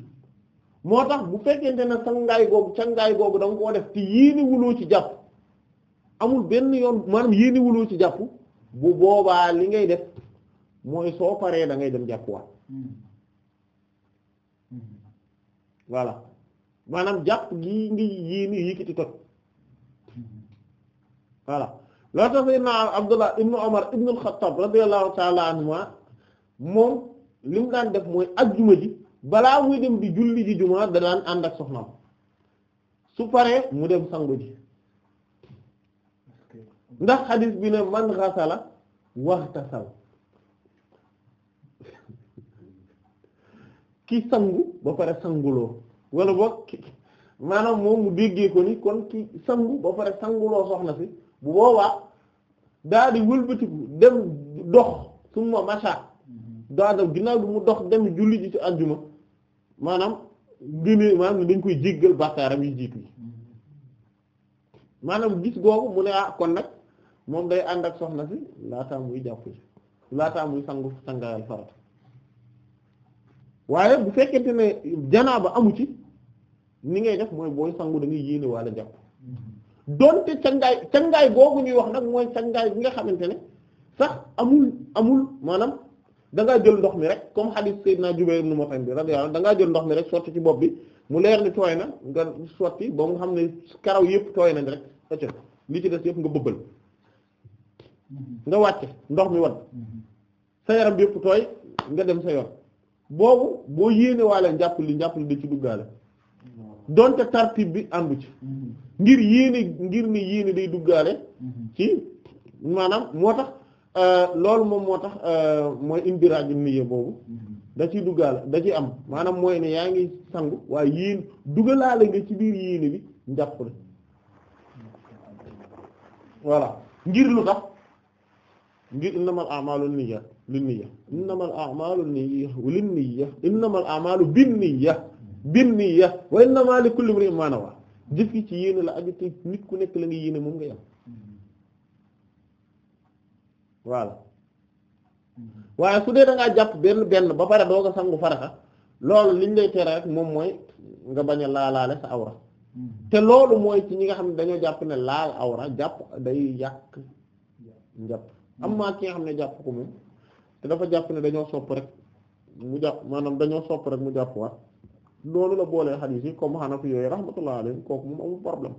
moo tax bu fekkente na sangaay googu sangaay googu da koo def te yéene ci jàpp amul benn yoon maanaam yéene ci jàpp bu boobaa li ngay def mooy soo paree da ngay dem jàppuwaat voilà maanaam jàpp gi ngi yéene yëkkati toj voilà loo tax sayyidina Abdullah ibnu Umar ibnu al-Khattab radiyallahu ta'ala moom li mu daan def mooy ajjuma ji balaa muy dem di julli ji juma da daan ànd ak soxnaam su paree mu dem sangu ji ndax xadis bi ne man xasala waxtasal ki sangu ba pare sanguloo wala boog maanaam moom mu déggee ko ni kon ki sangu ba pare sanguloo soxna si bu boobaa daa di wëlbatiku dem dox suma macha mm-hmm. daadam ginnaaw bi mu dox dem julli ji ci àjjuma maanaam gënee maanaam dañ koy jéggal bàkkaaram yi jiitu yi maanaam gis googu mu ne ah kon nag moom day ànd ak soxna si laataa muy jàpp ji laataa muy sangu sangaayal farata waaye bu fekkente ne janaa ba amu ci ni ngay def mooy booy sangu da ngay yéene walla jàpp donte cangaay cangaay googu ñuy wax nag mooy cangaay bi nga xamante ne sax amul amul maanaam da jël ndox mi rek comme hadith Seydina Jubayr ibn Mut'im bi radiyallahu anhu da ngaa jël ndox mi rek sotti ci bopp bi mu leer ni tooy na nga sotti ba nga xam ne karaw yëpp tooy nañ rek acca li ci des yëpp nga bëbbal nga wàcce ndox mi wan sa yaram bi yëpp nga dem sa yoon boobu boo yéene waale njàpp li njàpp li da ci duggaale donte tartib bi àndu ci mm-hmm. ngir yéene ngir ni yéene day duggaale mm-hmm. ci maanaam moo tax Euh, loolu moom moo tax euh, mooy indiraaju niyya boobu mm-hmm. da ciy duggaale da ciy am maanaam mooy ne yaa ngi sangu waaye yéen duggalaale nga ci biir yéene bi njàpp la voilà ngir lu tax ngir li a'malu niyya linniyya innamal a'malu niyya linniyya innamal a'malu binniyya binniyya wa innamal likulli imrin ma nawa jëf ci yéene la aju te nit ku nekk la nga yéene moom nga yam voilà waaye su dee da ngaa jàpp benn benn ba pare doo ko sangu farata loolu liñ lay tere rek moom mooy nga bañ a laalaale sa awra te loolu mooy ci ñi nga xam ne dañoo jàpp ne laal awra jàpp day yàq njàpp am maa ki nga xam ne jàpp ko moom te dafa jàpp ne dañoo sopp rek mu jàpp maanaam dañoo sopp rek mu jàpp waat loolu la boolee xadiis yi comme xanafi yooyu rahmatullah alayhi kooku moom amul problème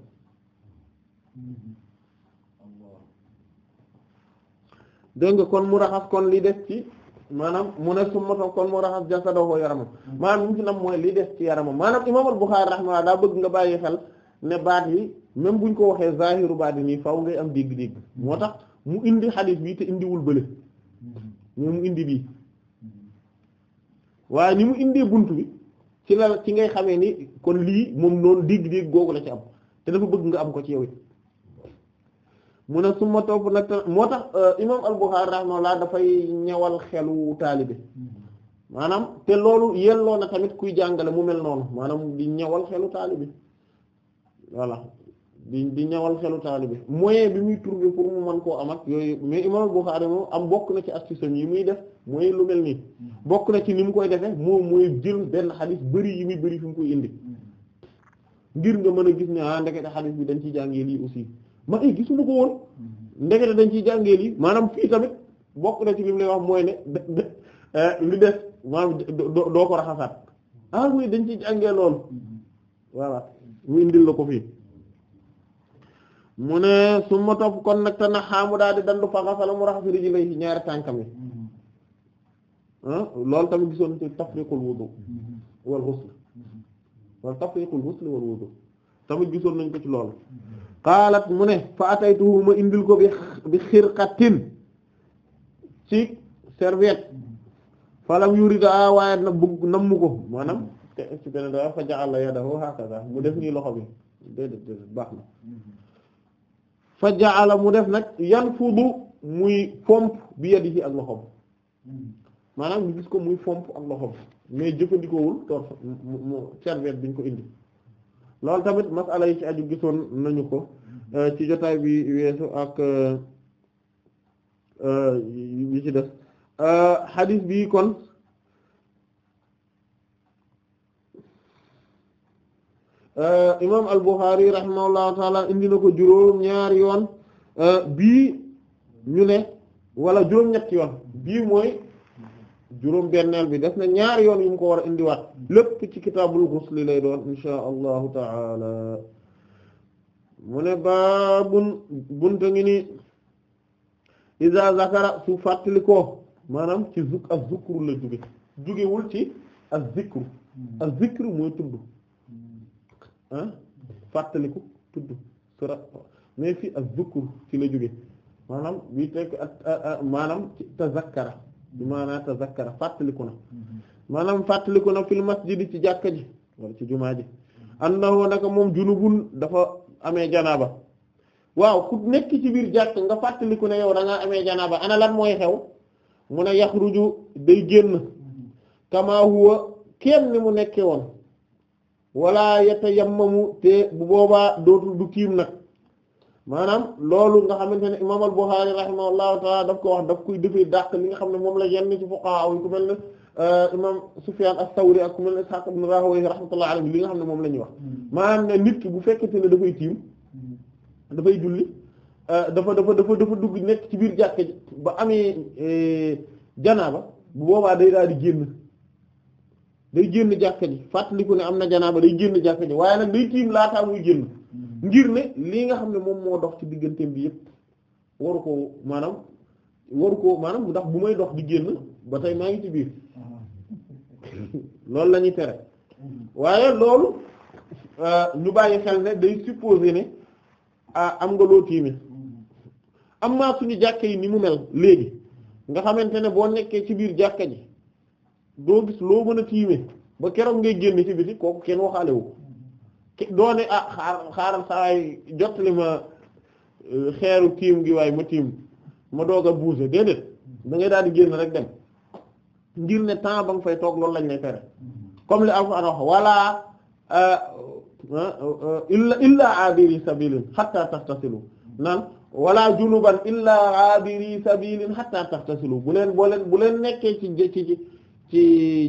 dégg nga kon mu raxas kon lii des ci maanaam mu ne summa toog kon mu raxas jasadahu yaramam mm. maanaam mu fi nam mooy li des ci yaramam maanaam imam al-Bukhari rahimahullah daa bëgg nga bàyyi xel ne baat yi même buñ ko waxee zahiru baat yi nii faaw ngay am dégg-dégg moo tax mu indi xadiis bi te indiwul bële
mm.
mu indi bii waaye ni mu indee bunt bi ci la ci ngay xamee ni kon lii moom noonu dégg-dégg googu la ci am te dafa bëgg nga am ko ci yow it mu ne su ma topp nag moo tax euh, imaam al-Bukhari rahimahullah dafay ñëwal xelu taalibe maanaam te loolu yelloo na tamit kuy jàngale mu mel noonu maanaam di ñëwal xelu taalibe voilà di di ñëwal xelu taalibe moyen bi muy trouver pour mu mën koo amat yooyu mais imaam al moom am bokk na ci astuce yi muy def mooy lu mel nii bokk na ci ni mu koy defee moom mooy jël benn xadis bëri yi muy bëri fi mu koy indi ngir nga mën a gis ne ah ndekete xadis bi dañ ci jàngee lii aussi. ma ay gisuma ko woon ndekete dañ ciy jàngee lii maanaam fii tamit bokk na ci li mu lay wax mooy ne eh, li def maanaam doo ko raxasaat ah oui dañ ci jàngee lool voilà mu indil la ko fii mu ne su ma topp kon nag te na xaamu daal di dandu faxasala mu raxas riji lay ñaari tànkam yi ah, loolu tamit gisoon ci tafriqul wudu wal ghusl tamit gisoon nañ ko ci lool qaalat mu ne fa ataytuhu ma indil ko bi bi xirqatin ci serviette falam yurida waaye na bëgg namm ko maanaam te ci beneen daal fa ja'ala yadahu mu def nii loxo bi déedéet déedéet baax na fa ja'ala mu def nag yanfudu muy pompe bi yadihi ak loxom maanaam ñu gis ko muy fomp ak loxom mais jëfandikoowul torse mu biñ ko indi loolu tamit masala yi ci aju gisoon nañu ko euh, ci jotaay bi weesu ak bi euh, euh, ci def hadith bi kon imam al-Bukhari rahimahullahu taala indi ko juróom ñaari yoon bii ñu ne wala juróom ñetti yoon bi mooy juróom benneel bi def na ñaari yoon yu ko war a indiwaat lépp ci kitaabul ghusl lay doon insha allahu taala mu ne baa bun bunta ngi ni iza zakara su fàttali ko maanaam ci zuk ak zukru la jóge jógewul ci ak zikru ak zikru mooy tudd ah fàttaliku tudd fi ak zukru ci la jóge maanaam bi tekk maanaam ci tazakkara bi maanaam tazakkara fàttaliku na mm-hmm. maanaam fàttaliku na fil masjidi ci jàkka ji wala ci jumaa ji annahu naka moom junubun dafa amee janaaba waaw ku nekk ci biir jàkk nga fàttaliku na yow da ngaa amee janaaba ana lan mooy xew mu ne yaxruju day génn mm-hmm. kama kenn mu nekkee woon wala yatayammamu te bu boobaa dootul du tiim nag maanaam loolu nga xamante ne imaam al-Bukhari rahimahullahu taala daf ko wax daf koy defee dàq li nga xam ne moom la yenn ci fuqaha yi ku mel ne euh, imaam Sufyan ak ku mel ne Ishaq ibn Rahawayh rahmatullahi alayhi nga xam ne la ñuy wax hmm. maanaam ne nit ki bu fekkente ne dafay tiim hmm. dafay julli euh, dafa dafa dafa dafa dugg nekk ci biir jàkk ba amee euh, janaaba bu boobaa day daal di génn day génn jàkk ji fàttaliku ne am na janaaba day génn jàkk ji waaye nag day tiim laataa muy génn Mm-hmm. ngir ne lii nga xam ne moom moo dox ci digganteem bi yëpp waru ko maanaam waru ko maanaam ndax bu may dox di génn ba tey maa ngi ci biir
mm-hmm.
loolu lañuy ñuy tere mm-hmm. waaye loolu euh, ñu bàyyi xel ne day supposer ne ah, am nga loo tiime am naa suñu jàkka yi ni mu mel léegi nga xamante ne boo nekkee ci biir jàkka ji doo gis loo mën a tiime ba keroog ngay génn ci biti kooku kenn waxaale doone ah xaaral xaaral saa yi ma euh, xeeru tiim gi waay ma tiim ma doog a buuse déedéet da ngay daal di génn rek dem ngir ne temps ba nga fay toog loolu lañ lay tere comme li Alxuraan wax wala euh, euh, illa illa abiri sabilin hatta taxtasilu naan wala junuban illa abiri sabilin hatta taxtasilu bu leen boo bu leen nekkee ci ci ci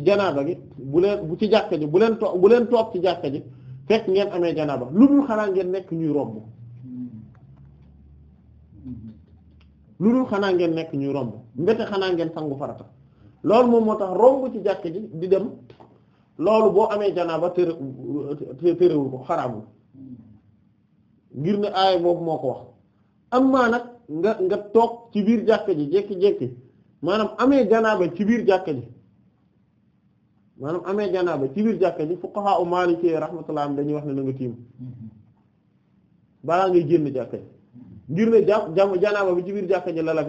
janaaba gi bu leen ci jàkka ji bu leen toog bu leen toog ci jàkka ji fekk ngeen amee janaaba lu dul xanaa ngeen nekk ñuy romb lu dul xanaa ngeen nekk ñuy romb mbete xanaa ngeen sangu farata loolu moom moo tax romb ci jàkk ji di dem loolu boo amee janaaba tere ko xaraamul ngir ne aaya boobu moo ko wax amma nag nga nga toog ci biir jàkk ji jékki-jékki maanaam amee janaaba ci biir jàkk ji maanaam amee janaaba ci biir jàkka ji fuqaha u maliki rahmatullah am dañuy wax ne na nga tiim balaa ngay génn jàkka ji ngir ne jàpp janaaba bi ci biir jàkka ji la la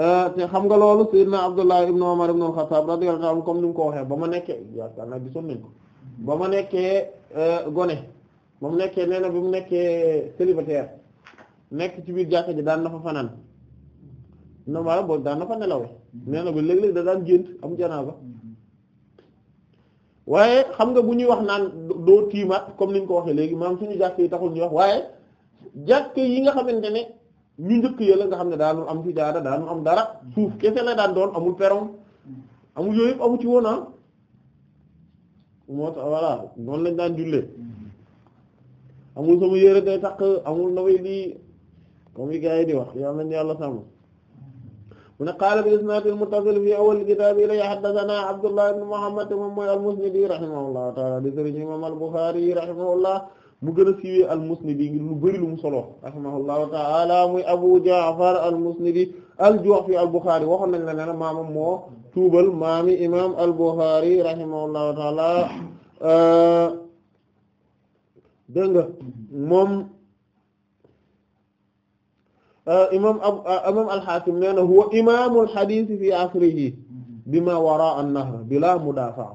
euh, te xam nga loolu sayyidna Abdullah ibn Umar ibn al-Khattab radiyallahu anhu comme ni mu ko waxee ba ma nekkee yaakaar naa gisoon nañ ko ba ma nekkee euh, gone ba mu nekkee nee na bi mu nekkee célibataire nekk ci biir jàkka ji daan na fa fanaan normal boo daan na fa nelaw nee na ba léeg-léeg da daan gént am janaaba waaye xam nga bu ñuy wax naan doo tiimaat comme ni ñu ko waxee léegi maanaam suñu jàkk yi taxul ñuy wax yi nga xamante ne ñu njëkk ya la nga xam ne daanu am ci jaada daanu am dara suuf kese la daan doon amul perron amul yooyu yëpp ci woon ah moo tax voilà noonu lañ daan jullee amul sama yére day takk amul nawee lii comme yi gars yi di wax yal nañu yàlla sàmm mu ne qaala bi isnaadil muttasil fi awwal kitaab ilay haddasanaa Abdullah ibn Muhammad moom mooy al-Musnidi rahimahullahu ta'aala di sëriñ imaam al-Bukhari rahimahullah mu gën a siiwee al-Musnidi lu bari lu mu solo rahimahullahu ta'aala muy Abu Ja'far al-Musnidi al-Ju'fi al-Bukhari waxoon nañ la ne maamam moo tuubal maami imaam al-Bukhari rahimahullahu ta'aala euh, dégg nga moom. Euh, imam euh, imam al-Hakim nee na huwa imamul hadith fi asrihi bima wara an-nahr bila mudafa'a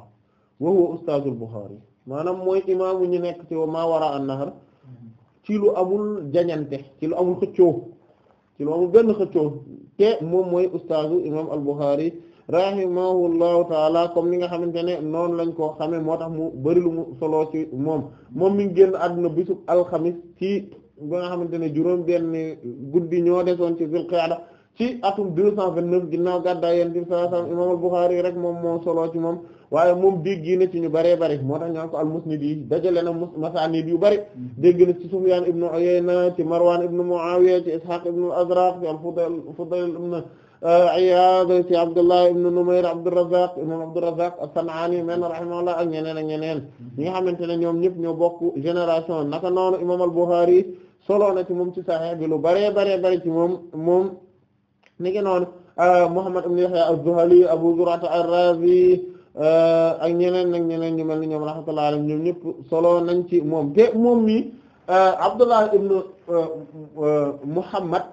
wa huwa ustazul Bukhari maanaam mooy imaamu ñu nekk ci ma wara an-nahr ci lu amul jañante ci lu amul xëccoo ci lu amul benn xëccoo te moom mooy ustazu imam al-Bukhari rahimahullahu taala comme ni nga xamante ne noonu lañ ko xamee moo tax mu bari lu mu solo ci moom moom mi ngi génn àdduna bisub alxamis ci ba nga xamante ne juróom benn guddi ñoo desoon ci zul qiyada ci atum deux cent vingt-neuf ginnaaw gàddaay yonent bi sallallahu alayhi wasallam rek moom moo solo ci moom waaye moom dégg na ci ñu bëree bëri moo tax ñaan ko al-Musnid yi dajale na masanid yu bëri mm-hmm. dégg na ci Sufyan ibn Uyayna ci Marwan ibn Muawiya ci Ishaq ibn al-Azraq ci al-Fudayl Fudayl ibn uh, Iyad ci Abdullah ibn Numayr Abdurrazzaq imam Abdurrazzaq as-San'ani men rahimahullah ak ñeneen a ñeneen mm-hmm. ñu nga ne ñoom ñëpp ñoo bokk génération naka noonu imam solo na ci moom ci Sahih bi lu bare bare bare ci moom moom ni ki noonu ah, Abu Zur'a ar ah, ak ñeneen nag ñeneen ñu mel ni ñoom rahmatullahi alayhim ñoom ñëpp nañ ci moom te moom mi ah, Abdullah ibn Muhammad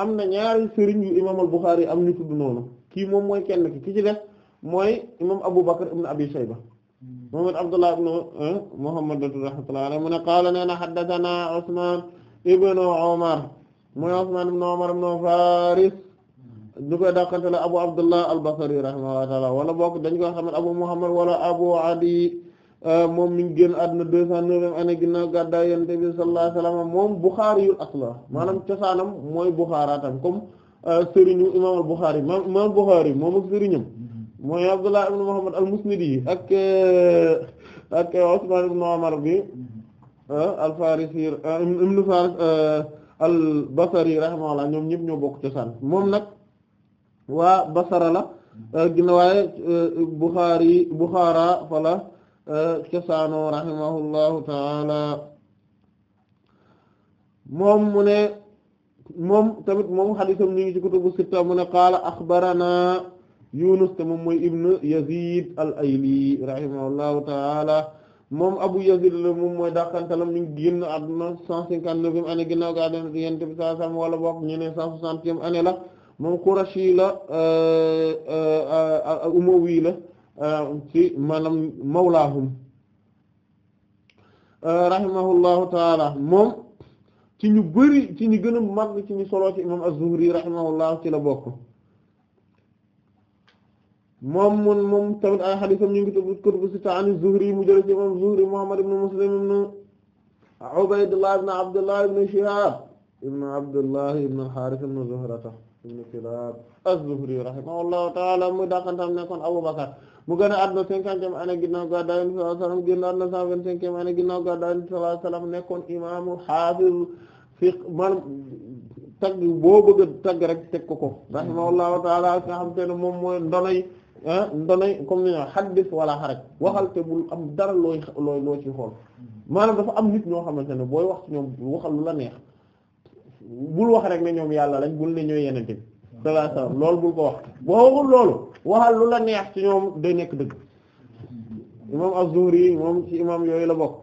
am na ñaari sëriñ yu imam al am ñu tudd noonu kii moom mooy kenn ki ki ci def mooy imam Abu Bakr ibn Abi Shayba Muhammad Abdullah ibn eh, Muhammad rahmatullahi alayhi mu ne qaala nee na haddathana Usman ibn Umar mooy Usman Faris ñu koy dàqante Abu Abdullah al-Basri rahimahullahu ta'ala wala bokk dañ koy xamat Abu Muhammad wala Abu Adi eh, moom mi ngi génn àdduna deux cent neuvième année ginnaaw gàddaay bi sallallahu alayhi wa sallam moom asla maanaam cosaanam mooy Buxaara tam comme eh, sëriñu imaam al-Buxaari imaam al sëriñam mooy Abdullah ibn Muhammad al-Musnidi ak euh, ak Usman ibn Umar bi ah, al-Farisi ah, ibn Faris euh, al-Basri rahimahullah ñoom ñëpp ñoo bokk cosaan moom nag waa Basra la euh, ginnaaw waaye Bukhari Bukhara fala cosaano rahimahullahu taala moom mu ne moom tamit moom xadiisam ñu ngi ci kutubu sitta mu ne qaala axbarana Yunus te moom mooy ibnu Yazid al-Ayli rahimahullahu taala moom Abu Yazid la moom mooy dàqantalam ñu ngi génn àdduna cent cinquante-neuvième année ginnaaw ga àdduna Yonent bi sallallahu alayhi wasallam wala bokk ñu ne cent soixantième année la moom Qurashi la euh, euh, Umawi la euh, ci maanaam mawlaahum rahimahullahu taala moom ci ñu bari ci ñu gën a mag ci ñu solo ci imam Az-Zuhri rahimahullahu ci la bokk moom mun moom tamit ay xadiisam ñu ngi tudd kutubu sitta an Zuhri mu jël ci moom Zuhri Muhammad ibn Muslim ibn Ubaydullah ibn Abdullah ibn Shihab ibn Abdullah ibn al-Harith ibn Zuhrata ibn Kilab az-Zuhri rahimahullahu ta'ala mu dakantam nekkoon Abu mu gën a adduna cinquantième année ginnaaw gàddaay Yonent bi sallallahu alayhi wa sallam génn adduna cent vingt-cinquième année ginnaaw gàddaay Yonent bi sallallahu alayhi wa sallam nekkoon imaamu xaafiz fiq man tagg boo a tagg rek teg ko ko rahimahullahu ta'ala nga xam te ne moom mooy Ah danay comme ni ñu xaddis wala xaraj waxal te bul am dara looy looy loo ci xool maanaam dafa am nit ñoo xamante ne booy wax ci ñoom waxal lu la neex bul wax rek ne ñoom yàlla lañ bul ne ñooy yenente bi sallallahu alayhi wasallam loolu bul ko wax boo waxul loolu waxal lu la neex ci ñoom day nekk dëgg imam az moom ci imam yooyu la bokk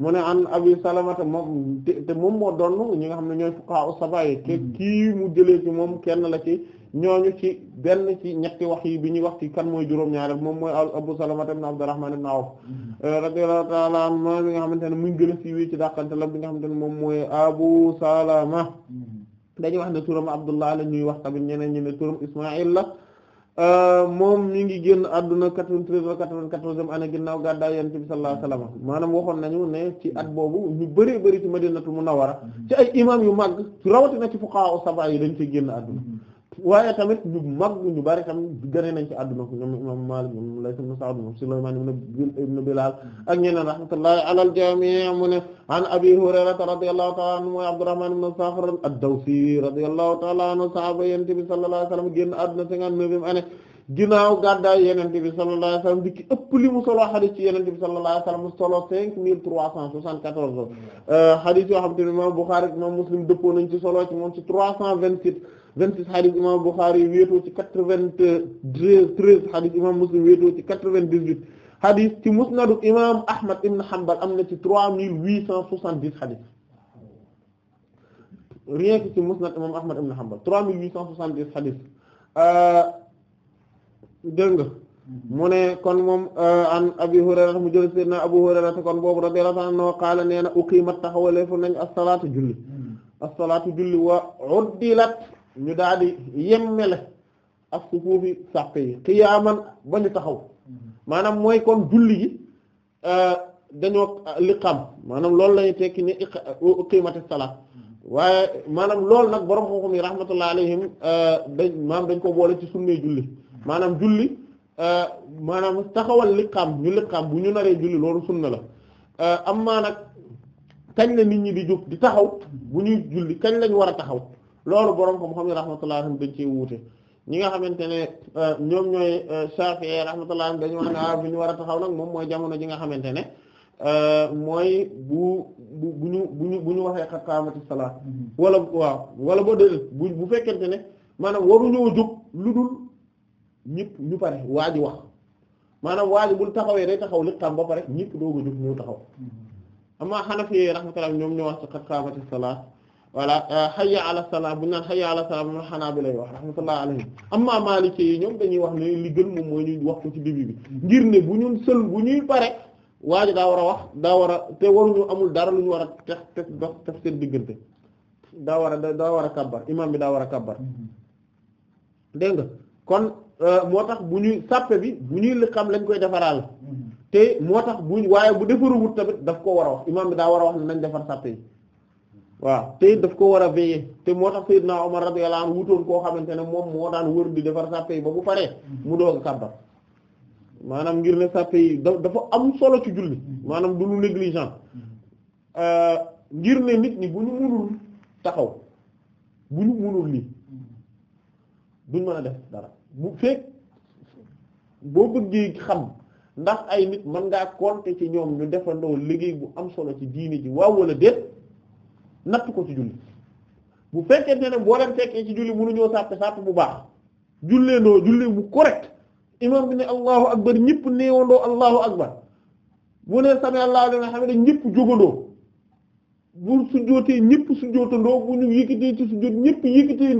mu ne an Abi Salamata moom te moom moo doon ñi nga xam ne ñooy fuqaha sabay kii mu jëlee ci moom kenn la ci ñooñu ci benn ci ñetti wax yi bi ñuy wax ci kan mooy juróom-ñaareel moom mooy Abu Salama ibn Abdurrahman ibn Awf mm-hmm. euh, radiyallahu ta'ala anhu mi nga xamante ne muy gën a dàqante la bi nga xamante ne moom mooy Abu Salama
mm-hmm.
dañuy wax ne turam Abdullah la ñuy wax tamit ñeneen ñu ne turam Ismaïl la euh, moom mi ngi génn àdduna 93 wala 94e année ginnaaw gàddaay Yonent bi sallallahu alayhi wasallam maanaam waxoon nañu ne ci at mm-hmm. boobu ñu bëree bëri ci Madinatul Munawwara ci ay imam yu mag rawatina ci fuqaha sab'a yi dañ ci génn àdduna waaye tamit ñu mag ñu bari tamit gënee nañ ci àdduna ko ñoom imam Maalik ñoom Layth ibn Sa'd ñoom Sulaymaan ibn Bilaal ak ñeneen rahmatullahi alal jamii' mu an Abi Hurayrata radiyallahu ta'ala anhu mooy Abdurrahmaan ibn Sakhr ad-Dawsi radiyallahu ta'ala anhu sahaaba Yonent bi sallallahu alayhi wa génn àdduna cinquante-neuvième année ginnaaw gàddaay Yonent bi sallallahu alayhi wa sallam ëpp li solo xadis ci Yonent bi sallallahu alayhi solo cinq mille trois 26 xadis imam Bukhari wéetoo ci 93 13 xadis imam Muslim wéetoo ci 98 xadis ci musnadu imam Ahmad ibn Hanbal am na ci 3870 xadis rien que ci musnad imam Ahmad ibn Hanbal 3870 xadis euh, dégg nga mu ne kon moom euh, an Abi Hurayra mu jël sayyidina Abu Hurayra te kon boobu radiyallahu anhu qaala nee na uqimat taxawaleefu nañ as-salaatu julli hmm. as-salaatu julli wa uddilat ñu daal di yemmele ak sufuufi sàpp yi xiyaaman ba ñu taxaw maanaam mooy kon julli gi euh, dañoo liqam maanaam loolu lañu tekki ni qiimati salaat waaye maanaam loolu nag borom xam-xam yi rahmatullah alayhim euh, dañ maanaam dañ ko boole ci sunnay julli maanaam julli euh, maanaam taxawal liqam ñu liqam bu ñu naree julli loolu sunna la amma nag kañ la nit ñi di jóg di taxaw bu ñuy julli kañ lañ war a taxaw loolu borom xam xam yi rahmatullah dañ ci wuute ñi nga xamante ne euh, ñoom ñooy euh, Shafi'i rahmatullah dañu wax ne ah ñu war a taxaw nag moom mooy jamono ji nga xamante ne euh, mooy bu bu bu ñu bu ñu waxee xat qaamati salaat mm-hmm. wala waaw wala boo déedéet bu bu fekkente ne maanaam ñëw jóg lu dul ñëpp ñu pare waa ji wax maanaam waa ji bul taxawee day taxaw li tam ba pare ñëpp doog a jóg ñu taxaw
mm-hmm.
amaa Hanafi rahmatullah ñoom ñoo wax ci xat qaamati salaat voilà euh, hayya ala salah bu ñu naan hayya ala salah moom xanaabila wax rahmatullah alayhim amma maliki yi ñoom dañuy wax ne li gën moom moo ñu wax ko ci début bi ngir ne bu ñun sël bu ñuy pare waa ji daa war a wax daa war a te waruñu amul dara lu ñu war a te dox tef seen diggante daa war a daa war a kabbar imaam bi daa war a kabbar nga kon euh, moo tax bu ñuy sàppe bi bu ñuy xam lañ koy defaraal mm-hmm. te moo tax bu waaye bu defaruwut tamit daf ko war a wax imaam bi daa war a wax ne nañ defar sàppe yi waaw te daf ko war a veiller te moo tax Seydina Omar radiyallahu anhu wutoon koo xamante ne moom moo daan wër di defar sàppe yi ba bu paree mu doog kàbbar maanaam ngir ne sàppe yi dafa am solo ci julli maanaam du lu négligent euh, ngir ne nit ñi bu ñu munul taxaw bu ñu munul lii duñ mën a def dara bu fekk boo bëggee xam ndax ay nit mën ngaa konte ci ñoom ñu defandoo liggéey bu am solo ci diini ji waaw walla déet natt ko ci julli bu fekkente ne boo leen fekkee ci julli mënuñoo sàpp sàpp bu baax jullee ndoo jullee bu correct imam bi ne allahu akbar ñépp néewandoo allahu akbar bu ne sami allahu liman hamida ñëpp jógandoo bu sujjóotee ñëpp sujjóotandoo bu ñu yëkkatee ci sujjóot ñëpp yëkkatee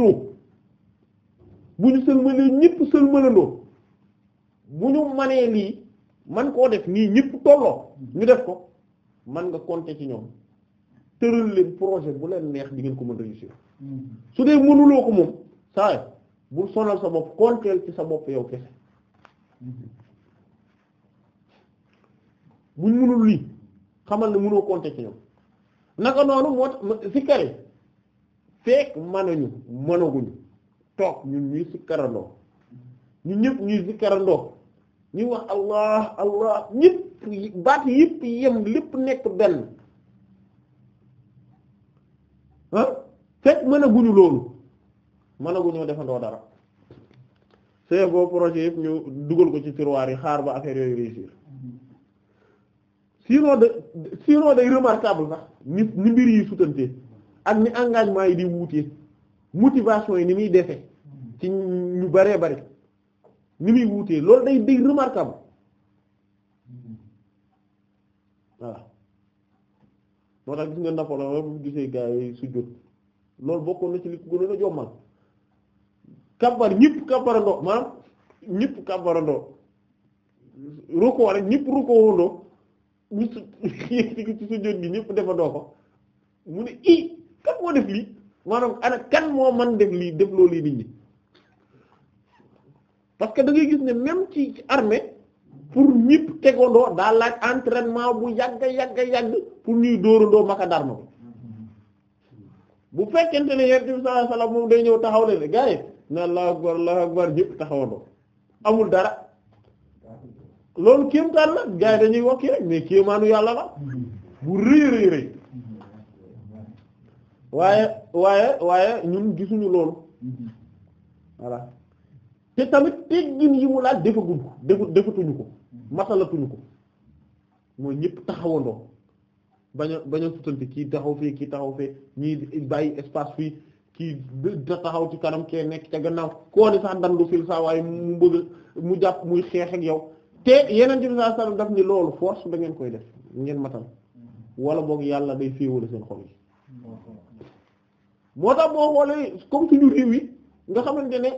bu ñu sëlmalee ñëpp sëlmalandoo bu ñu manee lii man koo def nii ñëpp tolloo ñu def ko man nga compter ci ñoom tëral leen projet bu leen neex di ngeen ko mën réussir mm-hmm. su dee mënuloo ko moom saay bul sonal sa bopp konteel ci sa bopp yow kese mm-hmm. buñ mënul lii xamal ne mënoo compter ci ñoom naka noonu moo tax sikkar yi fekk mënuñu mënaguñu toog ñun ñuy sikkarandoo mm-hmm. ñu ñëpp ñuy sikkarandoo ñuy wax allah allah ñëpp baat yëpp yem lépp nekk benn fekk mën a guñu loolu mën a guñu defandoo dara c'est beau projet yëpp ñu dugal ko ci tiroir yi xaar ba affaire yooyu réussir sinon de sinon day remarquable sax ni ni mbir yi sutantee ak ni engagement yi di wuutee motivation yi ni muy defe ci ñu baree bari ni muy wuutee loolu day day remarquable voilà moo tax gis nga Napoléon bu gisee gaa yi sujjóot loolu bokkoon na ci li ko gënoon a jommal kabbar ñëpp kabbarandoo maanaam ñëpp kabbarandoo rukkoo rek ñëpp rukkoowandoo ñu su ci defandoo ko mu ne i kan moo def lii maanaam ana kan moo man def lii def loolu yi nit ñi parce que da gis ne même ci armée pour ñëpp tegandoo daa laaj entraînement bu yàgg yàgg yàgg pour ñuy dóorandoo maka darma bi bu fekkente ne yonent bi moom day ñëw taxaw leen gaa yi ne allahu akbar allahu ñépp taxawandoo amul dara loolu kéemtaan la gaa yi dañuy wax rek mais kéemaanu yàlla la bu rëy rëy rëy waaye waaye waaye ñun gisuñu loolu voilà te tamit teggin yi mu laaj defaguñ ko defu defatuñu ko matalatuñu ko mooy ñépp taxawandoo bañ a bañ a sutante kii taxaw fii kii taxaw fee ñii bàyyi espace fii kii taxaw ci kanam kee nekk ca gannaaw koo ne sax dandu fil saa waaye mu bëgg mu jàpp muy xeex ak yow te yeneen ci saa sallam daf ni loolu force da ngeen koy def ngeen matal wala boog yàlla day féewale seen xol yi moo tax boo xoolee comme suñu réew yi nga xamante ne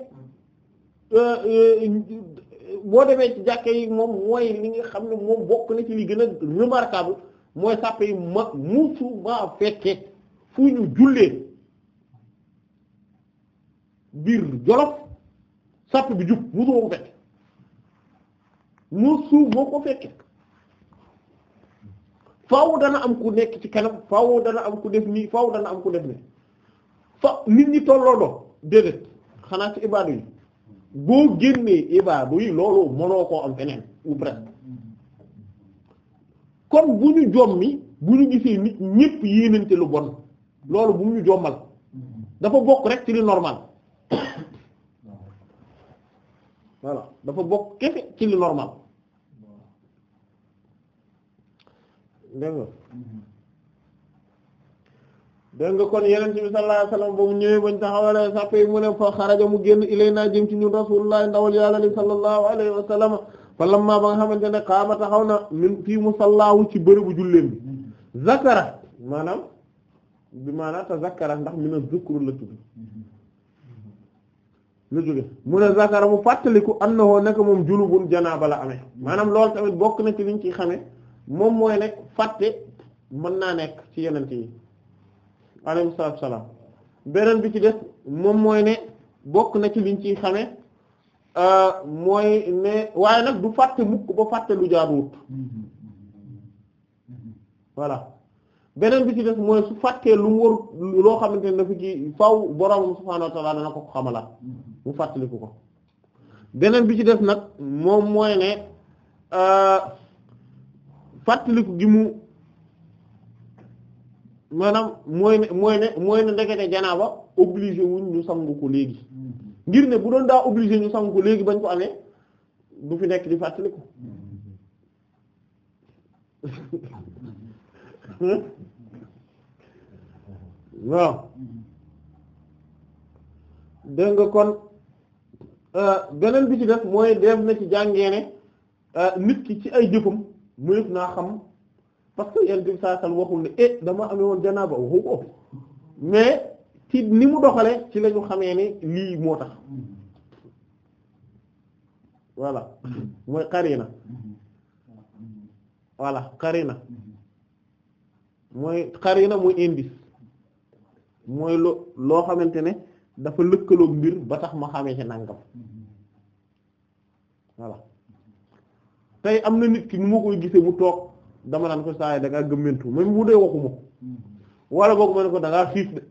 euh, euh, boo demee ci jàkke yi moom mooy li nga xam ne moom bokk na ci li gën a remarquable mooy sàppe yi mag musuma fekke fu ñu jullee biir jolof sàpp bi jub musuma ko ko fekke faaw dana am ku nekk ci kanam faaw dana am ku def nii faaw dana am ku def ne fa nit ñi tolloo do déedéet xanaa ci ibaadu yi boo génnee ibaadu yi loolu mënoo koo am feneen ou presque kon bu ñu jommi bu ñu gisee nit ñépp yéenante lu bon loolu bu ñu jommal dafa bokk rek ci li normal dafa bokk kese ci li normal dégg nga dégg nga kon yeneen ci bi sallallahu alayhi wasallam ba mu ñëwee bañ taxawale sàppe mu ne fa xaraja mu génn ilay naa jëm ci ñun rasulullah ndawal yàlla li sallallahu alayhi wasallam fa lamma ba nga xamante ne xaama xaw na min fii musallaahu ci bërëbu julleen bi zakara maanaam bi maanaam zakara ndax mi na zukru la tudd la jóge mu ne zakara mu fàttaliku annahu nekk moom junubun janaaba la amee maanaam loolu tamit bokk na ci liñ ciy xamee moom mooy nekk fàtte mën naa nekk ci yenente yi alayhi salaatu wa salaam beneen bi ci def moom mooy ne bokk na ci liñ ciy xamee Euh, mooy ne waaye nag du fàtte mukk ba fàtte lu jaaduwut voilà beneen bi ci def mooy su fàttee lu mu waru loo xamante ne dafa faw boroomam subhaanahu wa dana ko xamalaat mu fàttaliku ko beneen bi ci des nag moom mooy ne euh, fàttaliku gi mu maanaam mooy ne mooy ne mooy ne ndekete janaaba oblige wuñ ñu sangu ko léegi ngir ne bu doon daa obligé ñu sangu ko léegi bañ ko amee du fi nekk di fàttali ko waaw dégg nga kon euh, beneen bi ci def mooy def na ci jàngee ne euh, nit ki ci ay jëfam mënef naa xam parce que yenn bi waxul ne eh dama amee woon janaaba waxu ko mais ci ni mu doxale ci la ñu xamee ne lii moo tax voilà mooy karina voilà karina mooy karina mooy indi mooy lo loo xamante ne dafa lëkkaloog mbir ba tax ma xamee ci nangam voilà tey am na nit ki mu ma koy gisee mu toog dama naan ko saa yi da ngaa gëmmentu même mu dee waxuma wala boog ma ne ko da xiif de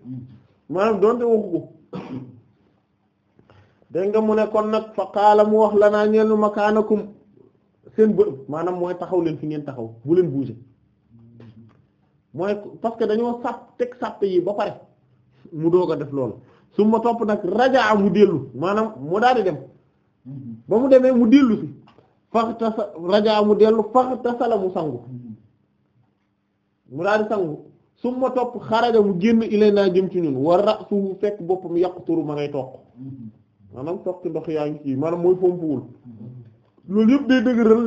maanaam doonte waxu ko nga mu ne kon nag fa qaala mu wax lanaa ñeenu makaanakum seen bërëb maanaam mooy taxaw leen fi ngeen taxaw bu leen bouger mooy parce que dañoo sàpp teg sàpp yi ba pare mu doog def lool su ma topp nag rajaa mu dellu maanaam mu daal di dem ba mu demee mu dellu si faxtasa rajaa mu dellu faxtasala mu sangu mu daal di sangu summa topp xaraja mu génn ilay naa jëm ci ñun war ra'suhu fekk boppam yaqturu ma ngay toq maanaam toq ndox yaa ngi ci maanaam mooy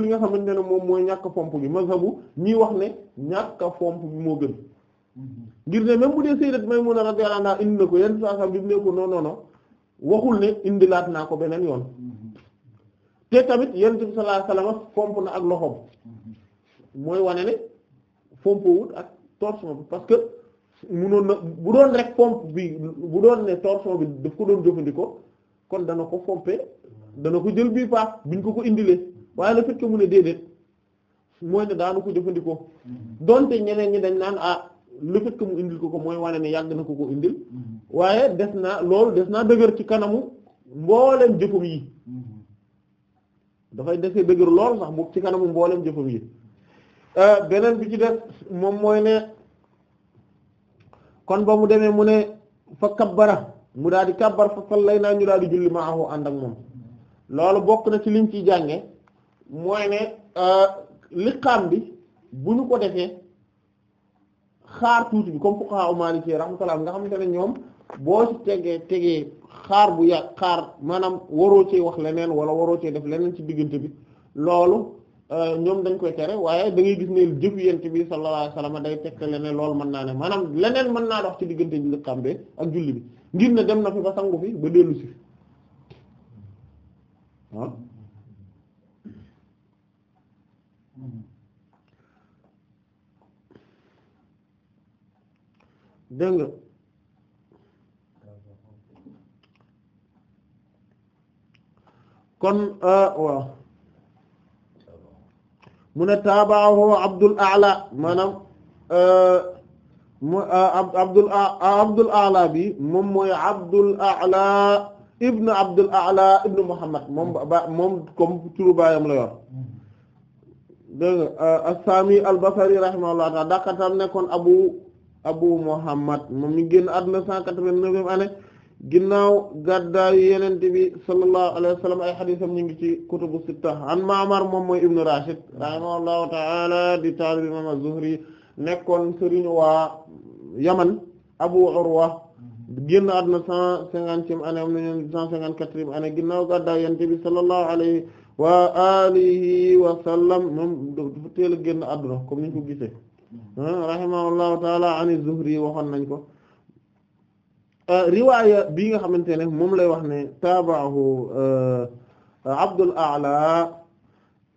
li nga xamante moom mooy ñàkk pomp bi mazhabu ñii wax ne ñàkk pomp bi moo gën ngir ne même bu dee sayyidat Maymuna indi na ko yenn saa saa bi mu ne ko non waxul ne indilaat naa ko beneen yoon te tamit yenn sallallahu alayhi na ak loxoom mooy wane ne pompuwul ak. torsion bi parce que munoon na bu doon rek pompe bi bu doon ne torsion bi daf ko doon jëfandikoo kon dana ko pomper dana ko jël bii paax biñ ko ko indilee waaye le fait mu ne déedéet mooy ne daanu ko jëfandikoo donte ñeneen ñi dañ naan ah le fait mu indil ko ko mooy wane ne yàgg na ko ko indil waaye des naa lool des naa dëgër ci kanamu mbooleem jëfam yi mm-hmm. dafay desee dëgër lool sax bu ci kanamu mbooleem jëfam yi Euh, beneen bi ci def moom mooy ne kon ba mu demee mu ne fa kabbara mu daal di kabbar fa sallay naa ñu daal di julli maahu ànd ak moom loolu bokk na ci liñ ciy jànge mooy ne euh, liqaam bi bu ñu ko defee xaar tuuti bi comme fuqaha maliki rahmatullah nga xamante ne ñoom boo ci tegee tegee xaar bu yàgg xaar maanaam waroo cee wax leneen wala waroo cee def leneen ci diggante bi loolu Euh, ñoom dañ koy tere waaye da ngay gis ne jëf yent bi sallallahu alayhi wasallam day tegtale ne loolu mën naa ne maanaam leneen mën naa dox ci diggante ak julli bi ngir ne dem na fi ba sangu fi ba dellu ah. kon euh, waaw mu ne taabaahu Abdul A'la maanaam mu Abdul Abdul A'la bi moom mooy Abdul A'la ibn Abdul A'la ibn Muhammad moom ba moom comme turu baayam la yor dégg nga as-Saami al-Basri rahimahullahu ta'ala dàqatam nekkoon Abu Abu Muhammad moom mi génn àdduna 189 année ginnaaw gàddaayu yenente bi sallallahu alayhi wa ay xadisam ñu ngi ci kutubu sitta an Ma'mar moom mooy ibnu Rashid rahimahullahu ta'ala di taalibi imam zuhri nekkoon sëriñu waa Yaman Abu Urwa génn àdduna cent cinquantième année am cinquante-quatrième année ginnaaw gàddaayu yenente bi sallallahu alayhi wa alihi wa sallam moom dafa a génn àdduna comme niñ ko gisee
hmm.
Hmm, rahimahullahu ta'ala an az-Zuhri waxoon nañ ko Euh, riwaaya bi nga xamante ne moom lay wax ne taabaahu euh, Abdul A'la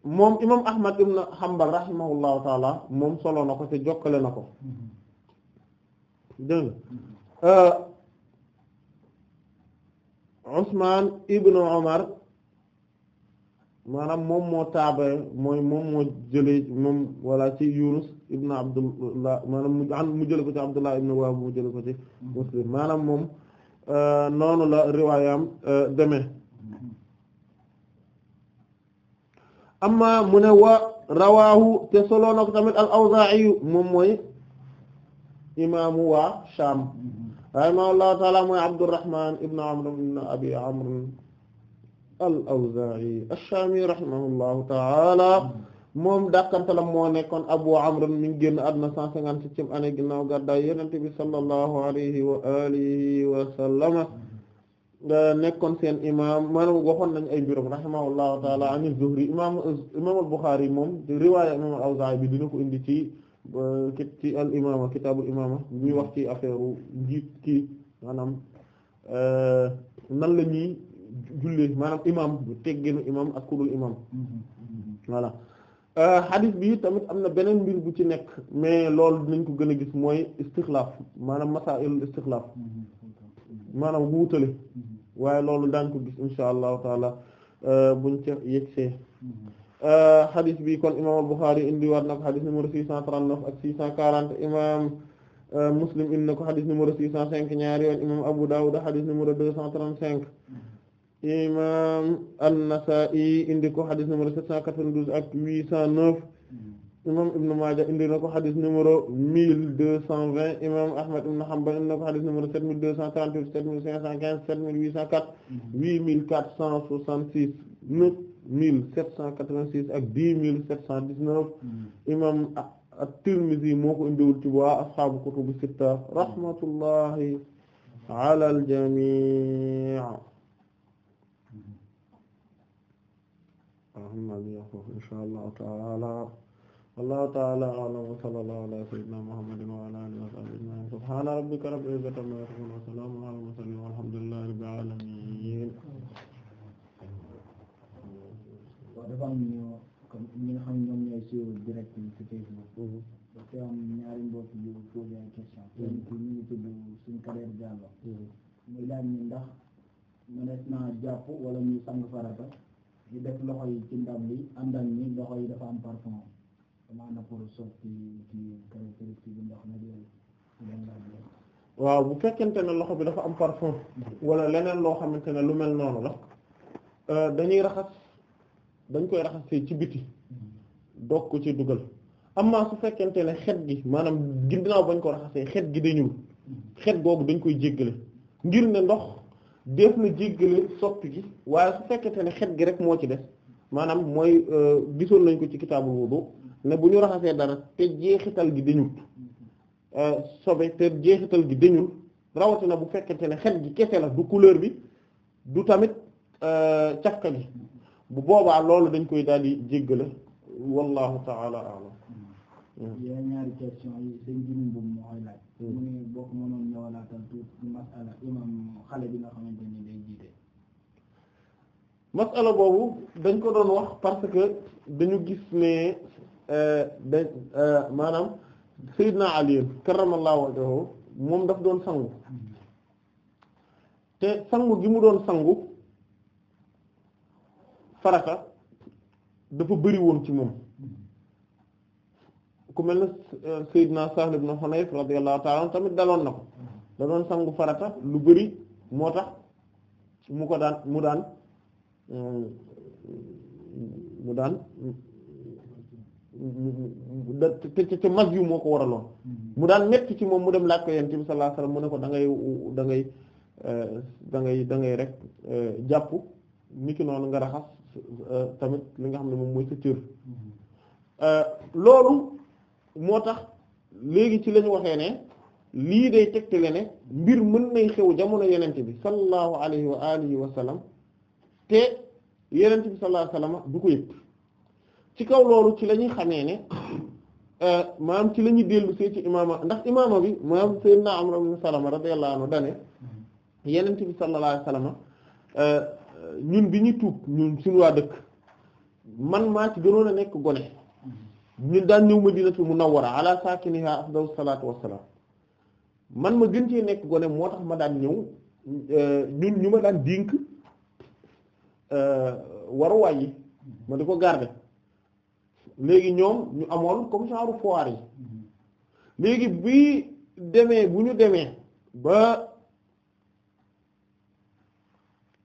moom imam Ahmad ibn Hanbal rahimahullahu taala moom solo na ko ci jokkale na ko dégg nga euh, Usman ibn Umar maanaam moom moo taabe mooy moom moo jëlee moom wala ci Yunus ibn Abdullah maanaam mu an mu jële ko ci Abdullah ibn Wahb mu jële ko ci Muslim maanaam moom euh, noonu la riwaayam euh, demee amma mu ne wa rawaahu te solo na ko tamit al-Awzaa'i moom mooy imaamu waa Shaam rahimahullahu ta'ala mooy Abdurrahman ibn Amr ibn Abi Amr al-Awzaa'i ash-Shaami rahimahullahu ta'ala moom dàqantalam moo nekkoon Abu Amr mi ngi génn àdduna 157 année ginnaaw gàddaay Yonent bi sallallahu alayhi wa alihi wa sallama nekkoon seen imaam maanaam waxoon nañ ay mbirum rahimahullahu taala an az-Zuhri imaam imaam al-Bukhari moom riwaaya imaam al bi dina ko indi ci euh, ci al imaama kitaabul imaama ñuy wax ci affaire njiit kii maanaam euh, nan la ñuy jullee maanaam imaam tegginu imaam ak kudul imaam
mm-hmm. Mm-hmm.
voilà. xadis euh, bi tamit am na beneen mbir bu ci nekk mais loolu dinañ ko gën a gis mooy istixlaaf maanaam masaa'ilul istixlaaf maanaam wuutale waaye loolu daañ ko gis insha allahu taala euh, buñ ca yegsee xadis euh, bi kon imam al-Bukhari indi waat na ko xadis numéro 639 ak 640 imam Muslim indi na ko xadis numéro 605 ñaari yoon imam Abu Dawud xadis numéro 235 imam an-Nasa'i indi ko xadis numéro 792 ak 809 hmm. imam Ibn Maaja indi na ko xadis numéro 1220 imam Ahmad ibn Hanbal indi na ko xadis numéro 7238 7515 7804 8466 9786 ak 10719 hmm. imam at-Tirmidhi moo ko indiwul ci waa ashaabu kutubu sitta rahmatullahi ala al-jami'
xam naa bi foofu insha allah taala
wallahu taala a'lam wa sallallahu ala sayyidina muhammadin wa ala alihi wa sahbihi ajma'in subhana rabbika rabbil izzati amma yasifun wa salamun ala mursalin walhamdulillahi rabbil alamin
waaw dafa am ñoo comme ñi nga xam ñoom ñooy suivre direct bi ci Facebook dafa am ñaari mbokk yu posé ay question kenn ki ñu ngi tudd
suñ Kader Diallo muy laaj ñu ndax mënees naa jàpp wala ñu sang farata ñu def loxo yi ci ndab li àndal ni loxo yi dafa am parfum maanaam waaw bu fekkente ne loxo bi dafa am parfum wala leneen loo xamante ne lu mel noonu la euh, dañuy raxas dañ koy raxasee ci biti mm-hmm. dog ko ci dugal amma su fekkente ne xet gi maanaam ginnaaw bañ ko raxasee xet gi dañul mm-hmm. xet googu dañ koy jéggale ngir ne ndox def na jéggale soppi gi waaye su fekkente ne xet gi rek moo ci def maanaam mooy euh, gisoon nañ ko ci kitaabul wudu ne bu ñu raxasee dara te jeexital gi dañul euh, sobe te jeexital gi dañul rawatina bu fekkente ne xet gi kese la du couleur bi du tamit euh, cafka gi bu boobaa loolu dañ koy daal di jéggale wallahu ta'ala a'lam
Mm. yaa ñaari question yi sëñ Jimmy Mbubb mooy laaj mm. mu mënoon
ñëwalaatal tuuti xale bi nga xamante ni day jiite masala boobu dañ ko doon wax parce que dañu gis ne euh, da euh, maanaam Seydina Ali karramallahu wajhahu moom daf doon sangu te sangu gi mu doon sangu farata dafa bëri woon ci moom ku mel ne euh, Seydina Sahl ibn Hunayf radiyallahu ta'ala tamit daloon na ko da doon sangu farata lu bari moo tax mu ko daan mu daan euh, mu daan te te mag yu moo ko waraloon mm-hmm. mu daan metti ci moom mu dem laaj ko yonent bi sallallahu alayhi wasallam mu ne ko dangay ngay da ngay euh, da ngay da ngay rek jàpp niki noonu nga raxas tamit li nga xam ne moom mooy sa cër mm-hmm. loolu moo tax léegi ci lañu waxee ne lii day tegtale ne mbir mën nay xew jamono yenente bi sallallahu alayhi wa alihi wa sallam te yenente bi sallallahu alayhi du ko yëg ci kaw loolu ci lañuy ñuy xamee ne euh, maam ci lañuy ñuy ci imaama ndax imaama bi maam sayyidina Amr ibn Salama radiyallahu anhu dane yenente bi sallallahu alayhi euh, ñun bi ñu tuub ñun suñu waa dëkk man maa ci gënoon a nekk gone ñu daan ñëw ma Madinatul Munawwara ala saakiniha afdalu salaatu wassalaam man ma gën ci nekk gone moo tax ma daan ñëw eh, ñu ma daan dénk eh, waruwaay yi ma di ko garder léegi ñoom ñu amoon comme genre foire yi demee bu ñu demee ba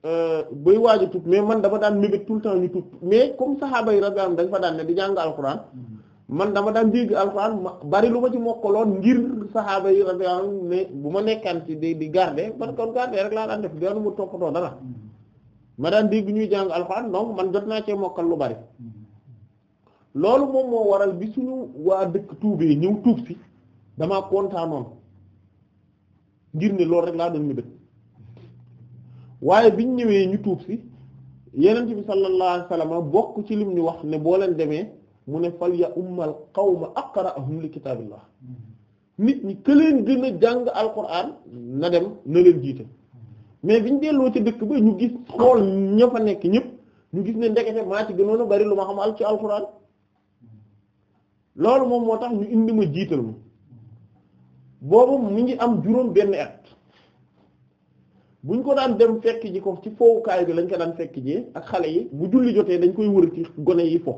eh, bay a tub mais man dama daan mébét tout le temps comme saxaaba yi radiyallahu anhum dañ fa daan ne di jàng alxuraan mm-hmm. man dama daan dégg alxuraan ma bari lu ma ci mokkaloon ngir saxaaba yi radiyallahu anhum ne bu ma nekkaan ci di di garder man kon garder rek laa daan def doonu mu toppatoo dara ma daan dégg ñuy jàng alxuraan donc man jot naa cee mokkal lu bari loolu moom moo waral bi suñu waa dëkk tuubee ñëw tuub si damaa kontaanoon ngir ne loolu rek laa doon mu dëkk waaye biñ ñëwee ñu tuub si yeneen bi sallallahu alayhi bokk ci lim ñu wax ne boo leen demee mu ne fal ya ummal qawma aqra'ahum li kitaabillah nit ñi ka leen gën a jàng alquran na dem na leen jiite mais biñ delloo ci dëkk ba ñu gis xool ña fa nekk ñëpp ñu gis ne ndekete maa ci gënoon a bari lu ma xam al ci alquran loolu moom moo tax ñu indi ma jiital ma boobu mu ngi am juróom benn at buñ ko daan dem fekk ji ko ci fowukaay bi lañ ko daan fekk ji ak xale yi bu julli jotee dañ koy wër ci gone yi fo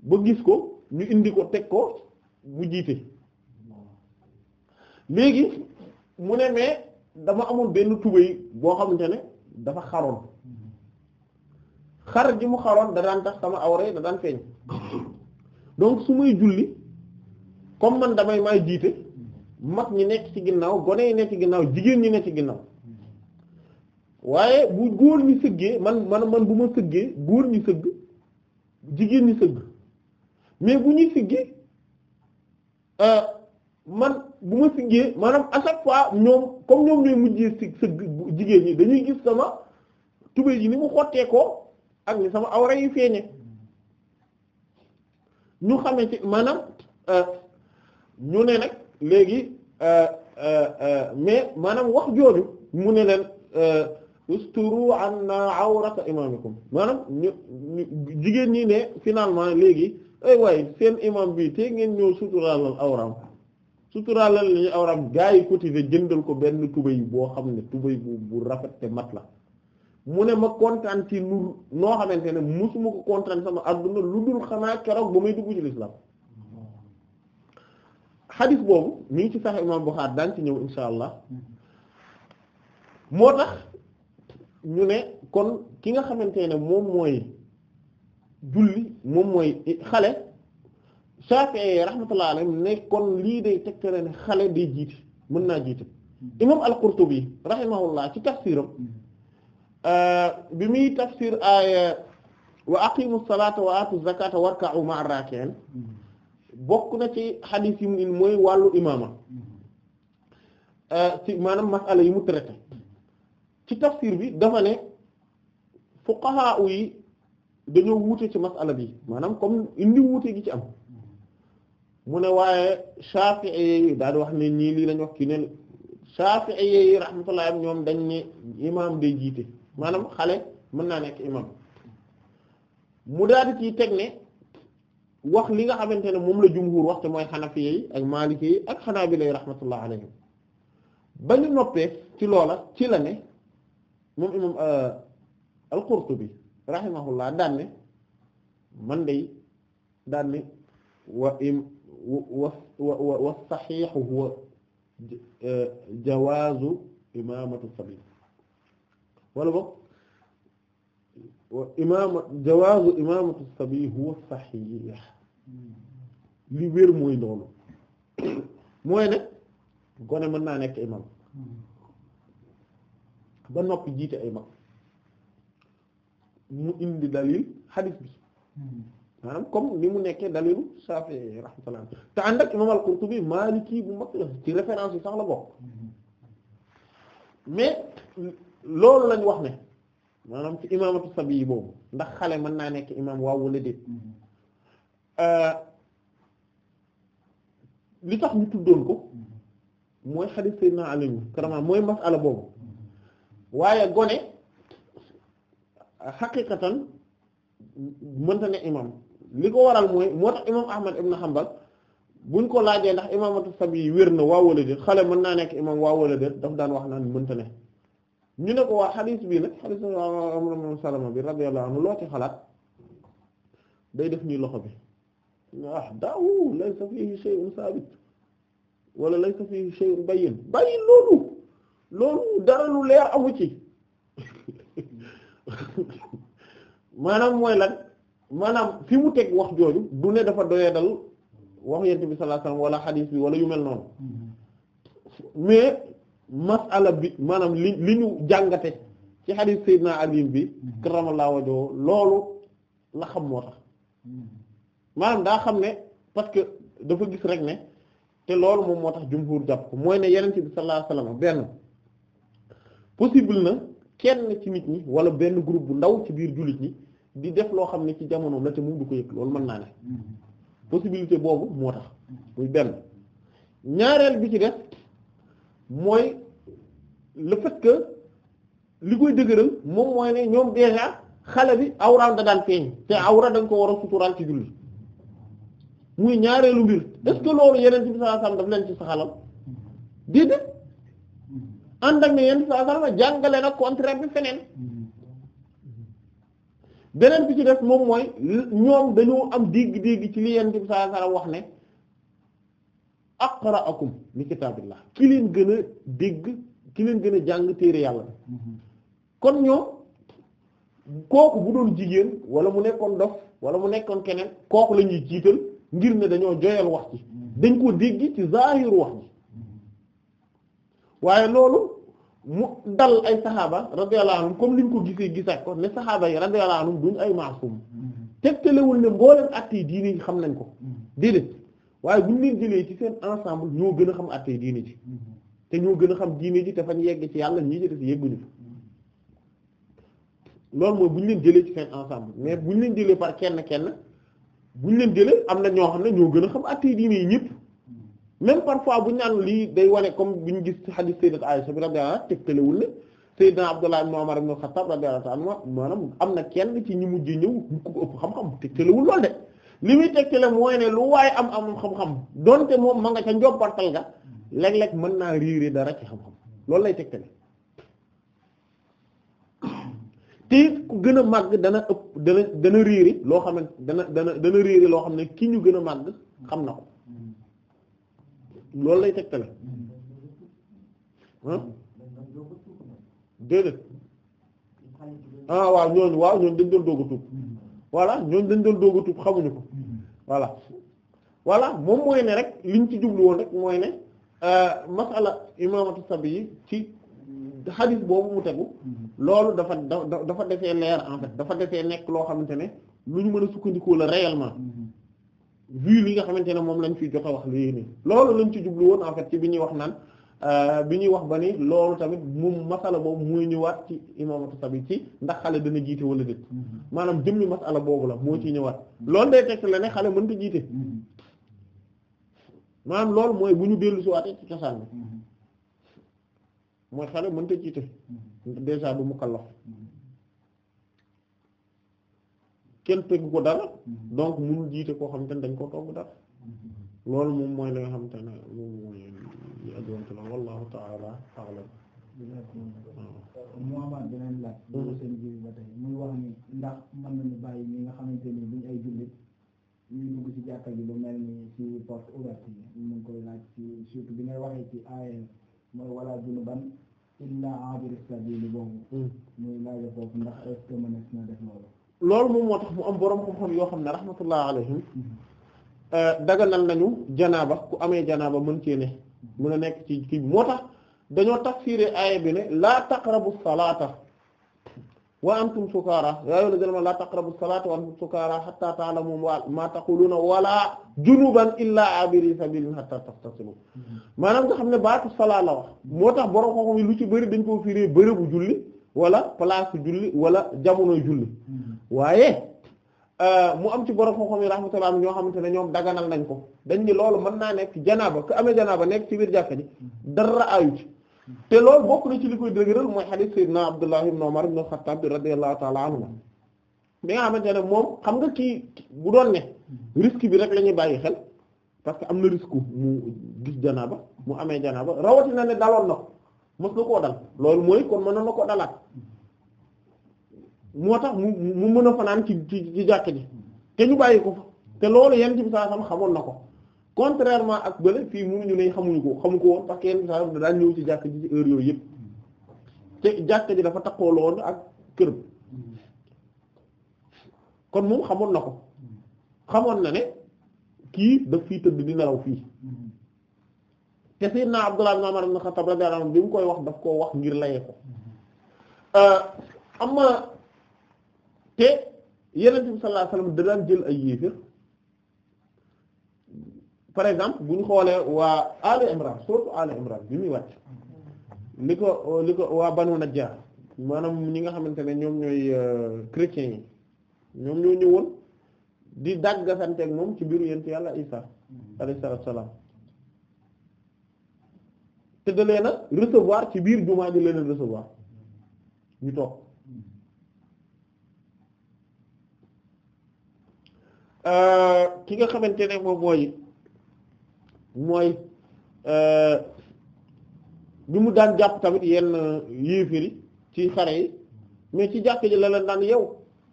ba gis ko ñu indi ko teg ko mu jiite léegi mu ne mais dama amoon benn tubéy boo xamante ne dafa xaroon xar ji mu xaroon da daan tax sama awra da daan feeñ donc su may julli comme man damay may jiite mag ñi nekk ci ginnaaw gone yi nekk ci ginnaaw jigéen ñi nekk ci ginnaaw waaye bu góor ñi sëggee man man man bu ma sëggee góor ñi sëgg jigéen ñi sëgg mais bu ñuy siggi euh, man bu ma siggee maanaam à chaque fois ñoom comme ñoom ñooy mujjee si sëgg jigéen ñi dañuy gis sama tubéy yi ni mu xottee ko ak ni sama awra yi feeñe ñu xamee ci maanaam euh, ñu ne nag léegi euh, mais maanaam wax jooju mu ne leen usturu anna awrata imamikum maanaam ñu jigéen ñi ne finalement léegi ay eh, waay seen imam bi te ngeen ñëw suturaalal awram suturaalal lañu awram gaa yi cotiser jëndal ko benn tubéy boo xam ne tubéy bu bu rafet te mat la mu ne ma kontaan ci lu noo xamante ne musuma ko kontaan sama adduna lu dul xanaa keroog ba may dugg ci lislaam xadis boobu mi ngi ci sax imam Bukhari daan ci ñëw insha allah moo tax ñu ne kon ki nga xamante ne moom mooy julli moom mooy xale Shafi'i rahmatullahi alayhi ne kon lii day tegtale ne xale day jiit mën naa jiite imam al-Qurtubi rahimahullah ci tafsiram euh, bi muy tafsir aaya wa aqimu salata wa atu zakata warka'u ma'a raki'in bokk na ci xadiis yi in mooy wàllu imaama euh, ci masala yi mu traité ci tafsir bi dafa ne fuqaha yi dañoo wuute ci masala bi maanaam comme indi wuute gi ci am mu ne waaye Shafi'i yi daal di wax ne ñii lii lañ wax kii ne Shafi'i yi rahmatullah ñoom dañ ne imam day jiite maanaam xale mën naa nekk imam mu daal di ciy teg ne wax li nga xamante ne moom la jumhur wax te mooy Hanafi yi ak Maliki yi ak Hanabila yi rahmatullah alayhim ba ñu noppee ci loola ci la ne moom imam euh, al-Qurtubi rahimahullah daan ne man day daan ne wa im wa wa wa saxiixu huwa e, jawaazu imaamatu sabiil wala boog wa jawaazu imaamatu sabiil huwa saxiix li wér mooy loolu mooy ne gone mën naa nekk imam ba noppi jiite ay mu indi dalil xadis bi hmm. maanaam comme ni mu nekkee dalilu Shafi'i rahmatullah te ànd ak imam al-Qurtubi Maliki bu mag la ci référence yi sax la bokk hmm. mais loolu lañ wax ne maanaam ci imamatu sabi boobu ndax xale mën naa nekk imam waaw wala déet hmm. euh, li tax mu tuddoon ko mooy xadis Sayyidina Ali karama mooy masala boobu waaye gone xaqiqatan mënta ne imam li ko waral mooy moo tax imam Ahmad ibn Hanbal buñ ko laajee ndax imaamatu sabi yi wér na waaw wala xale mën naa nekk imam waaw wala déet daf daan wax naan mënta ne ñu ne ko waa xadiis bii nag xadiis am salama bi radiyallahu anhu loo ci xalaat day def nii loxo bi ah daawu laysa fihi shay'un sabit wala laysa loolu loolu dara lu leer amu ci maanaam mooy lan maanaam fi mu teg wax jooju du ne dafa doyadal wax yent bi sallallahu alayhi wasallam wala xadiis bi wala yu mel noonu mm-hmm. mais masala bi maanaam li li ñu jàngate ci xadiis Seydina Ali bi mm-hmm. karramallahu wajhu loolu la xam moo tax
mm-hmm.
maanaam daa xam ne parce que dafa gis rek ne te loolu moom moo tax jumhur jàpp ko mooy ne yonent bi sallallahu alayhi benn possible na kenn ci nit ñi wala benn groupe bu ndaw ci biir jullit ñi di def loo xam ne ci jamono la te mu du ko yëg loolu mën naa ne mm-hmm. possibilité boobu moo tax muy benn ñaareel bi ci def mooy le fait que li koy dëgëral moom mooy ne ñoom déjà xale bi awraam da daan feeñ te awra dañ ko war a suturaal ci julli muy ñaareelu mbir est-ce loolu yeneen ci bi sallallahu alayhi wasallam ànd ak ne yenn saa sallam jàngale na contraire bi feneen beneen bi ci def moom mooy ñoom dañoo am dégg-dégg ci li yenn bi saa sallam wax ne aqra'akum li kitaabillah ki leen gën a dégg ki leen gën a jàng téere yàlla kon ñoom kooku bu doon jigéen wala mu nekkoon dof wala mu nekkoon keneen kooku la ñuy jiital ngir ne dañoo joyal wax ci dañ koo dégg ci zaahiru wax ji waaye loolu mu dal ay saxaaba radiyallahu anhum comme liñ ko gisee gisaat ko ne saxaaba yi radiyallahu anhum duñ ay maasum mm-hmm. tegtalewul ne mboolem at yi diine yi xam nañ ko mm-hmm. déedéet waaye buñ leen jëlee ci seen ensemble ñoo gën a xam at yi diine ji mm-hmm. te ñoo gën a xam diine ji te fañ yegg ci yàlla ñii ci def yegguñu fa loolu mooy bu leen jëlee ci seen ensemble mais bu ñu leen jëlee par kenn kenn bu ñu leen jëlee am na ñoo xam ne ñoo gën a xam at yi diine yi ñëpp. même parfois bu ñu lii day wane comme bu ñu gis ci xadiis sayyidat Aisha bi radiyallahu anha tegtalewul la sayyidina Abdullah ibn Umar ibn Khattab radiyallahu anhu maanaam am na kenn ci ñi mujj ñëw ñu ko ëpp xam-xam tegtalewul lool de li muy tegtale mooy ne lu waaye am am xam-xam donte moom ma nga ca njobbartal ga léeg-léeg mën naa riiri dara ci xam-xam loolu lay tegtale te ku gën a màgg dana ëpp dana dana riiri loo xam ne dana dana dana loo xam ne ki ñu gën a màgg xam na ko loolu lay tegtale ah déedéet ah waaw ñooñu waaw ñooñu dañ doon doog a tuub ñooñu dañ doon doog a xamuñu ko voilà walla moom mooy ne rek liñ ci jublu woon rek mooy ne euh, masala imaamatu sabi yi ci hadith boobu mu tegu loolu dafa dafa defee leer en fait dafa defee nekk loo xamante ne lu ñu mën a sukkandikoo la réellement vu li nga xamante ne moom lañ fi jot a wax lii nii loolu lañ ci jublu woon en ci bi ñuy wax naan euh, bi ñuy wax ba ni loolu tamit moom masala boobu mooy ñëwaat ci imaamatu sabi ci ndax xale dana jiite wala déet mm-hmm. maanaam jëmmi masala boobu la moo ciy mm-hmm. ñëwaat lool day tekk la ne xale mënta jiite mm-hmm. maanaam loolu mooy bu ñu dellu siwaatee ci cosaan bi mooy xale mënta jiite déjà du mukallaf kenn tegu ko dara mm-hmm. donc mun jiite koo xamante ne dañ ko togg dara mm-hmm. loolu moom mooy li nga xamante ne moom mooy li adonte la wallahu ta'ala a'lam mu amaat beneen laaj boobu mm-hmm. seen biir ba tey muy wax ni ndax mën nañu bàyyi ñi nga xamante ni duñ ay jullit ñuy dugg ci jàkka ji lu mel ni ci porte ouverte yi mu ngi koy laaj ci surtout bi ngay waxee ci aaya
mooy wala junuban illa abiri sabili boobu muy laaja foofu ndax est-ce que mënees na def loolu
loolu moom moo tax mu am boroom xam-xam yoo xam ne rahmatullah alayhim euh, daganal nañu janaaba ku amee janaaba mën cee ne mën a nekk ci kii moo tax dañoo tafsiire aaya bi ne laa taqrabu salaata wa antum sukaara yaa ayyuhal lazina laa taqrabu salaata wa antum sukaara maa taquluuna wala junuban illaa abiri sabilin hatta taghtasilu mm-hmm. maanaam nga xam ne baatu salaa la wax moo tax boroom xam-xam yi lu ci bëri dañ koo fiiree bërëbu julli wala place julli wala jamonoy julli mm-hmm. waaye euh, mu am ci borom xam-xam yi rahmatullah ñoo xamante ne ñoom daganal nañ ko dañ ni loolu mën naa nekk janaaba ku amee janaaba nekk ci biir jàkka ji mm-hmm. dara ayu ci mm-hmm. te lool bokk na ci li koy dëgëral mooy hadith sayyidina Abdullah ibn Umar ibn Khattab radiyallahu ta'ala bi nga xamante ne moom xam nga kii bu doon ne risque bi rek lañuy bàyyi xel parce que am na risque mu gis janaaba mu amee janaaba rawatina ne daloon na mos na koo dal loolu mooy kon mënoon la ko dalaat moo tax mu mu mën a fanaan ci ci ci ji te ñu bàyyi ko fa te loolu yenn ci bi saa xamoon na ko contrairement ak bële fii mënuñu ne xamuñu ko xamu ko woon parce que yenn ci saa sam daan ñëw ci jàkk ji ci heure yooyu yëpp te jàkk ji dafa takkoo loolu ak kër kon moom xamoon na ko xamoon na ne kii daf fii tëdd di nelaw fii te Seydina Abdullah ibn Umar ibn Khattab radiyallahu anhu bi mu koy wax daf koo wax ngir layee ko mm-hmm. euh, am te Yonent bi sallallahu da daan jël ay yéefir par exemple buñ xoolee waa Ali Imran surtout Ali Imran bi muy wàcc mm-hmm. li ko li ko waa Banu Najjar maanaam ñi nga xamante ne ñoom ñooy euh, chrétiens yi ñoom ñoo ñëwoon di dàggasanteeg moom ci biiru yent yàlla Isa mm-hmm. alayhi salaam te da leen a recevoir ci biir jumaa ji leen a recevoir ñu toog euh, ki nga xamante ne moom mooy mooy euh, bi mu daan jàpp tamit yenn yéefiri ci xare yi mais ci jàkk ji la leen daan yeew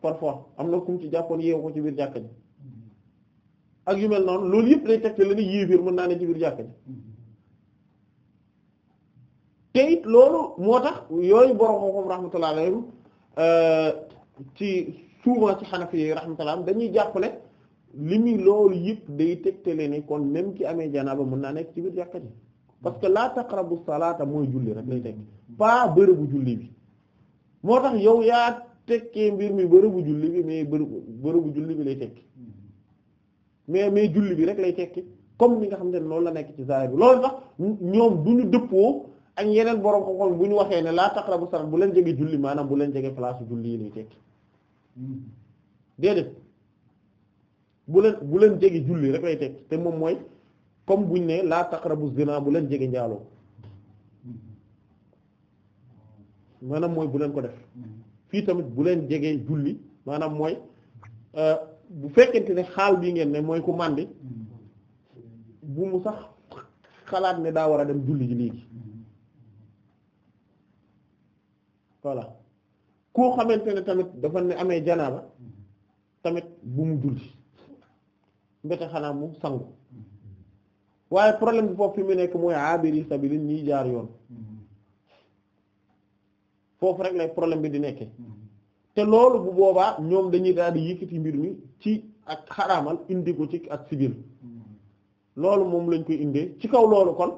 parfois am na kum ci jàppoon yeew ko ci biir jàkk ji ak yu mel noonu loolu yëpp day tegte la ni yéefir mën naa ne ci biir jàkk ji te it loolu moo tax yooyu borom xam-xam rahmatullah alayhim euh, ci souvent ci xanafi yi rahmatullah dañuy jàpp ne li muy loolu yëpp day tegtale ne kon même ki amee janaaba mun naa nekk ci biir jàkka ji parce que la taqrabu salaata mooy julli rek lay teg pas bërëbu julli bi moo tax yow yaa tekkee mbir mi bërëbu julli bi mais bërëbu bërëbu julli bi lay tekki mais mais julli bi rek lay tekki comme bi nga xam ne loolu la nekk ci zaahir bi loolu sax ñoom du ñu dëppoo ak yeneen borom xam-xam bu ñu waxee ne laa taqrabu salat bu leen jege julli maanaam bu leen jege place julli yi lay tekki déedéet bu leen bu leen jege julli rek lay tekki te moom mooy comme buñ nee laa taqrabu zina bu leen jege njaaloo maanaam mooy bu leen ko def fii tamit bu leen jege julli maanaam mooy euh, bu fekkente ne xaal bii ngeen ne mooy ku màndi bu sax xalaat ne daa war a dem julli ji léegi voilà koo xamante ne tamit dafa ne amee janaaba tamit bu mu julli mbete xanaa mu sangu waaye problème bi foofu fi mu nekk mooy abiri sabili ñiy jaar yoon foofu rek lay problème bi di nekkee te loolu bu boobaa ñoom dañuy daal di yëkkati mbir mi ci ak xaraamal indi ko ci ak sibil mm-hmm. loolu moom lañ koy indee ci kaw loolu kon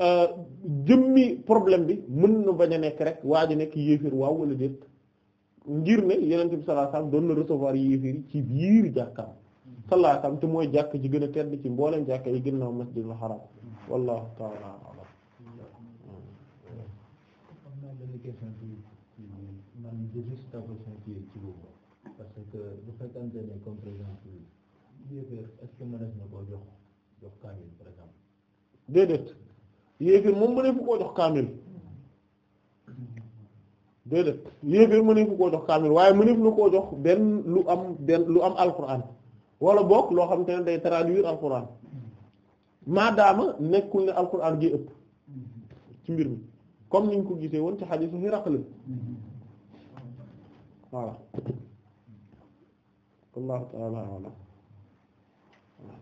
Euh, jëmmi problème bi mën na bañ a nekk rek waa ji nekk yéefir waaw wala déet ngir ne yonent bi sallallahu alayhi wasallam doon na recevoir yéefir yi ci biir jàkkaam sallallahu alayhi wasallam mooy jàkk ji gën a tedd ci mbooleem jàkk yi gën na masjidul haram wallahu ta'ala a'lam
la question ci ci boobu que bu
déedéet yéeféer moom mënee koo jox kaamil déedéet yéeféer mënee fu koo jox kaamil waaye mënee fu koo jox benn lu am benn lu am alquran wala boog loo xam te ne day traduire alquran maadaama nekkul ne alquran gi ëpp ci mbir mi comme niñ ko gisee woon ci xadiisu Hiraql voilà wallahu ta'ala a'lam